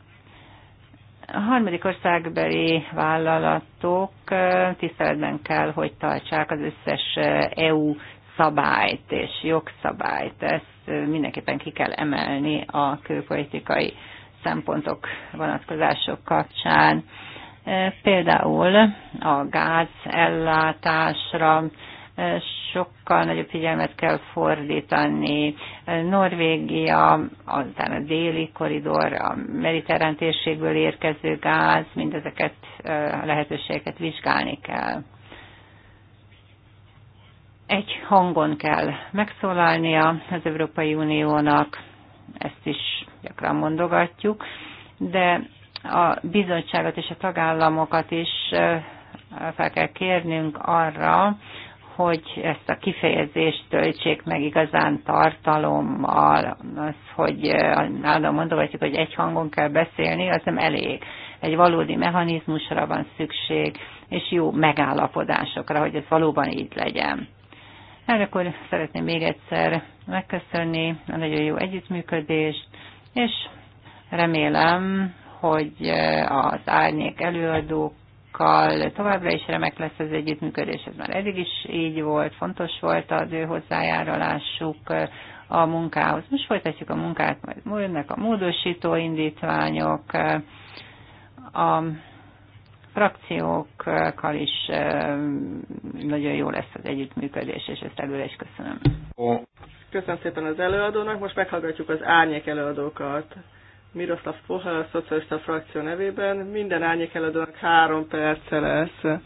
A harmadik országbeli vállalatok eh, tiszteletben kell, hogy tartsák az összes EU szabályt és jogszabályt. Ezt mindenképpen ki kell emelni a külpolitikai szempontok vonatkozások kapcsán. Például a gáz ellátásra sokkal nagyobb figyelmet kell fordítani. Norvégia, aztán a déli koridor, a mediterrán térségből érkező gáz, mindezeket a lehetőségeket vizsgálni kell egy hangon kell megszólalnia az Európai Uniónak, ezt is gyakran mondogatjuk, de a bizottságot és a tagállamokat is fel kell kérnünk arra, hogy ezt a kifejezést töltsék meg igazán tartalommal. Az, hogy állandóan mondogatjuk, hogy egy hangon kell beszélni, az nem elég. Egy valódi mechanizmusra van szükség, és jó megállapodásokra, hogy ez valóban így legyen. Hát akkor szeretném még egyszer megköszönni a nagyon jó együttműködést, és remélem, hogy az árnyék előadókkal továbbra is remek lesz az együttműködés. Ez már eddig is így volt, fontos volt az ő hozzájárulásuk a munkához. Most folytatjuk a munkát, majd jönnek a módosító indítványok. A frakciókkal is nagyon jó lesz az együttműködés, és ezt előre is köszönöm. Köszönöm szépen az előadónak, most meghallgatjuk az árnyék előadókat. Miroslav Poha, a szocialista frakció nevében. Minden árnyék előadónak három perce lesz.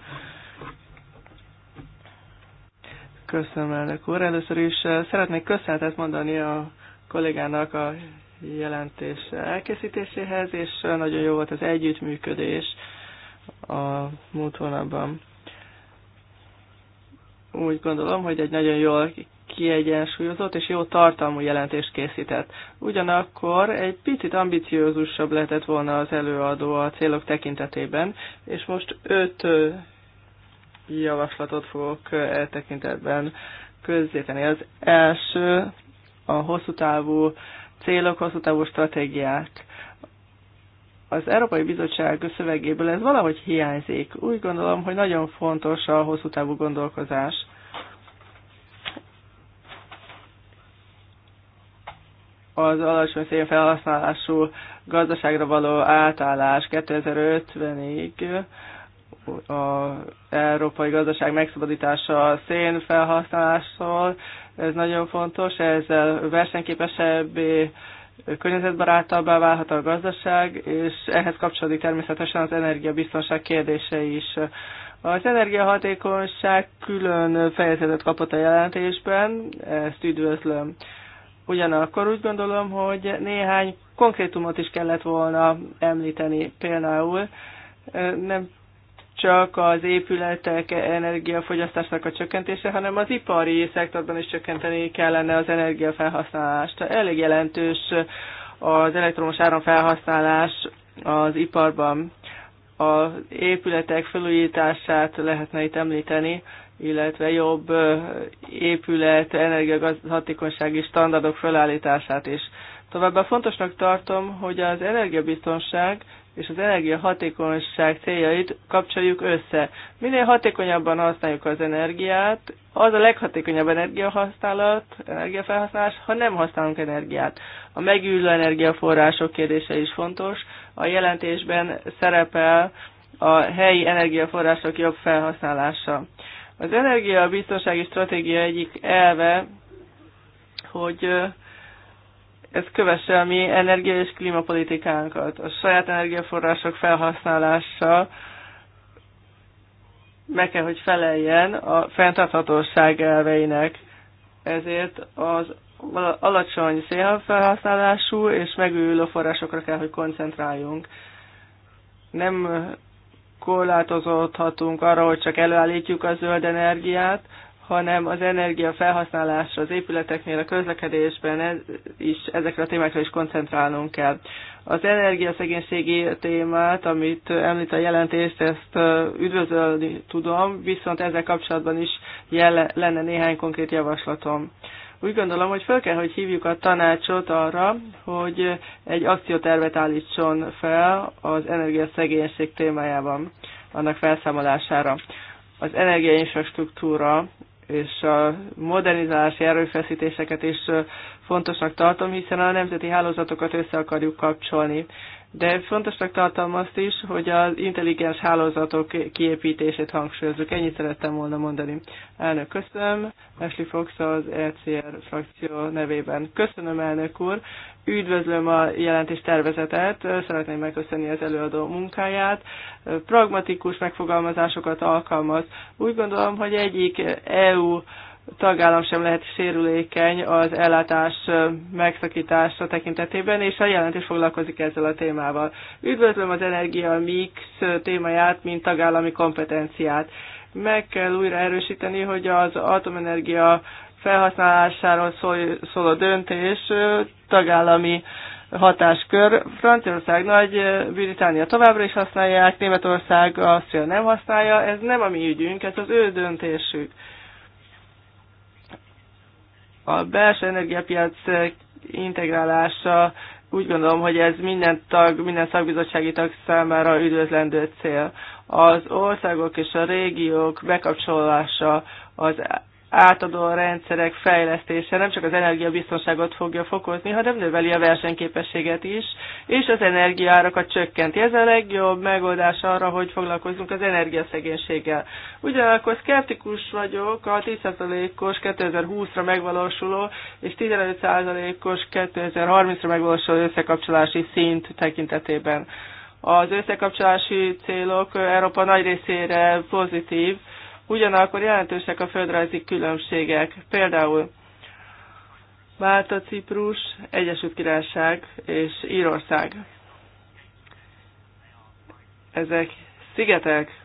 Köszönöm, elnök úr. Először is szeretnék köszönetet mondani a kollégának a jelentés elkészítéséhez, és nagyon jó volt az együttműködés a múlt hónapban. Úgy gondolom, hogy egy nagyon jól kiegyensúlyozott és jó tartalmú jelentést készített. Ugyanakkor egy picit ambiciózusabb lehetett volna az előadó a célok tekintetében, és most öt javaslatot fogok e tekintetben Az első a hosszú távú célok, hosszú távú stratégiák az Európai Bizottság szövegéből ez valahogy hiányzik. Úgy gondolom, hogy nagyon fontos a hosszú távú gondolkozás. Az alacsony szénfelhasználású gazdaságra való átállás 2050-ig a európai gazdaság megszabadítása a szén felhasználásról, ez nagyon fontos, ezzel versenyképesebbé környezetbarátabbá válhat a gazdaság, és ehhez kapcsolódik természetesen az energiabiztonság kérdése is. Az energiahatékonyság külön fejezetet kapott a jelentésben, ezt üdvözlöm. Ugyanakkor úgy gondolom, hogy néhány konkrétumot is kellett volna említeni. Például eh, nem csak az épületek energiafogyasztásának a csökkentése, hanem az ipari szektorban is csökkenteni kellene az energiafelhasználást. Elég jelentős az elektromos áramfelhasználás az iparban. Az épületek felújítását lehetne itt említeni, illetve jobb épület energiahatékonysági standardok felállítását is. Továbbá fontosnak tartom, hogy az energiabiztonság és az energia hatékonyság céljait kapcsoljuk össze. Minél hatékonyabban használjuk az energiát, az a leghatékonyabb energiahasználat, energiafelhasználás, ha nem használunk energiát. A megülő energiaforrások kérdése is fontos. A jelentésben szerepel a helyi energiaforrások jobb felhasználása. Az energiabiztonsági stratégia egyik elve, hogy ez kövesse a mi energia és klímapolitikánkat. A saját energiaforrások felhasználása meg kell, hogy feleljen a fenntarthatóság elveinek. Ezért az alacsony szénfelhasználású és megújuló forrásokra kell, hogy koncentráljunk. Nem korlátozódhatunk arra, hogy csak előállítjuk a zöld energiát, hanem az energia felhasználásra az épületeknél, a közlekedésben ez, is ezekre a témákra is koncentrálnunk kell. Az energiaszegénységi témát, amit említ a jelentést, ezt üdvözölni tudom, viszont ezzel kapcsolatban is jele, lenne néhány konkrét javaslatom. Úgy gondolom, hogy fel kell, hogy hívjuk a tanácsot arra, hogy egy akciótervet állítson fel az energiaszegénység témájában, annak felszámolására az energiainfrastruktúra és a modernizálási erőfeszítéseket is fontosnak tartom, hiszen a nemzeti hálózatokat össze akarjuk kapcsolni de fontosnak tartom azt is, hogy az intelligens hálózatok kiépítését hangsúlyozzuk. Ennyit szerettem volna mondani. Elnök, köszönöm. Ashley Fox az ECR frakció nevében. Köszönöm, elnök úr. Üdvözlöm a jelentés tervezetet. Szeretném megköszönni az előadó munkáját. Pragmatikus megfogalmazásokat alkalmaz. Úgy gondolom, hogy egyik EU tagállam sem lehet sérülékeny az ellátás megszakítása tekintetében, és a jelentés foglalkozik ezzel a témával. Üdvözlöm az energia mix témáját, mint tagállami kompetenciát. Meg kell újra erősíteni, hogy az atomenergia felhasználásáról szól, szóló döntés tagállami hatáskör. Franciaország, Nagy-Britannia továbbra is használják, Németország, Ausztria nem használja, ez nem a mi ügyünk, ez az ő döntésük a belső energiapiac integrálása úgy gondolom, hogy ez minden tag, minden szakbizottsági tag számára üdvözlendő cél. Az országok és a régiók bekapcsolása az átadó rendszerek fejlesztése nem csak az energiabiztonságot fogja fokozni, hanem növeli a versenyképességet is, és az energiárakat csökkenti. Ez a legjobb megoldás arra, hogy foglalkozunk az energiaszegénységgel. Ugyanakkor szkeptikus vagyok a 10%-os 2020-ra megvalósuló és 15%-os 2030-ra megvalósuló összekapcsolási szint tekintetében. Az összekapcsolási célok Európa nagy részére pozitív, Ugyanakkor jelentősek a földrajzi különbségek. Például Málta, Ciprus, Egyesült Királyság és Írország. Ezek szigetek,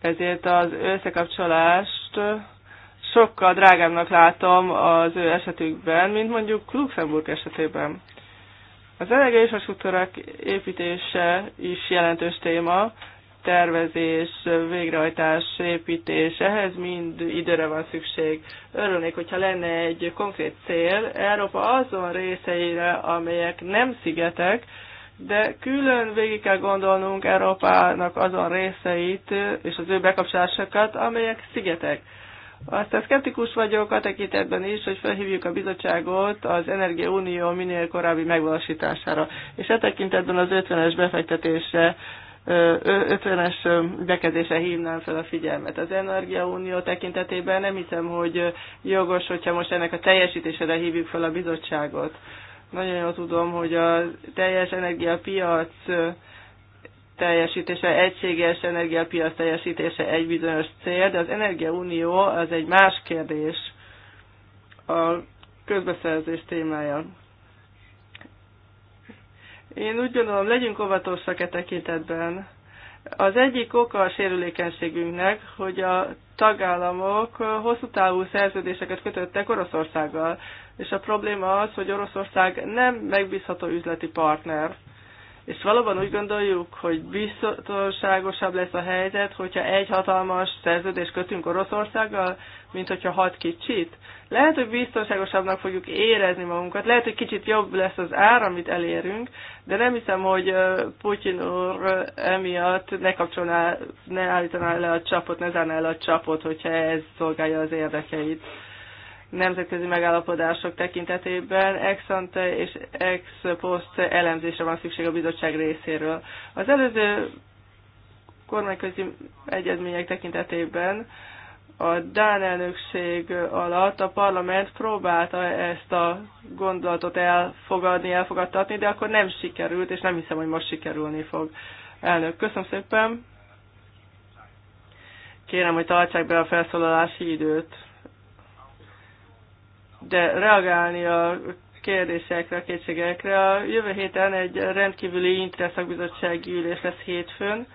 ezért az összekapcsolást sokkal drágábbnak látom az ő esetükben, mint mondjuk Luxemburg esetében. Az energia infrastruktúrák építése is jelentős téma, tervezés, végrehajtás, építés, ehhez mind időre van szükség. Örülnék, hogyha lenne egy konkrét cél Európa azon részeire, amelyek nem szigetek, de külön végig kell gondolnunk Európának azon részeit és az ő bekapcsolásokat, amelyek szigetek. Aztán szkeptikus vagyok a tekintetben is, hogy felhívjuk a bizottságot az energia unió minél korábbi megvalósítására. És e tekintetben az 50-es befektetésre 50-es bekezdése hívnám fel a figyelmet. Az Energiaunió tekintetében nem hiszem, hogy jogos, hogyha most ennek a teljesítésére hívjuk fel a bizottságot. Nagyon jól tudom, hogy a teljes energiapiac teljesítése, egységes energiapiac teljesítése egy bizonyos cél, de az Energiaunió az egy más kérdés a közbeszerzés témája. Én úgy gondolom, legyünk óvatosak e tekintetben. Az egyik oka a sérülékenységünknek, hogy a tagállamok hosszú távú szerződéseket kötöttek Oroszországgal, és a probléma az, hogy Oroszország nem megbízható üzleti partner. És valóban úgy gondoljuk, hogy biztonságosabb lesz a helyzet, hogyha egy hatalmas szerződést kötünk Oroszországgal, mint hogyha hat kicsit. Lehet, hogy biztonságosabbnak fogjuk érezni magunkat, lehet, hogy kicsit jobb lesz az ár, amit elérünk, de nem hiszem, hogy Putyin úr emiatt ne kapcsolná, ne állítaná le a csapot, ne zárná le a csapot, hogyha ez szolgálja az érdekeit nemzetközi megállapodások tekintetében ex ante és ex post elemzésre van szükség a bizottság részéről. Az előző kormányközi egyezmények tekintetében a Dán elnökség alatt a parlament próbálta ezt a gondolatot elfogadni, elfogadtatni, de akkor nem sikerült, és nem hiszem, hogy most sikerülni fog. Elnök, köszönöm szépen. Kérem, hogy tartsák be a felszólalási időt de reagálni a kérdésekre, a kétségekre. A jövő héten egy rendkívüli interszakbizottsági ülés lesz hétfőn,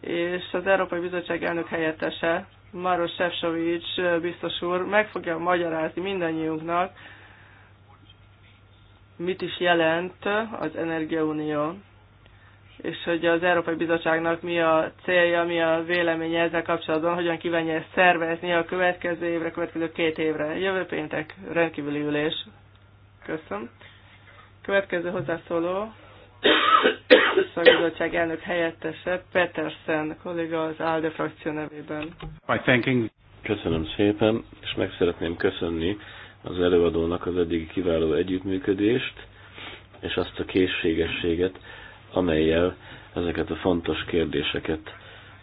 és az Európai Bizottság elnök helyettese, Maros Sefcovics biztos úr meg fogja magyarázni mindannyiunknak, mit is jelent az Energiaunió és hogy az Európai Bizottságnak mi a célja, mi a véleménye ezzel kapcsolatban, hogyan kívánja ezt szervezni a következő évre, következő két évre. Jövő péntek rendkívüli ülés. Köszönöm. Következő hozzászóló, szakbizottság elnök helyettese, Petersen kolléga az ALDE frakció nevében. Köszönöm szépen, és meg szeretném köszönni az előadónak az eddigi kiváló együttműködést, és azt a készségességet, amelyel ezeket a fontos kérdéseket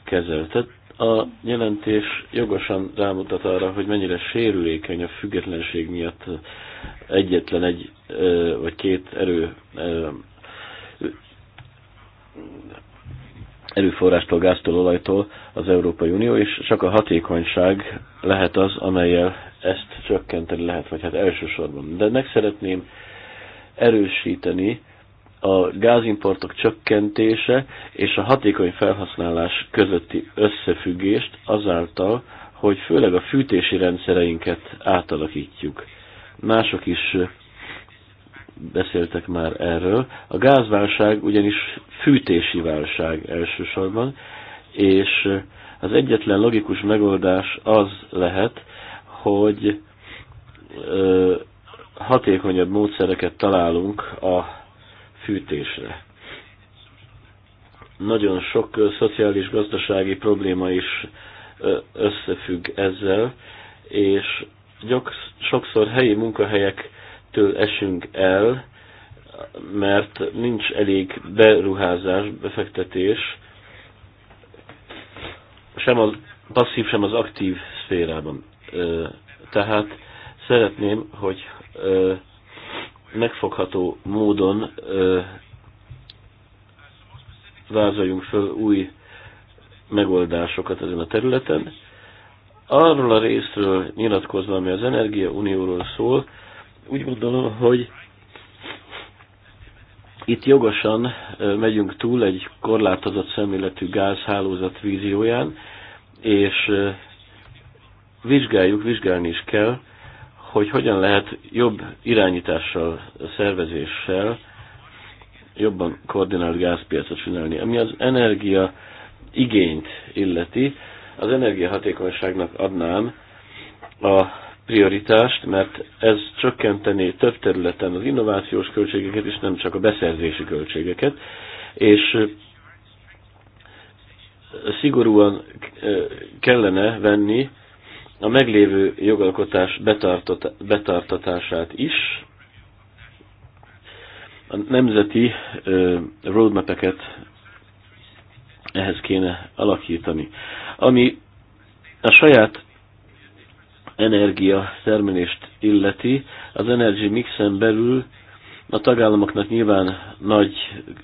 kezeltet. A jelentés jogosan rámutat arra, hogy mennyire sérülékeny a függetlenség miatt egyetlen egy vagy két erő erőforrástól, gáztól, olajtól az Európai Unió, és csak a hatékonyság lehet az, amelyel ezt csökkenteni lehet, vagy hát elsősorban. De meg szeretném erősíteni a gázimportok csökkentése és a hatékony felhasználás közötti összefüggést azáltal, hogy főleg a fűtési rendszereinket átalakítjuk. Mások is beszéltek már erről. A gázválság ugyanis fűtési válság elsősorban, és az egyetlen logikus megoldás az lehet, hogy hatékonyabb módszereket találunk a fűtésre. Nagyon sok szociális-gazdasági probléma is összefügg ezzel, és sokszor helyi munkahelyektől esünk el, mert nincs elég beruházás, befektetés, sem a passzív, sem az aktív szférában. Tehát szeretném, hogy megfogható módon ö, vázoljunk föl új megoldásokat ezen a területen. Arról a részről nyilatkozva, ami az Energia Unióról szól, úgy gondolom, hogy itt jogosan megyünk túl egy korlátozott szemléletű gázhálózat vízióján, és vizsgáljuk, vizsgálni is kell, hogy hogyan lehet jobb irányítással, szervezéssel jobban koordinált gázpiacot csinálni. Ami az energia igényt illeti, az energiahatékonyságnak adnám a prioritást, mert ez csökkenteni több területen az innovációs költségeket és nem csak a beszerzési költségeket, és szigorúan kellene venni a meglévő jogalkotás betartatását is, a nemzeti roadmapeket ehhez kéne alakítani. Ami a saját energia termelést illeti, az energy mixen belül a tagállamoknak nyilván nagy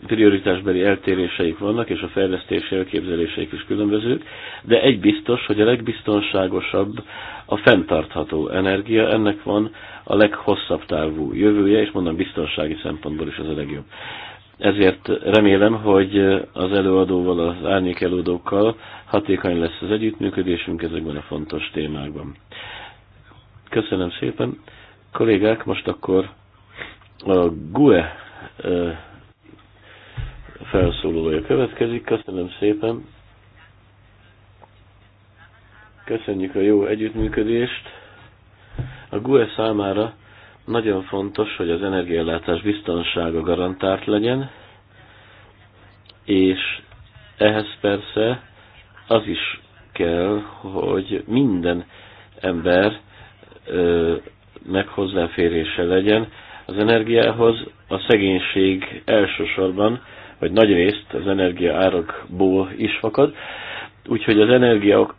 prioritásbeli eltéréseik vannak, és a fejlesztési elképzeléseik is különbözők, de egy biztos, hogy a legbiztonságosabb a fenntartható energia, ennek van a leghosszabb távú jövője, és mondom biztonsági szempontból is az a legjobb. Ezért remélem, hogy az előadóval, az árnyék előadókkal hatékony lesz az együttműködésünk ezekben a fontos témákban. Köszönöm szépen. Kollégák, most akkor a GUE felszólója következik. Köszönöm szépen. Köszönjük a jó együttműködést. A GUE számára nagyon fontos, hogy az energiállátás biztonsága garantált legyen, és ehhez persze az is kell, hogy minden ember meghozzáférése legyen az energiához a szegénység elsősorban, vagy nagy részt az energia árakból is fakad, úgyhogy az energia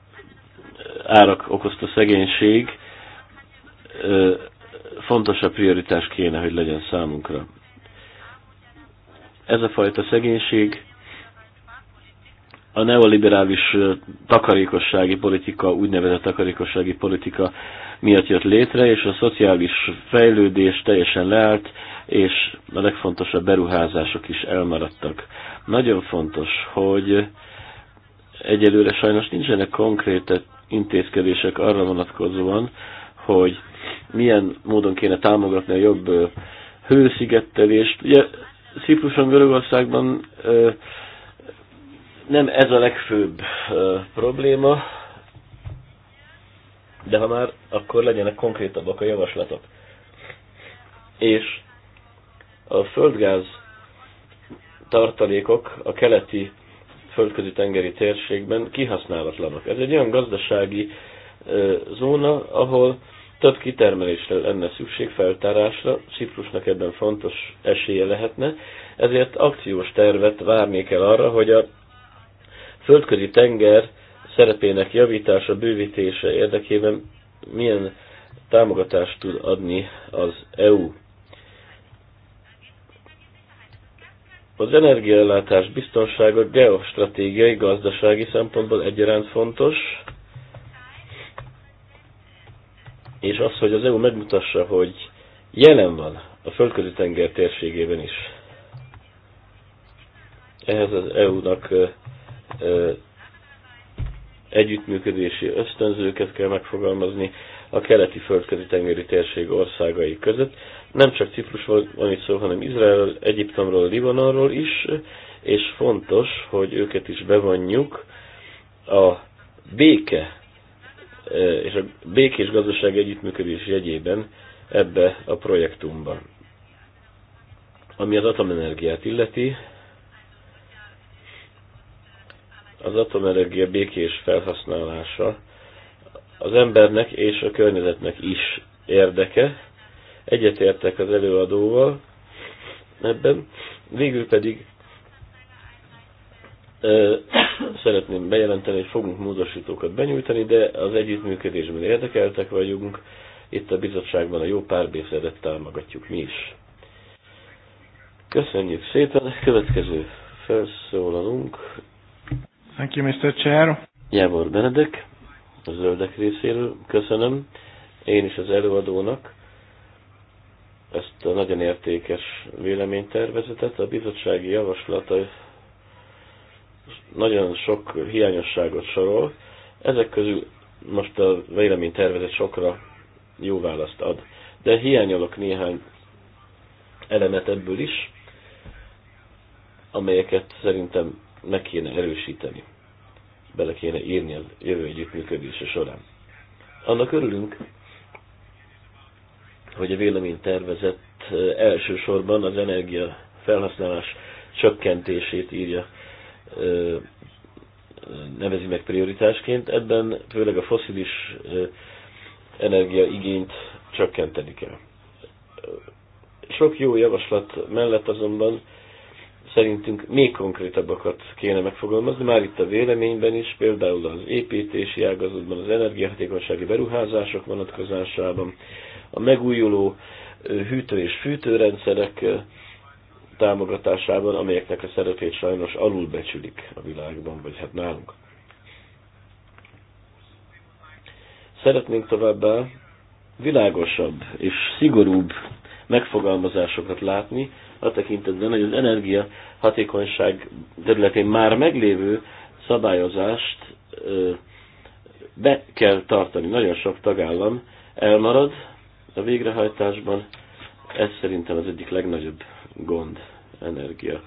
árak okozta szegénység fontosabb prioritás kéne, hogy legyen számunkra. Ez a fajta szegénység a neoliberális takarékossági politika, úgynevezett takarékossági politika miatt jött létre, és a szociális fejlődés teljesen leállt, és a legfontosabb beruházások is elmaradtak. Nagyon fontos, hogy egyelőre sajnos nincsenek konkrét intézkedések arra vonatkozóan, hogy milyen módon kéne támogatni a jobb hőszigettelést. Ugye Cipruson, Görögországban nem ez a legfőbb ö, probléma, de ha már, akkor legyenek konkrétabbak a javaslatok. És a földgáz tartalékok a keleti földközi tengeri térségben kihasználatlanak. Ez egy olyan gazdasági ö, zóna, ahol több kitermelésre lenne szükség, feltárásra, Ciprusnak ebben fontos esélye lehetne, ezért akciós tervet várnék el arra, hogy a földközi tenger szerepének javítása, bővítése érdekében milyen támogatást tud adni az EU. Az energiaellátás biztonsága geostratégiai, gazdasági szempontból egyaránt fontos, és az, hogy az EU megmutassa, hogy jelen van a földközi tenger térségében is. Ehhez az EU-nak együttműködési ösztönzőket kell megfogalmazni a keleti földközi tengeri térség országai között. Nem csak Ciprusról van itt szó, hanem Izrael, Egyiptomról, Libanonról is, és fontos, hogy őket is bevonjuk a béke és a békés gazdaság együttműködés jegyében ebbe a projektumban. Ami az atomenergiát illeti, az atomenergia békés felhasználása az embernek és a környezetnek is érdeke. Egyetértek az előadóval ebben. Végül pedig ö, szeretném bejelenteni, hogy fogunk módosítókat benyújtani, de az együttműködésben érdekeltek vagyunk. Itt a bizottságban a jó párbeszédet támogatjuk mi is. Köszönjük szépen! Következő felszólalunk Thank you, Mr. Chair. Jávor Benedek, a zöldek részéről köszönöm. Én is az előadónak ezt a nagyon értékes véleménytervezetet. A bizottsági javaslata nagyon sok hiányosságot sorol. Ezek közül most a véleménytervezet sokra jó választ ad. De hiányolok néhány elemet ebből is, amelyeket szerintem meg kéne erősíteni, bele kéne írni az jövő együttműködése során. Annak örülünk, hogy a tervezett elsősorban az energia felhasználás csökkentését írja, nevezi meg prioritásként. Ebben főleg a foszilis energiaigényt csökkenteni kell. Sok jó javaslat mellett azonban szerintünk még konkrétabbakat kéne megfogalmazni, már itt a véleményben is, például az építési ágazatban, az energiahatékonysági beruházások vonatkozásában, a megújuló hűtő- és fűtőrendszerek támogatásában, amelyeknek a szerepét sajnos alulbecsülik a világban, vagy hát nálunk. Szeretnénk továbbá világosabb és szigorúbb megfogalmazásokat látni, a tekintetben, hogy az energia hatékonyság területén már meglévő szabályozást be kell tartani. Nagyon sok tagállam elmarad a végrehajtásban. Ez szerintem az egyik legnagyobb gond energia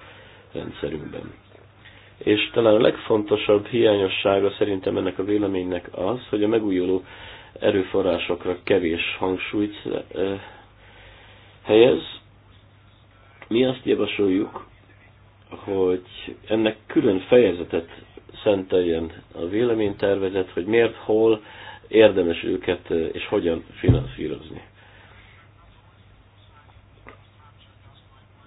rendszerünkben. És talán a legfontosabb hiányossága szerintem ennek a véleménynek az, hogy a megújuló erőforrásokra kevés hangsúlyt helyez, mi azt javasoljuk, hogy ennek külön fejezetet szenteljen a véleménytervezet, hogy miért, hol érdemes őket és hogyan finanszírozni.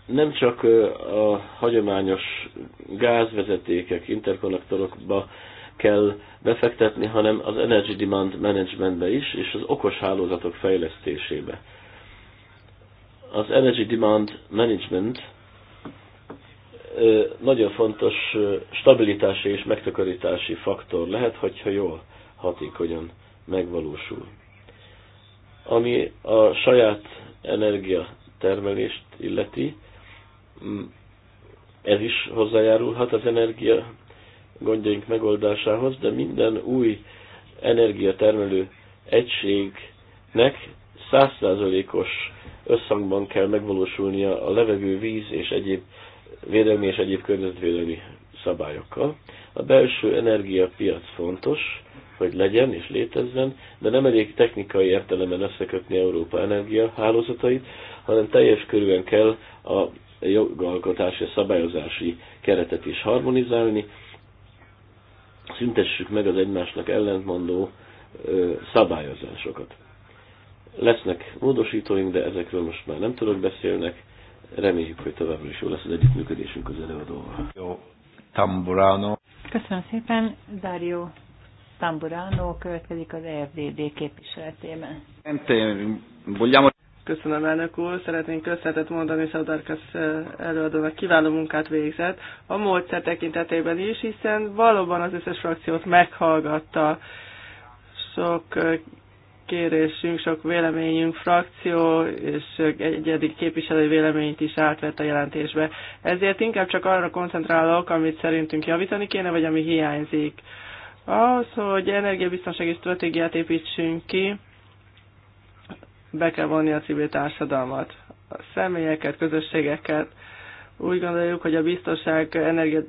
nem csak a hagyományos gázvezetékek, interkonnektorokba kell befektetni, hanem az Energy Demand Managementbe is, és az okos hálózatok fejlesztésébe az Energy Demand Management nagyon fontos stabilitási és megtakarítási faktor lehet, hogyha jól hatékonyan megvalósul. Ami a saját energiatermelést illeti, ez is hozzájárulhat az energia gondjaink megoldásához, de minden új energiatermelő egységnek százszázalékos összhangban kell megvalósulnia a levegő, víz és egyéb védelmi és egyéb környezetvédelmi szabályokkal. A belső energiapiac fontos, hogy legyen és létezzen, de nem elég technikai értelemben összekötni Európa energiahálózatait, hanem teljes körülön kell a jogalkotási és szabályozási keretet is harmonizálni, szüntessük meg az egymásnak ellentmondó szabályozásokat. Lesznek módosítóink, de ezekről most már nem tudok beszélnek. Reméljük, hogy továbbra is jó lesz az együttműködésünk az előadóval. Jó, Tamburano. Köszönöm szépen, Dario Tamburano következik az EFDD képviseletében. Köszönöm, elnök úr. Szeretnénk köszönetet mondani Szaudarkasz eh, előadónak kiváló munkát végzett. A módszer tekintetében is, hiszen valóban az összes frakciót meghallgatta. Sok eh, kérésünk, sok véleményünk, frakció és egyedi képviselő véleményt is átvett a jelentésbe. Ezért inkább csak arra koncentrálok, amit szerintünk javítani kéne, vagy ami hiányzik. Ahhoz, hogy energiabiztonsági stratégiát építsünk ki, be kell vonni a civil társadalmat, a személyeket, közösségeket. Úgy gondoljuk, hogy a biztonság energia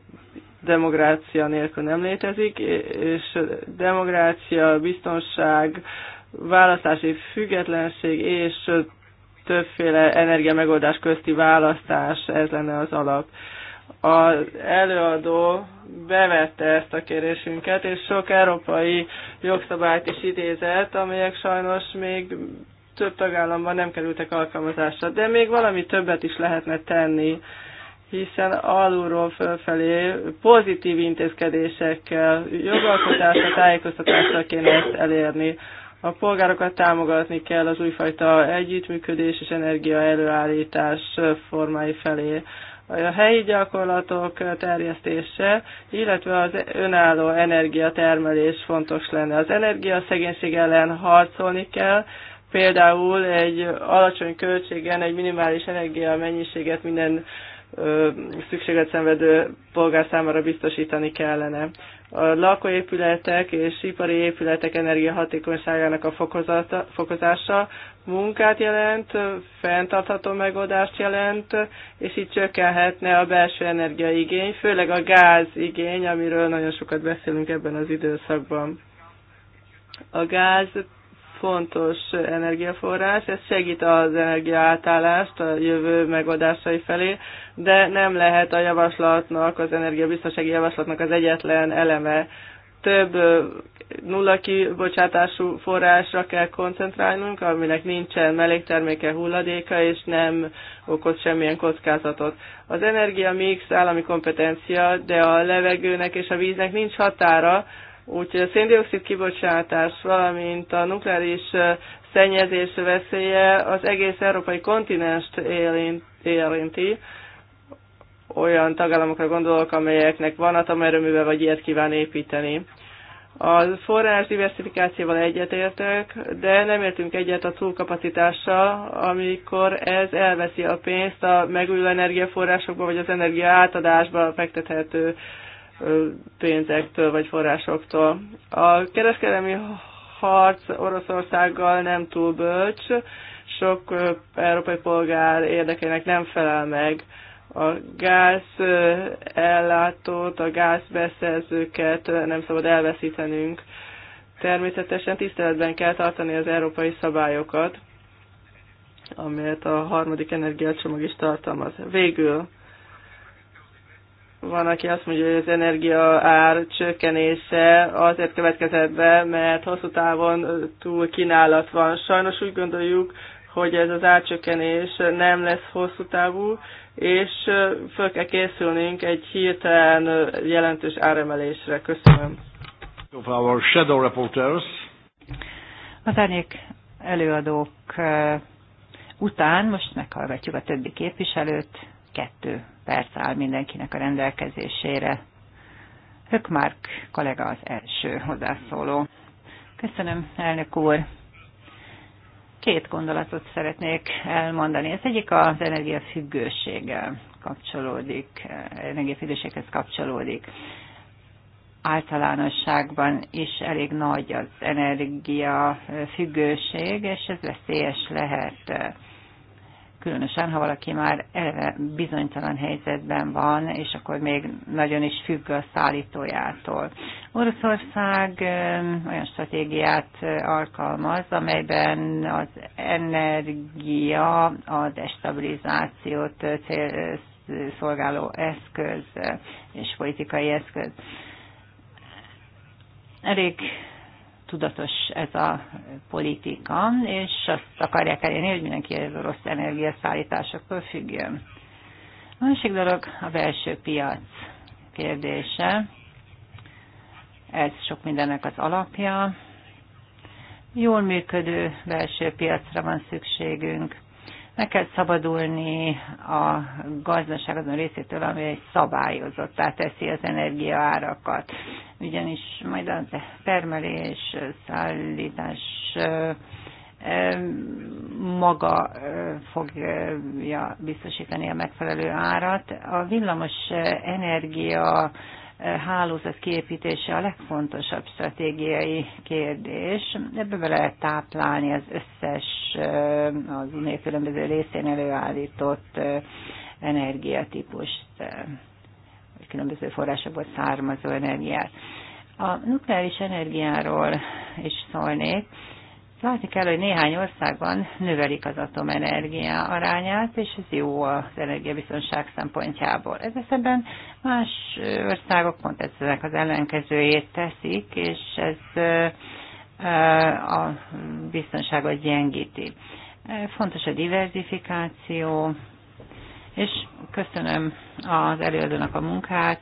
demokrácia nélkül nem létezik, és demokrácia, biztonság, választási függetlenség és többféle energiamegoldás közti választás, ez lenne az alap. Az előadó bevette ezt a kérésünket, és sok európai jogszabályt is idézett, amelyek sajnos még több tagállamban nem kerültek alkalmazásra, de még valami többet is lehetne tenni, hiszen alulról fölfelé pozitív intézkedésekkel, jogalkotásra, tájékoztatásra kéne ezt elérni. A polgárokat támogatni kell az újfajta együttműködés és energia előállítás formái felé. A helyi gyakorlatok terjesztése, illetve az önálló energiatermelés fontos lenne. Az energiaszegénység ellen harcolni kell, például egy alacsony költségen egy minimális energia mennyiséget minden szükséget szenvedő polgár számára biztosítani kellene. A lakóépületek és ipari épületek energiahatékonyságának a fokozata, fokozása munkát jelent, fenntartható megoldást jelent, és így csökkenhetne a belső energiaigény, főleg a gáz amiről nagyon sokat beszélünk ebben az időszakban. A gáz fontos energiaforrás, ez segít az energiaátállást a jövő megoldásai felé, de nem lehet a javaslatnak, az energiabiztonsági javaslatnak az egyetlen eleme. Több nulla kibocsátású forrásra kell koncentrálnunk, aminek nincsen melékterméke hulladéka, és nem okoz semmilyen kockázatot. Az energia mix állami kompetencia, de a levegőnek és a víznek nincs határa, Úgyhogy a széndiokszid kibocsátás, valamint a nukleáris szennyezés veszélye az egész európai kontinenst érinti. Olyan tagállamokra gondolok, amelyeknek van atomerőműve, vagy ilyet kíván építeni. A forrás diversifikációval egyetértek, de nem értünk egyet a túlkapacitással, amikor ez elveszi a pénzt a megújuló energiaforrásokba vagy az energia átadásba fektethető pénzektől vagy forrásoktól. A kereskedelmi harc Oroszországgal nem túl bölcs, sok európai polgár érdekeinek nem felel meg. A gáz ellátót, a gázbeszerzőket nem szabad elveszítenünk. Természetesen tiszteletben kell tartani az európai szabályokat, amelyet a harmadik energiacsomag is tartalmaz. Végül van, aki azt mondja, hogy az energia ár csökkenése azért következett be, mert hosszú távon túl kínálat van. Sajnos úgy gondoljuk, hogy ez az árcsökkenés nem lesz hosszú távú, és föl kell készülnünk egy hirtelen jelentős áremelésre. Köszönöm. Of our shadow reporters. Az árnyék előadók után most meghallgatjuk a többi képviselőt, kettő perc áll mindenkinek a rendelkezésére. Hökmark kollega az első hozzászóló. Köszönöm, elnök úr. Két gondolatot szeretnék elmondani. Ez egyik az energiafüggőséggel kapcsolódik, energiafüggőséghez kapcsolódik általánosságban is elég nagy az energia és ez veszélyes lehet különösen ha valaki már eleve bizonytalan helyzetben van, és akkor még nagyon is függ a szállítójától. Oroszország olyan stratégiát alkalmaz, amelyben az energia, a destabilizációt szolgáló eszköz és politikai eszköz. Elég tudatos ez a politika, és azt akarják elérni, hogy mindenki az rossz energiaszállításoktól függjön. A másik dolog a belső piac kérdése. Ez sok mindennek az alapja. Jól működő belső piacra van szükségünk meg kell szabadulni a gazdaság azon részétől, ami egy szabályozottá teszi az energiaárakat. Ugyanis majd a termelés, szállítás maga fogja biztosítani a megfelelő árat. A villamos energia hálózat kiépítése a legfontosabb stratégiai kérdés. Ebbe be lehet táplálni az összes az unió különböző részén előállított energiatípust, vagy különböző forrásokból származó energiát. A nukleáris energiáról is szólnék. Látni kell, hogy néhány országban növelik az atomenergia arányát, és ez jó az energiabiztonság szempontjából. Ez esetben más országok pont ezek az ellenkezőjét teszik, és ez a biztonságot gyengíti. Fontos a diversifikáció, és köszönöm az előadónak a munkát,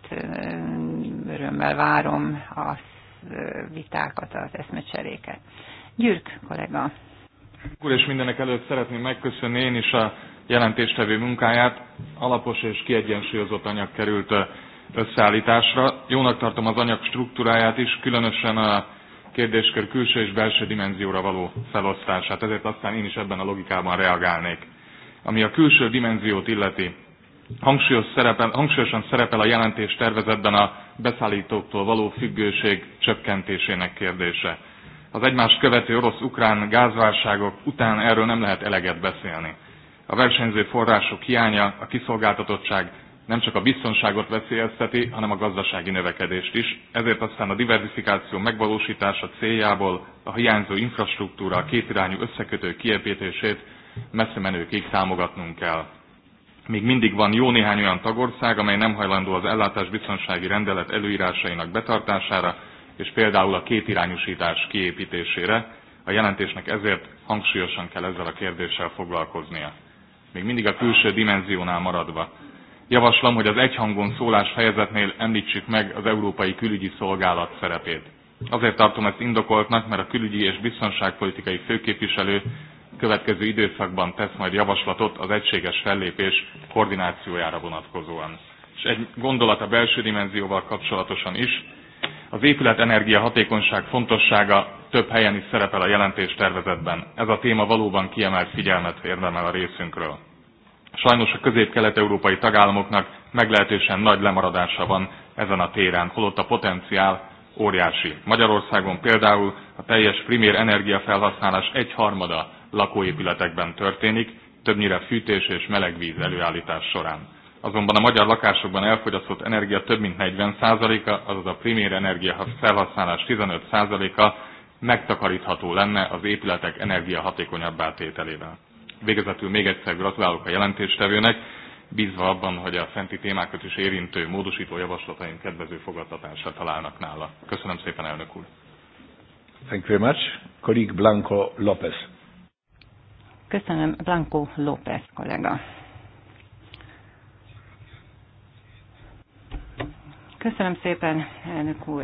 örömmel várom a vitákat, az eszmecseréket. Gyürk kollega. Úr, és mindenek előtt szeretném megköszönni én is a jelentéstevő munkáját. Alapos és kiegyensúlyozott anyag került összeállításra. Jónak tartom az anyag struktúráját is, különösen a kérdéskör külső és belső dimenzióra való felosztását, ezért aztán én is ebben a logikában reagálnék. Ami a külső dimenziót illeti, hangsúlyos szerepel, hangsúlyosan szerepel a jelentés tervezetben a beszállítóktól való függőség csökkentésének kérdése az egymást követő orosz-ukrán gázválságok után erről nem lehet eleget beszélni. A versenyző források hiánya, a kiszolgáltatottság nem csak a biztonságot veszélyezteti, hanem a gazdasági növekedést is. Ezért aztán a diversifikáció megvalósítása céljából a hiányzó infrastruktúra, a kétirányú összekötő kiepítését messze menőkig támogatnunk kell. Még mindig van jó néhány olyan tagország, amely nem hajlandó az ellátásbiztonsági rendelet előírásainak betartására, és például a kétirányúsítás kiépítésére, a jelentésnek ezért hangsúlyosan kell ezzel a kérdéssel foglalkoznia. Még mindig a külső dimenziónál maradva. Javaslom, hogy az egyhangon szólás fejezetnél említsük meg az Európai Külügyi Szolgálat szerepét. Azért tartom ezt indokoltnak, mert a külügyi és biztonságpolitikai főképviselő következő időszakban tesz majd javaslatot az egységes fellépés koordinációjára vonatkozóan. És egy gondolat a belső dimenzióval kapcsolatosan is, az épület hatékonyság fontossága több helyen is szerepel a jelentés tervezetben. Ez a téma valóban kiemelt figyelmet érdemel a részünkről. Sajnos a közép-kelet-európai tagállamoknak meglehetősen nagy lemaradása van ezen a téren, holott a potenciál óriási. Magyarországon például a teljes primér energiafelhasználás egyharmada lakóépületekben történik, többnyire fűtés és melegvíz előállítás során azonban a magyar lakásokban elfogyasztott energia több mint 40%-a, azaz a primér energia felhasználás 15%-a megtakarítható lenne az épületek energiahatékonyabbá átételével. Végezetül még egyszer gratulálok a jelentéstevőnek, bízva abban, hogy a fenti témákat is érintő módosító javaslataim kedvező fogadtatásra találnak nála. Köszönöm szépen, elnök úr! Thank you very much. Colleague Blanco López. Köszönöm, Blanco López kollega. Köszönöm szépen, elnök úr.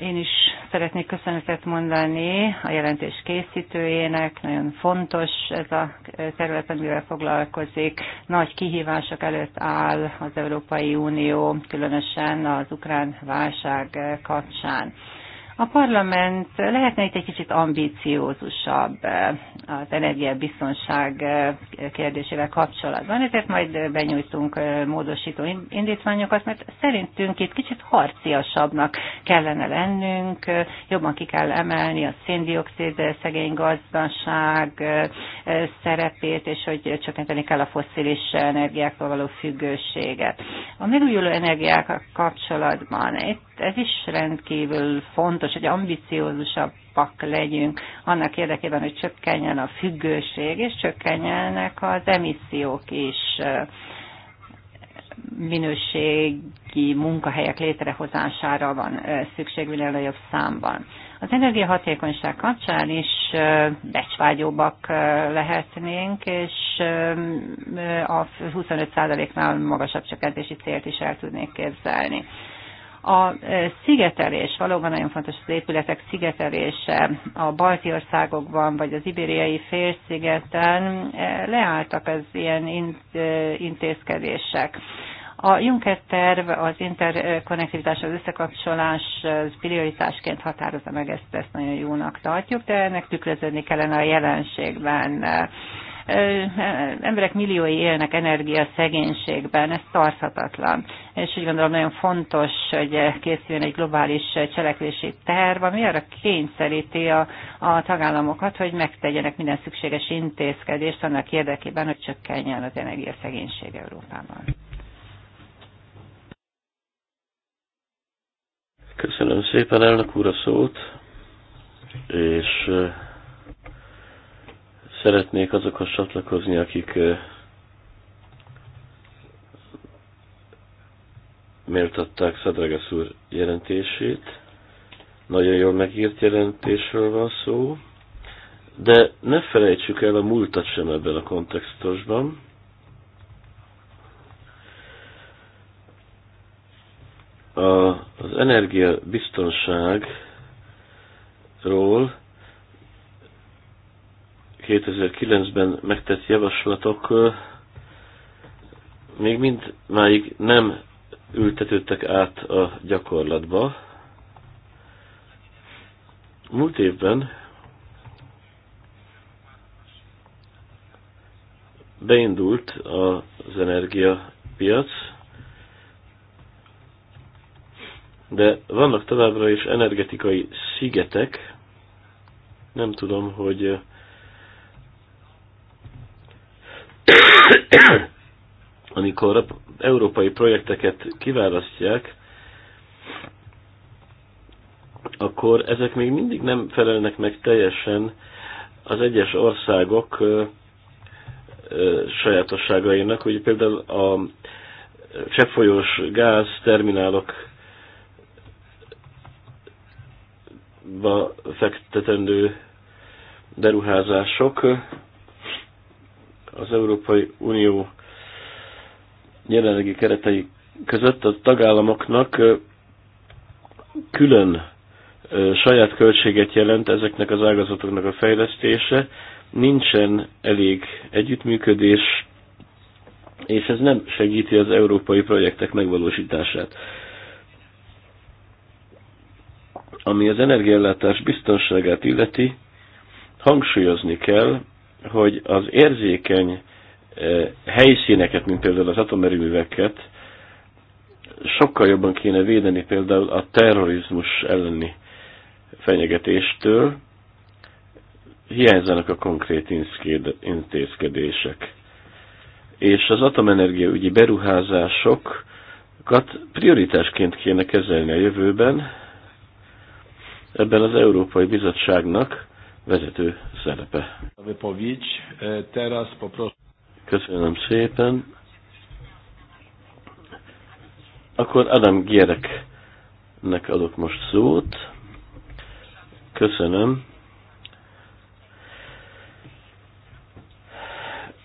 Én is szeretnék köszönetet mondani a jelentés készítőjének. Nagyon fontos ez a terület, amivel foglalkozik. Nagy kihívások előtt áll az Európai Unió, különösen az ukrán válság kapcsán. A parlament lehetne itt egy kicsit ambíciózusabb eh, az energiabiztonság eh, kérdésével kapcsolatban, ezért majd benyújtunk eh, módosító indítványokat, mert szerintünk itt kicsit harciasabbnak kellene lennünk, jobban ki kell emelni a széndiokszid szegény gazdaság szerepét, és hogy csökkenteni kell a fosszilis energiáktól való függőséget. A megújuló energiák kapcsolatban itt ez is rendkívül fontos, hogy ambiciózusabbak legyünk annak érdekében, hogy csökkenjen a függőség, és csökkenjenek az emissziók is minőségi munkahelyek létrehozására van szükség minél nagyobb számban. Az energiahatékonyság kapcsán is becsvágyóbbak lehetnénk, és a 25%-nál magasabb csökkentési célt is el tudnék képzelni. A e, szigetelés valóban nagyon fontos az épületek szigetelése. A balti országokban vagy az ibériai félszigeten e, leálltak az ilyen e, intézkedések. A Juncker terv az interkonnektivitás, az összekapcsolás az prioritásként határozza meg, ezt, ezt nagyon jónak tartjuk, de ennek tükröződni kellene a jelenségben emberek milliói élnek energiaszegénységben, ez tarthatatlan. És úgy gondolom nagyon fontos, hogy készüljön egy globális cselekvési terv, ami arra kényszeríti a, a tagállamokat, hogy megtegyenek minden szükséges intézkedést annak érdekében, hogy csökkenjen az energiaszegénység Európában. Köszönöm szépen elnök úr a szót, és Szeretnék azokhoz csatlakozni, akik méltatták Szadragasz úr jelentését. Nagyon jól megírt jelentésről van szó, de ne felejtsük el a múltat sem ebben a kontextusban. A, az energiabiztonságról 2009-ben megtett javaslatok még mind máig nem ültetődtek át a gyakorlatba. Múlt évben beindult az energiapiac, de vannak továbbra is energetikai szigetek, nem tudom, hogy amikor európai projekteket kiválasztják, akkor ezek még mindig nem felelnek meg teljesen az egyes országok sajátosságainak. Ugye például a cseppfolyós gáz terminálok fektetendő beruházások az Európai Unió jelenlegi keretei között a tagállamoknak külön saját költséget jelent ezeknek az ágazatoknak a fejlesztése, nincsen elég együttműködés, és ez nem segíti az európai projektek megvalósítását. Ami az energiállátás biztonságát illeti, hangsúlyozni kell, hogy az érzékeny eh, helyszíneket, mint például az atomerőműveket, sokkal jobban kéne védeni például a terrorizmus elleni fenyegetéstől, hiányzanak a konkrét intézkedések. És az atomenergia ügyi beruházásokat prioritásként kéne kezelni a jövőben, ebben az Európai Bizottságnak vezető szerepe. E, Köszönöm szépen. Akkor Adam gyereknek adok most szót. Köszönöm.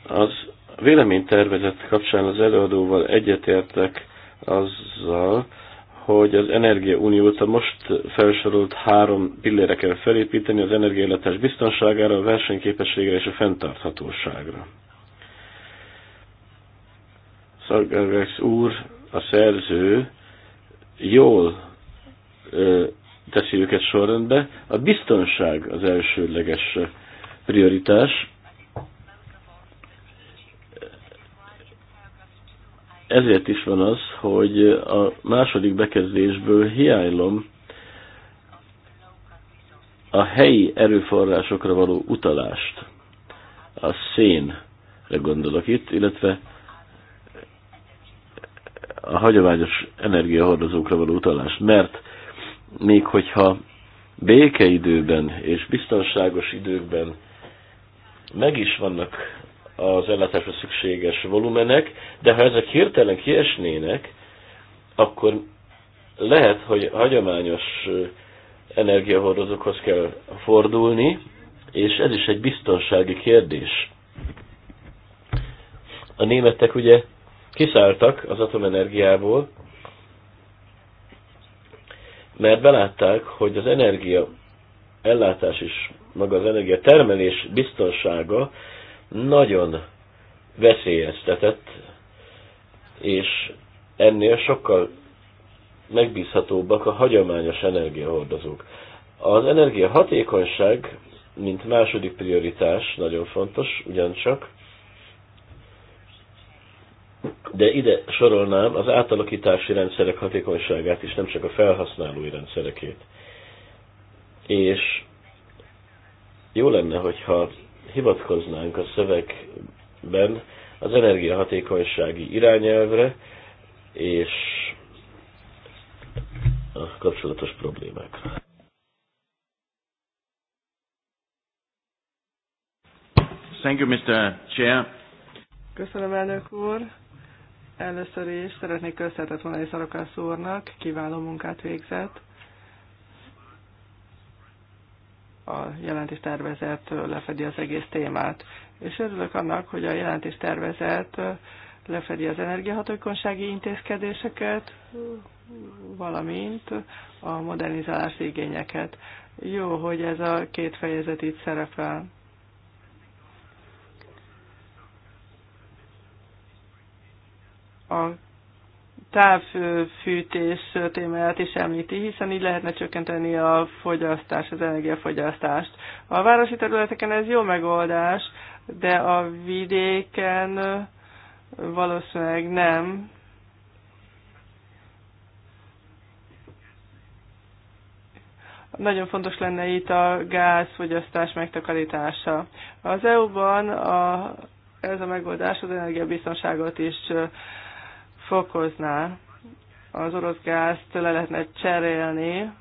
Az véleménytervezet kapcsán az előadóval egyetértek azzal, hogy az energia uniót a most felsorolt három pillére kell felépíteni, az energiállátás biztonságára, a versenyképességre és a fenntarthatóságra. Szargerex úr, a szerző, jól ö, teszi őket sorrendbe. A biztonság az elsődleges prioritás, ezért is van az, hogy a második bekezdésből hiánylom a helyi erőforrásokra való utalást. A szénre gondolok itt, illetve a hagyományos energiahordozókra való utalást, mert még hogyha békeidőben és biztonságos időkben meg is vannak az ellátásra szükséges volumenek, de ha ezek hirtelen kiesnének, akkor lehet, hogy hagyományos energiahordozókhoz kell fordulni, és ez is egy biztonsági kérdés. A németek ugye kiszálltak az atomenergiából, mert belátták, hogy az energia ellátás is, maga az energia termelés biztonsága nagyon veszélyeztetett, és ennél sokkal megbízhatóbbak a hagyományos energiahordozók. Az energiahatékonyság, mint második prioritás, nagyon fontos ugyancsak, de ide sorolnám az átalakítási rendszerek hatékonyságát is, nem csak a felhasználói rendszerekét. És jó lenne, hogyha hivatkoznánk a szövegben az energiahatékonysági irányelvre és a kapcsolatos problémákra. Thank you, Mr. Chair. Köszönöm, elnök úr. Először is szeretnék köszönetet mondani Szarokász úrnak, kiváló munkát végzett a tervezet lefedi az egész témát. És örülök annak, hogy a tervezet lefedi az energiahatékonysági intézkedéseket, valamint a modernizálási igényeket. Jó, hogy ez a két fejezet itt szerepel. A távfűtés témáját is említi, hiszen így lehetne csökkenteni a fogyasztást, az energiafogyasztást. A városi területeken ez jó megoldás, de a vidéken valószínűleg nem. Nagyon fontos lenne itt a gázfogyasztás megtakarítása. Az EU-ban a, ez a megoldás az energiabiztonságot is uh, fokozná. Az orosz gázt le lehetne cserélni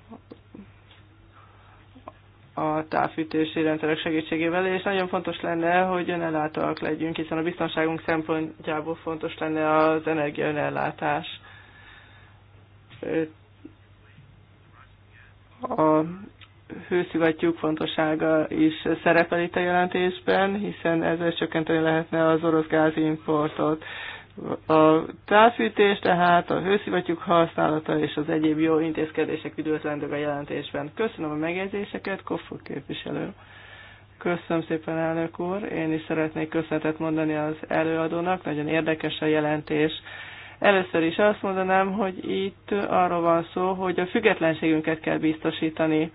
a távfűtési rendszerek segítségével, és nagyon fontos lenne, hogy önellátóak legyünk, hiszen a biztonságunk szempontjából fontos lenne az energia önellátás. A hőszivattyúk fontossága is szerepel itt a jelentésben, hiszen ezzel csökkenteni lehetne az orosz gázimportot. importot. A távfűtés tehát, a hőszivattyúk használata és az egyéb jó intézkedések üdvözlendők a jelentésben. Köszönöm a megjegyzéseket, Koffok képviselő. Köszönöm szépen, elnök úr. Én is szeretnék köszönetet mondani az előadónak. Nagyon érdekes a jelentés. Először is azt mondanám, hogy itt arról van szó, hogy a függetlenségünket kell biztosítani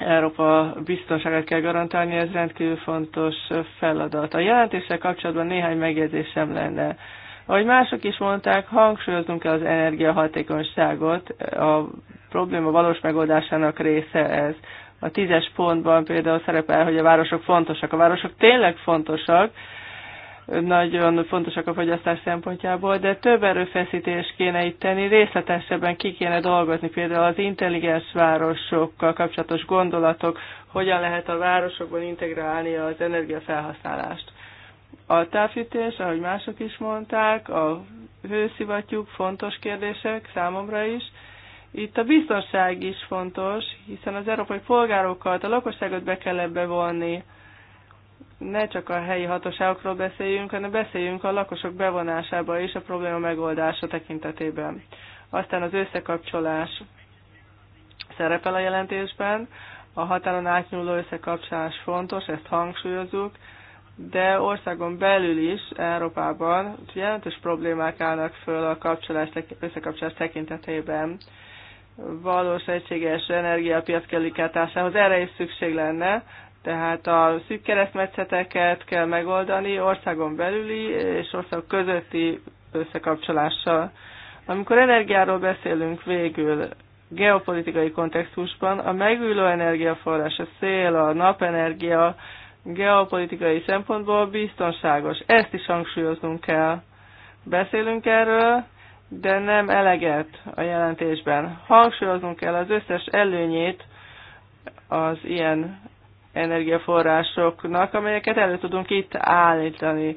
Európa biztonságát kell garantálni, ez rendkívül fontos feladat. A jelentéssel kapcsolatban néhány megjegyzésem lenne. Ahogy mások is mondták, hangsúlyoznunk kell az energiahatékonyságot, a probléma valós megoldásának része ez. A tízes pontban például szerepel, hogy a városok fontosak. A városok tényleg fontosak, nagyon fontosak a fogyasztás szempontjából, de több erőfeszítés kéne itt tenni, részletesebben ki kéne dolgozni például az intelligens városokkal kapcsolatos gondolatok, hogyan lehet a városokban integrálni az energiafelhasználást. A távfűtés, ahogy mások is mondták, a hőszivattyúk fontos kérdések számomra is. Itt a biztonság is fontos, hiszen az európai polgárokat, a lakosságot be kell ebbe vonni ne csak a helyi hatóságokról beszéljünk, hanem beszéljünk a lakosok bevonásába és a probléma megoldása tekintetében. Aztán az összekapcsolás szerepel a jelentésben, a határon átnyúló összekapcsolás fontos, ezt hangsúlyozunk, de országon belül is, Európában jelentős problémák állnak föl a kapcsolás, összekapcsolás tekintetében. Valós egységes energiapiac kialakításához erre is szükség lenne, tehát a szűk keresztmetszeteket kell megoldani országon belüli és ország közötti összekapcsolással. Amikor energiáról beszélünk végül geopolitikai kontextusban, a megújuló energiaforrás, a szél, a napenergia geopolitikai szempontból biztonságos. Ezt is hangsúlyoznunk kell. Beszélünk erről, de nem eleget a jelentésben. Hangsúlyoznunk kell az összes előnyét az ilyen energiaforrásoknak, amelyeket elő tudunk itt állítani.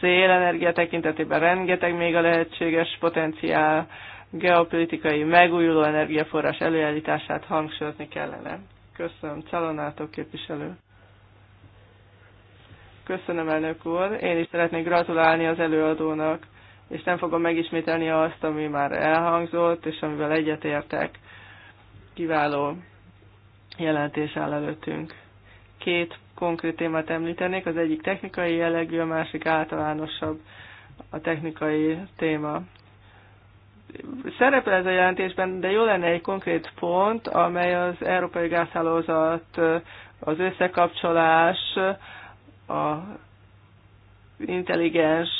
Szélenergia tekintetében rengeteg még a lehetséges potenciál, geopolitikai megújuló energiaforrás előállítását hangsúlyozni kellene. Köszönöm, Csalonátó képviselő. Köszönöm, elnök úr. Én is szeretnék gratulálni az előadónak, és nem fogom megismételni azt, ami már elhangzott, és amivel egyetértek. Kiváló jelentés áll előttünk. Két konkrét témát említenék, az egyik technikai jellegű, a másik általánosabb a technikai téma. Szerepel ez a jelentésben, de jó lenne egy konkrét pont, amely az európai gázhálózat, az összekapcsolás, a intelligens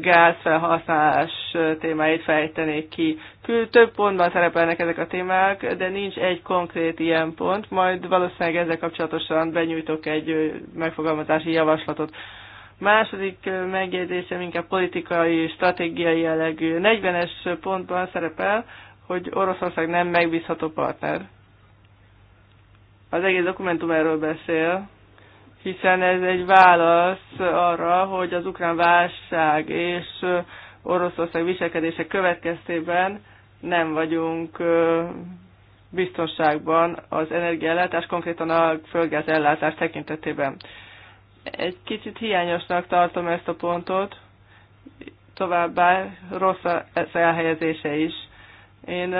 gázfelhasználás témáit fejtenék ki. Kül több pontban szerepelnek ezek a témák, de nincs egy konkrét ilyen pont, majd valószínűleg ezzel kapcsolatosan benyújtok egy megfogalmazási javaslatot. Második megjegyzésem inkább politikai, stratégiai jellegű. 40-es pontban szerepel, hogy Oroszország nem megbízható partner. Az egész dokumentum erről beszél, hiszen ez egy válasz arra, hogy az ukrán válság és Oroszország viselkedése következtében nem vagyunk biztonságban az energiaellátás, konkrétan a földgáz ellátás tekintetében. Egy kicsit hiányosnak tartom ezt a pontot, továbbá rossz az elhelyezése is. Én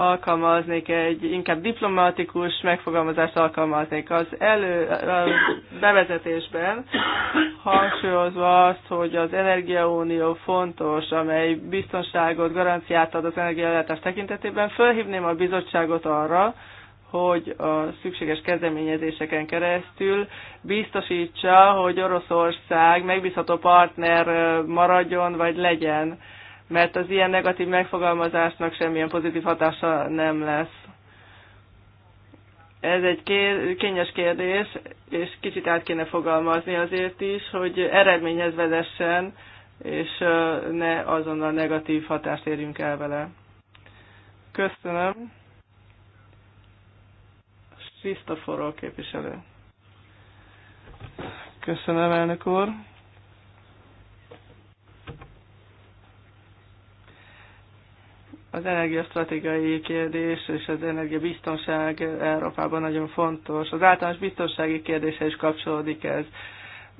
alkalmaznék, egy inkább diplomatikus megfogalmazást alkalmaznék. Az elő a bevezetésben hangsúlyozva azt, hogy az energiaunió fontos, amely biztonságot, garanciát ad az energiállátás tekintetében, fölhívném a bizottságot arra, hogy a szükséges kezdeményezéseken keresztül biztosítsa, hogy Oroszország megbízható partner maradjon vagy legyen mert az ilyen negatív megfogalmazásnak semmilyen pozitív hatása nem lesz. Ez egy kényes kérdés, és kicsit át kéne fogalmazni azért is, hogy eredményhez vezessen, és ne azonnal negatív hatást érjünk el vele. Köszönöm. Krisztoforról képviselő. Köszönöm, elnök úr. az energiastratégiai kérdés és az energiabiztonság Európában nagyon fontos. Az általános biztonsági kérdése is kapcsolódik ez.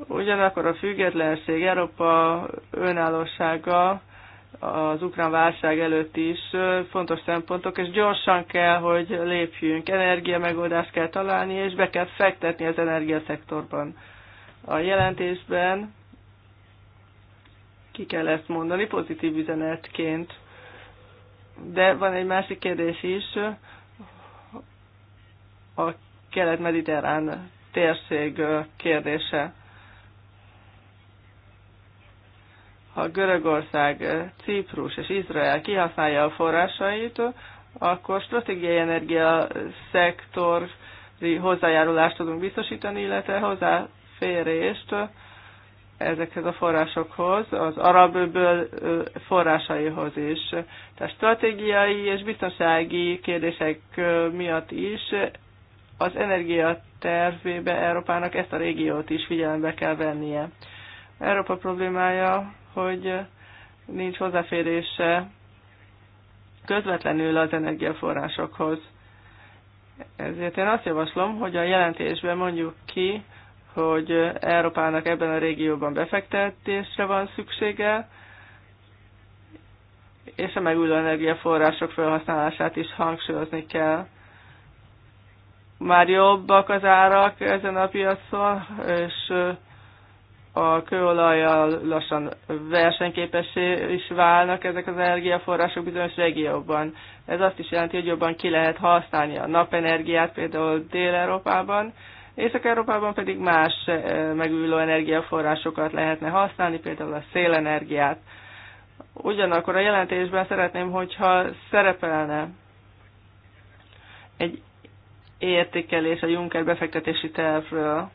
Ugyanakkor a függetlenség Európa önállósága az ukrán válság előtt is fontos szempontok, és gyorsan kell, hogy lépjünk. Energiamegoldást kell találni, és be kell fektetni az energiaszektorban. A jelentésben ki kell ezt mondani pozitív üzenetként de van egy másik kérdés is. A kelet-mediterrán térség kérdése. Ha Görögország, Ciprus és Izrael kihasználja a forrásait, akkor stratégiai energia szektor hozzájárulást tudunk biztosítani, illetve hozzáférést ezekhez a forrásokhoz, az arabből forrásaihoz is. Tehát stratégiai és biztonsági kérdések miatt is az energiatervébe Európának ezt a régiót is figyelembe kell vennie. Európa problémája, hogy nincs hozzáférése közvetlenül az energiaforrásokhoz. Ezért én azt javaslom, hogy a jelentésben mondjuk ki, hogy Európának ebben a régióban befektetésre van szüksége, és a megújuló energiaforrások felhasználását is hangsúlyozni kell. Már jobbak az árak ezen a piacon, és a kőolajjal lassan versenyképessé is válnak ezek az energiaforrások bizonyos régióban. Ez azt is jelenti, hogy jobban ki lehet használni a napenergiát például Dél-Európában, Észak-Európában pedig más eh, megújuló energiaforrásokat lehetne használni, például a szélenergiát. Ugyanakkor a jelentésben szeretném, hogyha szerepelne egy értékelés a Juncker befektetési tervről.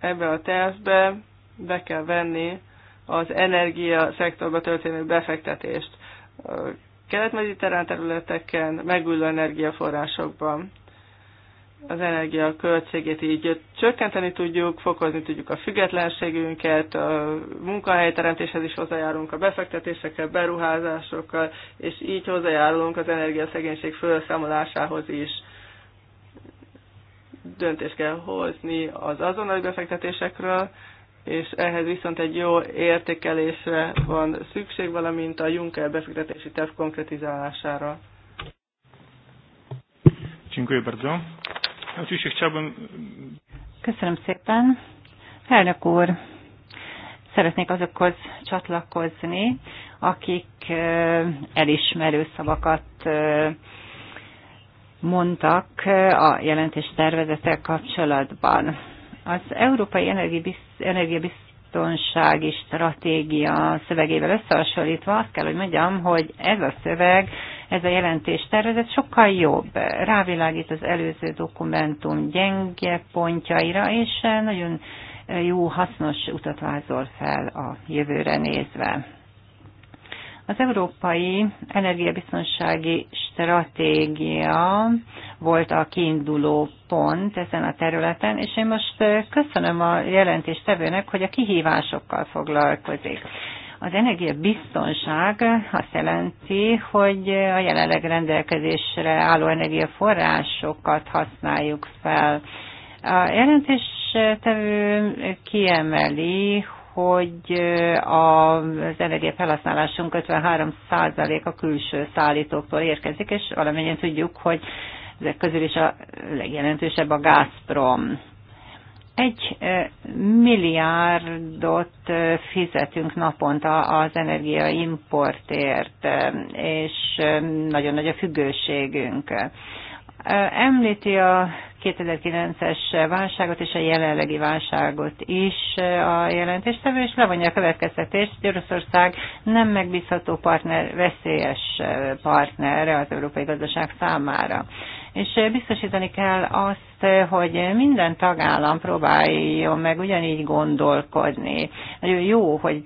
Ebbe a tervbe be kell venni az energia szektorba történő befektetést kelet-mediterrán területeken, megújuló energiaforrásokban az energia költségét így csökkenteni tudjuk, fokozni tudjuk a függetlenségünket, a munkahelyteremtéshez is hozzájárulunk a befektetésekkel, beruházásokkal, és így hozzájárulunk az energiaszegénység felszámolásához is. Döntést kell hozni az azonnali befektetésekről, és ehhez viszont egy jó értékelésre van szükség, valamint a Juncker befektetési terv konkretizálására. Dziękuję bardzo. Köszönöm szépen. Elnök úr, szeretnék azokhoz csatlakozni, akik elismerő szavakat mondtak a jelentés tervezettel kapcsolatban. Az Európai Energiabiztonsági Stratégia szövegével összehasonlítva azt kell, hogy mondjam, hogy ez a szöveg ez a jelentés tervezet sokkal jobb. Rávilágít az előző dokumentum gyenge pontjaira, és nagyon jó, hasznos utat vázol fel a jövőre nézve. Az Európai Energiabiztonsági Stratégia volt a kiinduló pont ezen a területen, és én most köszönöm a jelentéstevőnek, hogy a kihívásokkal foglalkozik. Az energiabiztonság azt jelenti, hogy a jelenleg rendelkezésre álló energiaforrásokat használjuk fel. A jelentéstevő kiemeli, hogy az energiafelhasználásunk 53% a külső szállítóktól érkezik, és valamennyien tudjuk, hogy ezek közül is a legjelentősebb a Gazprom. Egy milliárdot fizetünk naponta az energiaimportért, és nagyon nagy a függőségünk. Említi a 2009-es válságot és a jelenlegi válságot is a jelentéstevő, és levonja a következtetést. Oroszország nem megbízható partner, veszélyes partner az európai gazdaság számára és biztosítani kell azt, hogy minden tagállam próbáljon meg ugyanígy gondolkodni. Nagyon jó, hogy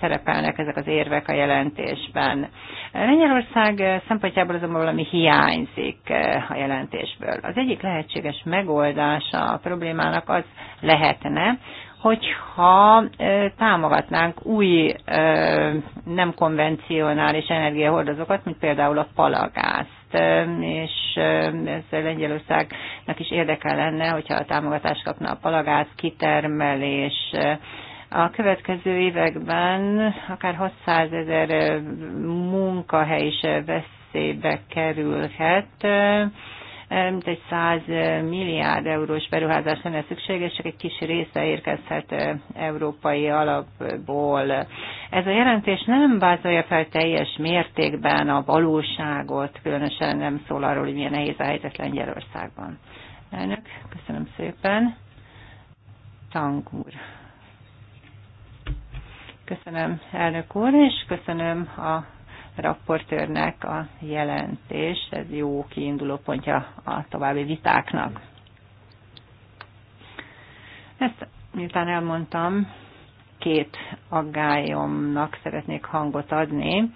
szerepelnek ezek az érvek a jelentésben. Lengyelország szempontjából azonban valami hiányzik a jelentésből. Az egyik lehetséges megoldása a problémának az lehetne, hogyha támogatnánk új nem konvencionális energiahordozókat, mint például a palagáz és ez Lengyelországnak is érdeke lenne, hogyha a támogatást kapna a palagáz kitermelés, a következő években akár 600 ezer munkahely is veszélybe kerülhet, egy 100 milliárd eurós beruházás lenne szükséges, csak egy kis része érkezhet európai alapból. Ez a jelentés nem vázolja fel teljes mértékben a valóságot, különösen nem szól arról, hogy milyen nehéz a helyzet Lengyelországban. Elnök, köszönöm szépen. Tang úr. Köszönöm, elnök úr, és köszönöm a raportőrnek a jelentés, ez jó kiinduló pontja a további vitáknak. Ezt miután elmondtam, két aggályomnak szeretnék hangot adni,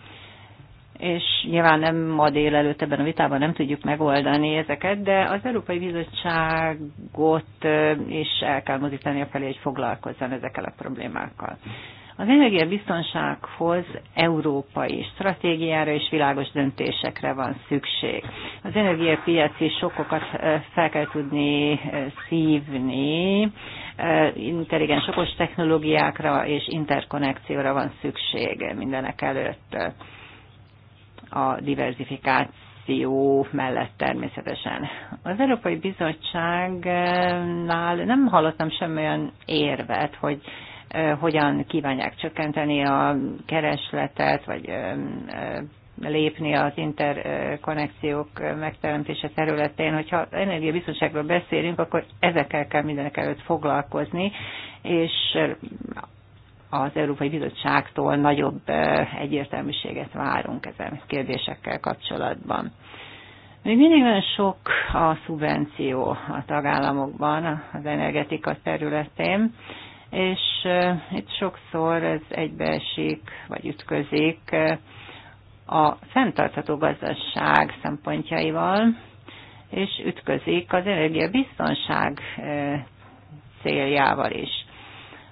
és nyilván nem ma délelőtt ebben a vitában nem tudjuk megoldani ezeket, de az Európai Bizottságot is el kell mozdítani a felé, hogy foglalkozzon ezekkel a problémákkal. Az energiabiztonsághoz európai stratégiára és világos döntésekre van szükség. Az energiapiaci sokokat fel kell tudni szívni, intelligens okos technológiákra és interkonnekcióra van szükség mindenek előtt a diversifikáció mellett természetesen. Az Európai Bizottságnál nem hallottam semmilyen érvet, hogy hogyan kívánják csökkenteni a keresletet, vagy lépni az interkonnekciók megteremtése területén. Hogyha energiabiztonságról beszélünk, akkor ezekkel kell mindenek előtt foglalkozni, és az Európai Bizottságtól nagyobb egyértelműséget várunk ezen kérdésekkel kapcsolatban. Még mindig nagyon sok a szubvenció a tagállamokban az energetika területén, és itt sokszor ez egybeesik, vagy ütközik a fenntartható gazdaság szempontjaival, és ütközik az energiabiztonság céljával is.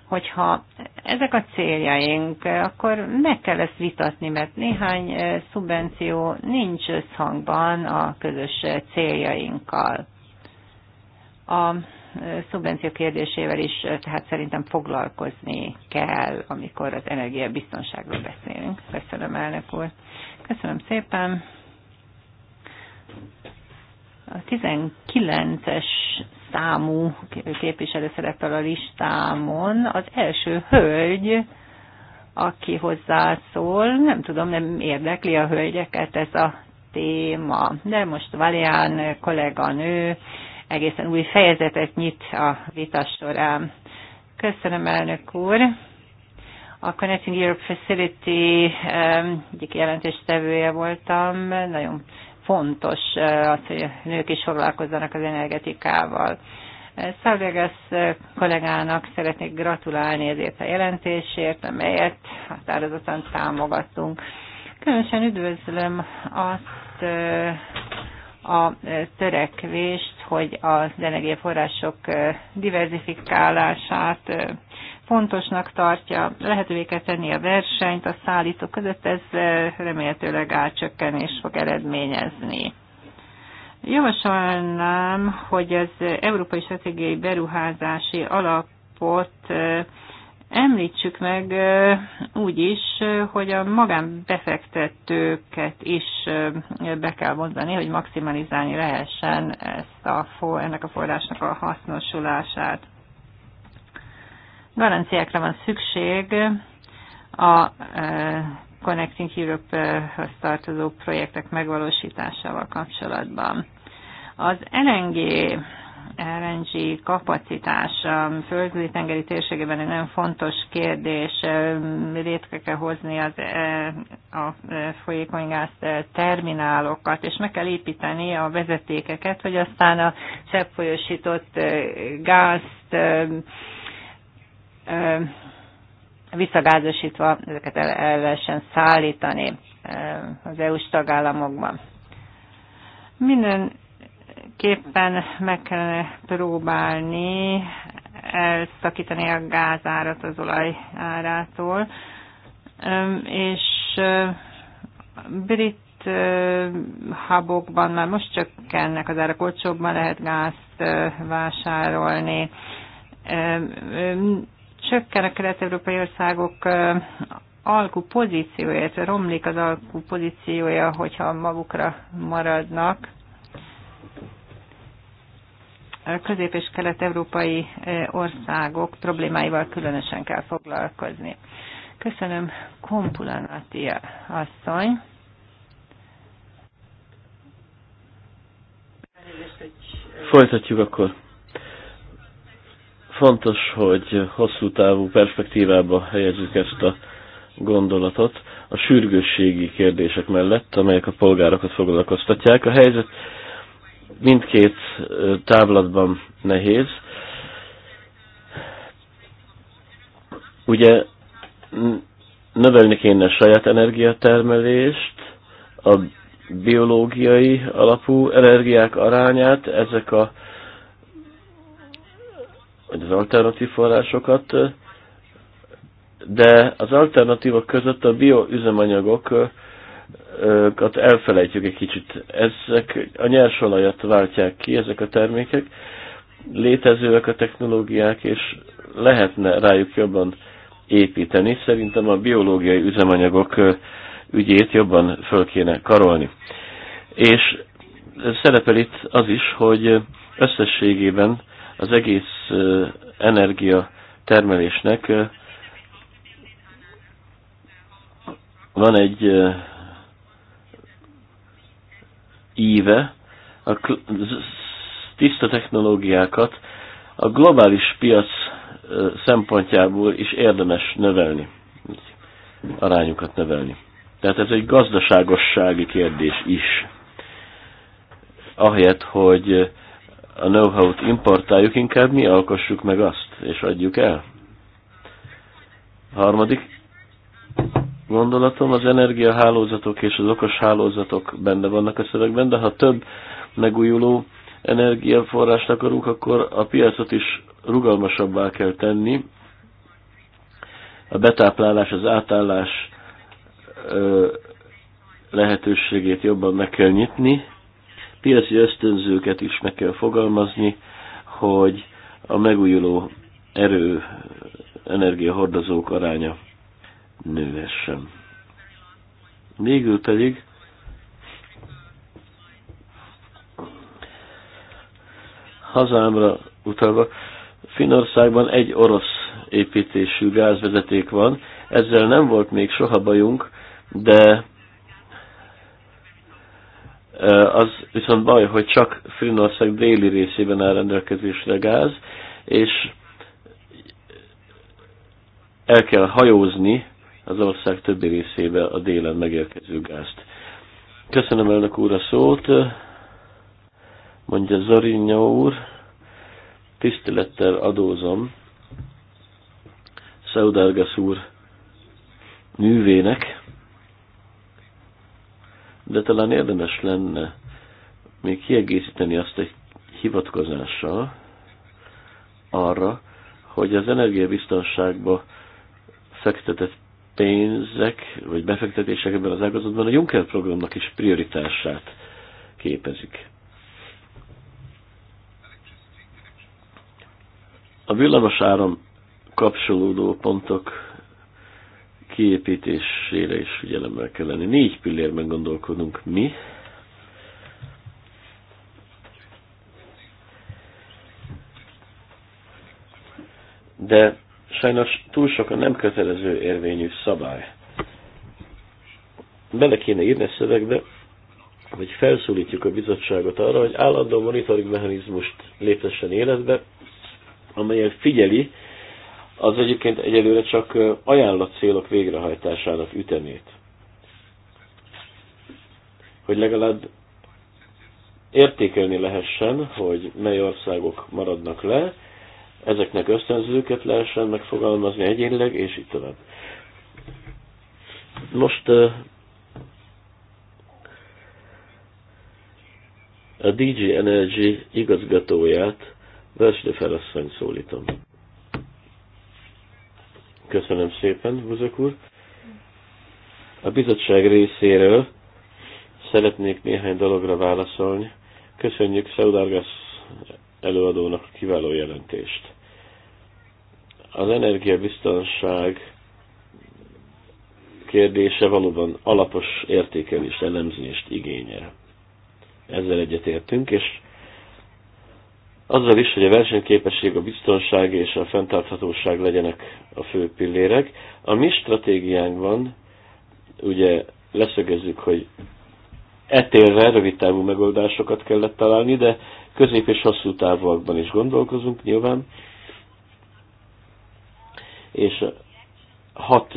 Hogyha ezek a céljaink, akkor meg kell ezt vitatni, mert néhány szubvenció nincs összhangban a közös céljainkkal. A szubvenció kérdésével is, tehát szerintem foglalkozni kell, amikor az energiabiztonságról beszélünk. Köszönöm, elnök úr. Köszönöm szépen. A 19-es számú képviselő szerepel a listámon. Az első hölgy, aki hozzászól, nem tudom, nem érdekli a hölgyeket ez a téma. De most Valián kolléganő egészen új fejezetet nyit a vita során. Köszönöm, elnök úr! A Connecting Europe Facility egyik jelentéstevője voltam, nagyon fontos eh, az, hogy a nők is foglalkozzanak az energetikával. Szalvegas eh, kollégának szeretnék gratulálni ezért a jelentésért, amelyet határozottan támogatunk. Különösen üdvözlöm azt eh, a törekvést, hogy az energiaforrások diverzifikálását fontosnak tartja, lehetővé kell tenni a versenyt a szállítók között, ez remélhetőleg átcsökkenés fog eredményezni. Javasolnám, hogy az Európai Stratégiai Beruházási Alapot Említsük meg úgy is, hogy a magánbefektetőket is be kell mondani, hogy maximalizálni lehessen ezt a, ennek a forrásnak a hasznosulását. Garanciákra van szükség a Connecting Europe-hoz tartozó projektek megvalósításával kapcsolatban. Az LNG LNG kapacitás a tengeri térségében egy nagyon fontos kérdés. Létre kell hozni az, a gáz terminálokat, és meg kell építeni a vezetékeket, hogy aztán a cseppfolyósított gázt visszagázosítva ezeket el, el lehessen szállítani az EU-s tagállamokban. Minden mindenképpen meg kellene próbálni elszakítani a gázárat az olaj árától, és brit habokban már most csökkennek az árak, olcsóbban lehet gázt vásárolni. Csökken a kelet-európai országok alkú pozíciója, romlik az alkú pozíciója, hogyha magukra maradnak közép- és kelet-európai eh, országok problémáival különösen kell foglalkozni. Köszönöm Kompulanati asszony. Eh, Folytatjuk akkor. Fontos, hogy hosszú távú perspektívába helyezzük ezt a gondolatot a sürgősségi kérdések mellett, amelyek a polgárokat foglalkoztatják. A helyzet mindkét távlatban nehéz. Ugye növelni kéne saját energiatermelést, a biológiai alapú energiák arányát, ezek a vagy az alternatív forrásokat, de az alternatívak között a bioüzemanyagok elfelejtjük egy kicsit. Ezek a nyersolajat váltják ki, ezek a termékek, létezőek a technológiák, és lehetne rájuk jobban építeni. Szerintem a biológiai üzemanyagok ügyét jobban föl kéne karolni. És szerepel itt az is, hogy összességében az egész energia termelésnek van egy íve a tiszta technológiákat a globális piac szempontjából is érdemes növelni, arányukat növelni. Tehát ez egy gazdaságossági kérdés is. Ahelyett, hogy a know-how-t importáljuk, inkább mi alkossuk meg azt, és adjuk el. Harmadik gondolatom. Az energiahálózatok és az okos hálózatok benne vannak a szövegben, de ha több megújuló energiaforrást akarunk, akkor a piacot is rugalmasabbá kell tenni. A betáplálás, az átállás lehetőségét jobban meg kell nyitni. Piaci ösztönzőket is meg kell fogalmazni, hogy a megújuló erő energiahordozók aránya nőhessen. Végül pedig hazámra utalva, Finországban egy orosz építésű gázvezeték van, ezzel nem volt még soha bajunk, de e, az viszont baj, hogy csak Finország déli részében áll rendelkezésre gáz, és el kell hajózni az ország többi részébe a délen megérkező gázt. Köszönöm elnök úr a szót, mondja Zorinja úr, tisztelettel adózom Szaudárgasz úr művének, de talán érdemes lenne még kiegészíteni azt egy hivatkozással arra, hogy az energiabiztonságba fektetett pénzek vagy befektetések ebben az ágazatban a Juncker programnak is prioritását képezik. A villamos áram kapcsolódó pontok kiépítésére is figyelemmel kell lenni. Négy pillérben gondolkodunk mi. De Sajnos túl sok a nem kötelező érvényű szabály. Bele kéne írni a szövegbe, hogy felszólítjuk a bizottságot arra, hogy állandó monitoring mechanizmust létesen életbe, amelyen figyeli az egyébként egyelőre csak ajánlott célok végrehajtásának ütemét. Hogy legalább értékelni lehessen, hogy mely országok maradnak le, ezeknek ösztönzőket lehessen megfogalmazni egyénileg, és így tovább. Most a DG Energy igazgatóját, Versli Felasszony szólítom. Köszönöm szépen, Buzek úr. A bizottság részéről szeretnék néhány dologra válaszolni. Köszönjük Szeudárgász előadónak a kiváló jelentést. Az energiabiztonság kérdése valóban alapos értékelés, elemzést igényel. Ezzel egyetértünk, és azzal is, hogy a versenyképesség, a biztonság és a fenntarthatóság legyenek a fő pillérek. A mi stratégiánkban ugye leszögezzük, hogy etélve rövid távú megoldásokat kellett találni, de közép és hosszú távokban is gondolkozunk nyilván, és hat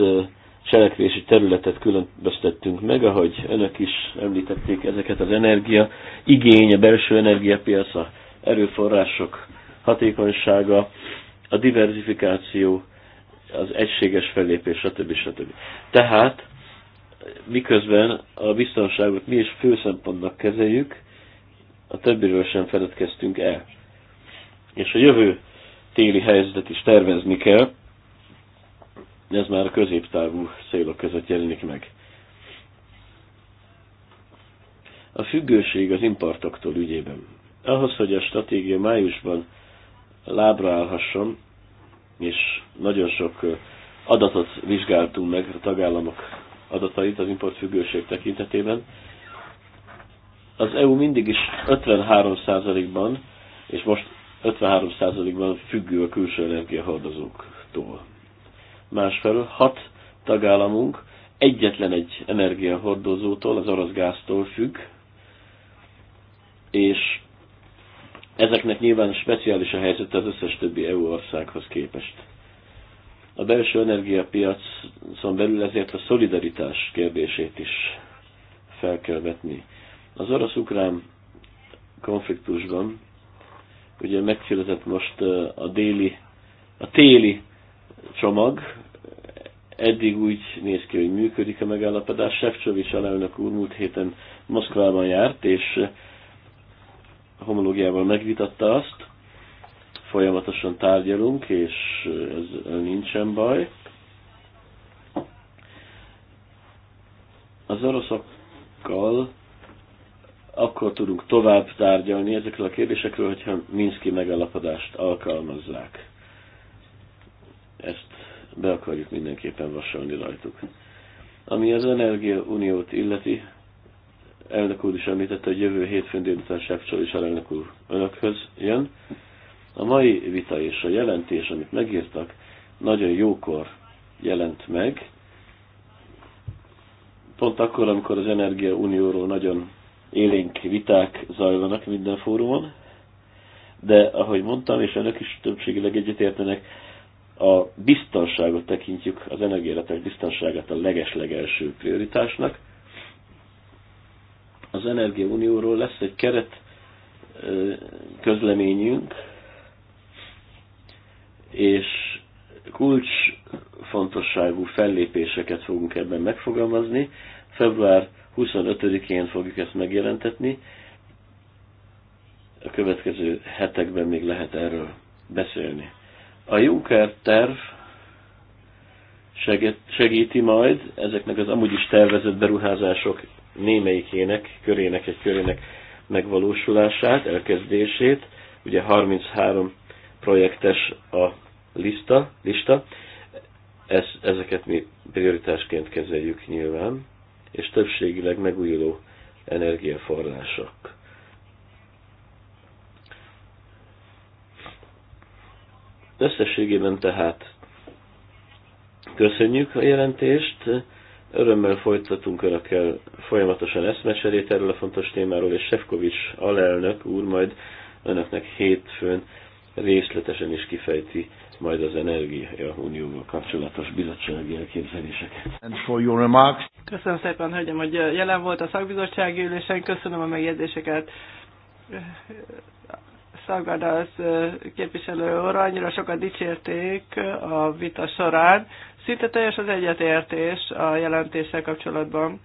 cselekvési területet különböztettünk meg, ahogy önök is említették ezeket az energia igény, a belső energiapiac, a erőforrások hatékonysága, a diversifikáció, az egységes fellépés, stb. stb. Tehát miközben a biztonságot mi is főszempontnak kezeljük, a többiről sem feledkeztünk el. És a jövő téli helyzetet is tervezni kell, ez már a középtávú célok között jelenik meg. A függőség az importoktól ügyében. Ahhoz, hogy a stratégia májusban lábra állhasson, és nagyon sok adatot vizsgáltunk meg, a tagállamok adatait az importfüggőség tekintetében, az EU mindig is 53%-ban, és most 53%-ban függő a külső energiahordozóktól. Másfelől hat tagállamunk egyetlen egy energiahordozótól, az orosz gáztól függ, és ezeknek nyilván speciális a helyzet az összes többi EU országhoz képest. A belső energiapiacon belül ezért a szolidaritás kérdését is fel kell vetni. Az orosz-ukrán konfliktusban ugye megszületett most a déli, a téli csomag, eddig úgy néz ki, hogy működik a megállapodás. Sefcsovics alelnök úr múlt héten Moszkvában járt, és homológiával megvitatta azt, folyamatosan tárgyalunk, és ez nincsen baj. Az oroszokkal akkor tudunk tovább tárgyalni ezekről a kérdésekről, hogyha Minszki megállapodást alkalmazzák. Ezt be akarjuk mindenképpen vasalni rajtuk. Ami az Energia Uniót illeti, elnök úr is említette, hogy jövő hétfőn délután Sepcsol is elnök úr önökhöz jön. A mai vita és a jelentés, amit megírtak, nagyon jókor jelent meg. Pont akkor, amikor az Energia Unióról nagyon élénk viták zajlanak minden fórumon, de ahogy mondtam, és önök is többségileg egyetértenek, a biztonságot tekintjük, az energiáletek biztonságát a leges-legelső prioritásnak. Az Unióról lesz egy keret közleményünk, és kulcsfontosságú fellépéseket fogunk ebben megfogalmazni. Február 25-én fogjuk ezt megjelentetni. A következő hetekben még lehet erről beszélni. A Juncker terv segíti majd ezeknek az amúgy is tervezett beruházások némelyikének, körének, egy körének megvalósulását, elkezdését. Ugye 33 projektes a lista, lista. Ez, ezeket mi prioritásként kezeljük nyilván és többségileg megújuló energiaforrások. Összességében tehát köszönjük a jelentést, örömmel folytatunk Önökkel folyamatosan eszmecserét erről a fontos témáról, és Sefkovics alelnök úr majd Önöknek hétfőn részletesen is kifejti majd az Energia Unióval kapcsolatos bizottsági elképzeléseket. And for your remarks. Köszönöm szépen, hölgyem, hogy jelen volt a szakbizottsági ülésen, köszönöm a megjegyzéseket. Szagad az képviselő óra, annyira sokat dicsérték a vita során. Szinte teljes az egyetértés a jelentéssel kapcsolatban.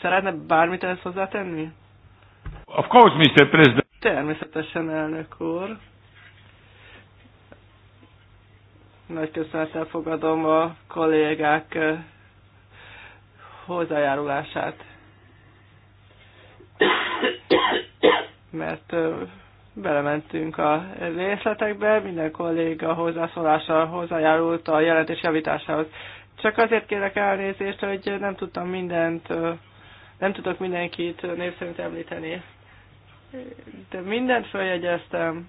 Szeretne bármit ezt hozzátenni? Of course, Mr. President. Természetesen, elnök úr. Nagy köszönettel fogadom a kollégák eh, hozzájárulását, mert eh, belementünk a részletekbe, minden kolléga hozzászólása hozzájárult a jelentés javításához. Csak azért kérek elnézést, hogy nem tudtam mindent, eh, nem tudok mindenkit név szerint említeni. De mindent feljegyeztem,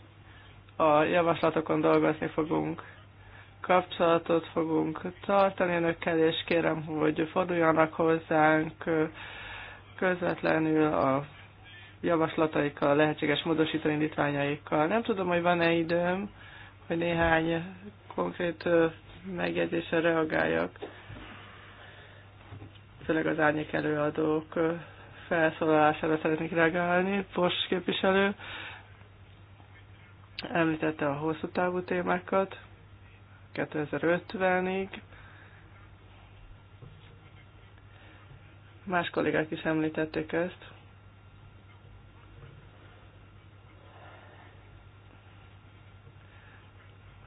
a javaslatokon dolgozni fogunk kapcsolatot fogunk tartani önökkel, és kérem, hogy forduljanak hozzánk közvetlenül a javaslataikkal, lehetséges módosítani indítványaikkal. Nem tudom, hogy van-e időm, hogy néhány konkrét megjegyzésre reagáljak, főleg az árnyék előadók felszólalására szeretnék reagálni. Pors képviselő említette a hosszú távú témákat. 2050-ig. Más kollégák is említették ezt.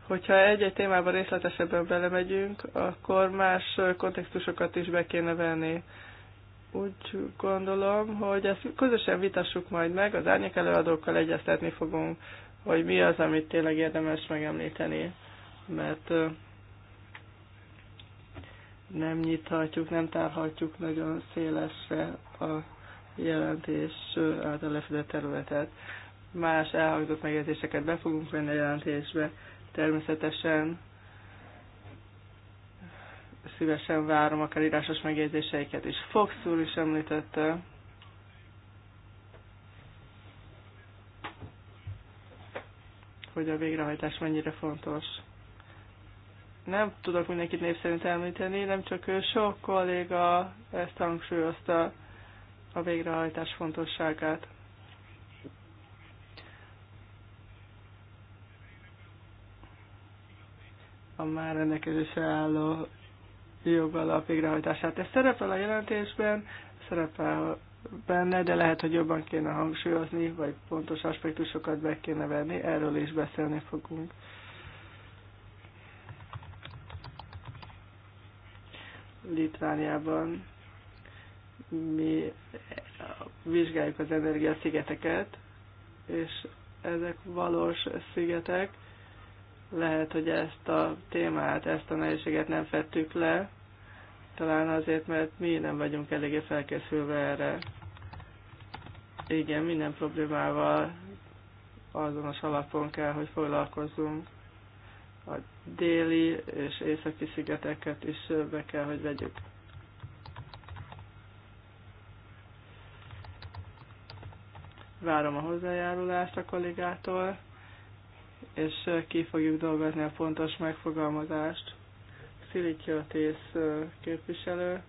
hogyha egy-egy témában részletesebben belemegyünk, akkor más kontextusokat is be kéne venni. Úgy gondolom, hogy ezt közösen vitassuk majd meg, az árnyék előadókkal egyeztetni fogunk, hogy mi az, amit tényleg érdemes megemlíteni mert nem nyithatjuk, nem tárhatjuk nagyon szélesre a jelentés által lefedett területet. Más elhangzott megjegyzéseket be fogunk venni a jelentésbe. Természetesen szívesen várom a írásos megjegyzéseiket is. Fox úr is említette, hogy a végrehajtás mennyire fontos nem tudok mindenkit név szerint említeni, nem csak ő, sok kolléga ezt hangsúlyozta a végrehajtás fontosságát. A már rendelkezésre álló jogalap végrehajtását. Ez szerepel a jelentésben, szerepel benne, de lehet, hogy jobban kéne hangsúlyozni, vagy pontos aspektusokat be kéne venni, erről is beszélni fogunk. Litvániában mi vizsgáljuk az energiaszigeteket, és ezek valós szigetek. Lehet, hogy ezt a témát, ezt a nehézséget nem fettük le, talán azért, mert mi nem vagyunk eléggé felkészülve erre. Igen, minden problémával azonos alapon kell, hogy foglalkozzunk a déli és északi szigeteket is be kell, hogy vegyük. Várom a hozzájárulást a kollégától, és ki fogjuk dolgozni a fontos megfogalmazást. Szilikiotész képviselő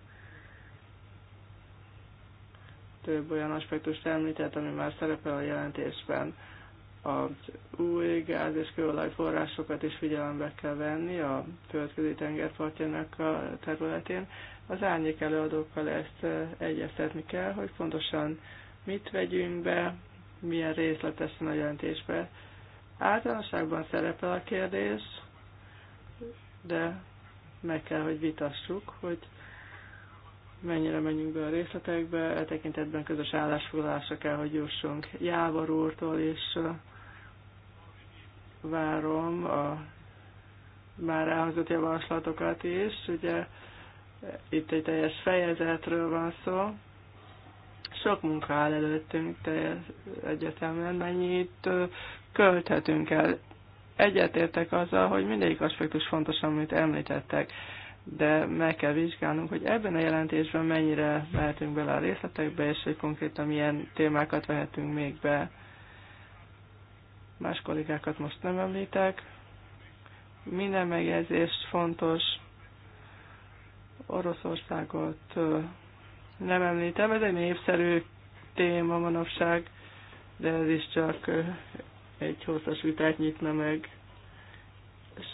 több olyan aspektust említett, ami már szerepel a jelentésben az új gáz és kőolaj forrásokat is figyelembe kell venni a földközi tengerpartjának a területén. Az árnyék előadókkal ezt eh, egyeztetni kell, hogy pontosan mit vegyünk be, milyen részletesen a jelentésbe. Általánosságban szerepel a kérdés, de meg kell, hogy vitassuk, hogy mennyire menjünk be a részletekbe, e tekintetben közös állásfoglalásra kell, hogy jussunk Jávor úrtól és várom a már elhozott javaslatokat is. Ugye itt egy teljes fejezetről van szó. Sok munka áll előttünk, teljes egyetemen mennyit költhetünk el. Egyetértek azzal, hogy mindegyik aspektus fontos, amit említettek, de meg kell vizsgálnunk, hogy ebben a jelentésben mennyire mehetünk bele a részletekbe, és hogy konkrétan milyen témákat vehetünk még be Más kollégákat most nem említek. Minden megjegyzést fontos. Oroszországot nem említem, ez egy népszerű téma manapság, de ez is csak egy hosszas vitát nyitna meg.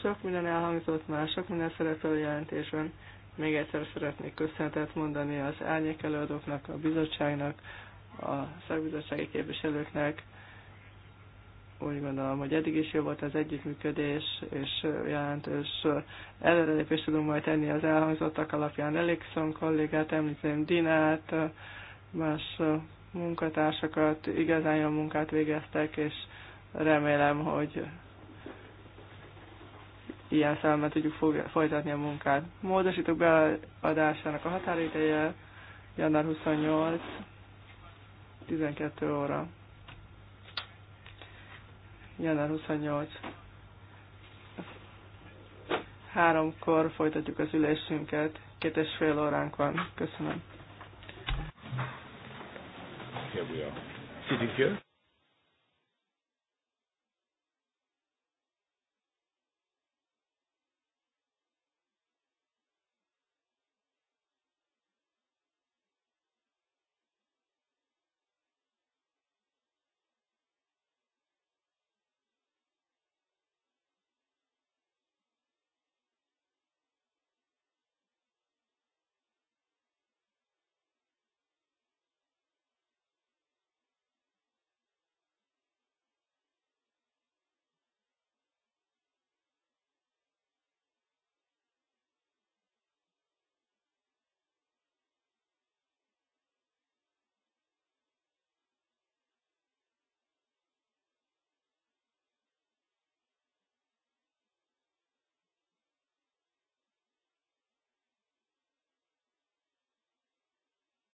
Sok minden elhangzott már, sok minden szerepel a jelentésben. Még egyszer szeretnék köszönetet mondani az árnyék előadóknak, a bizottságnak, a szakbizottsági képviselőknek, úgy gondolom, hogy eddig is jó volt az együttműködés, és jelentős előrelépést tudunk majd tenni az elhangzottak alapján. Elixon kollégát említeném, Dinát, más munkatársakat, igazán jó munkát végeztek, és remélem, hogy ilyen szellemben tudjuk folytatni a munkát. Módosítok beadásának a határideje, január 28, 12 óra január 28. Háromkor folytatjuk az ülésünket, két és fél óránk van. Köszönöm. Here we are.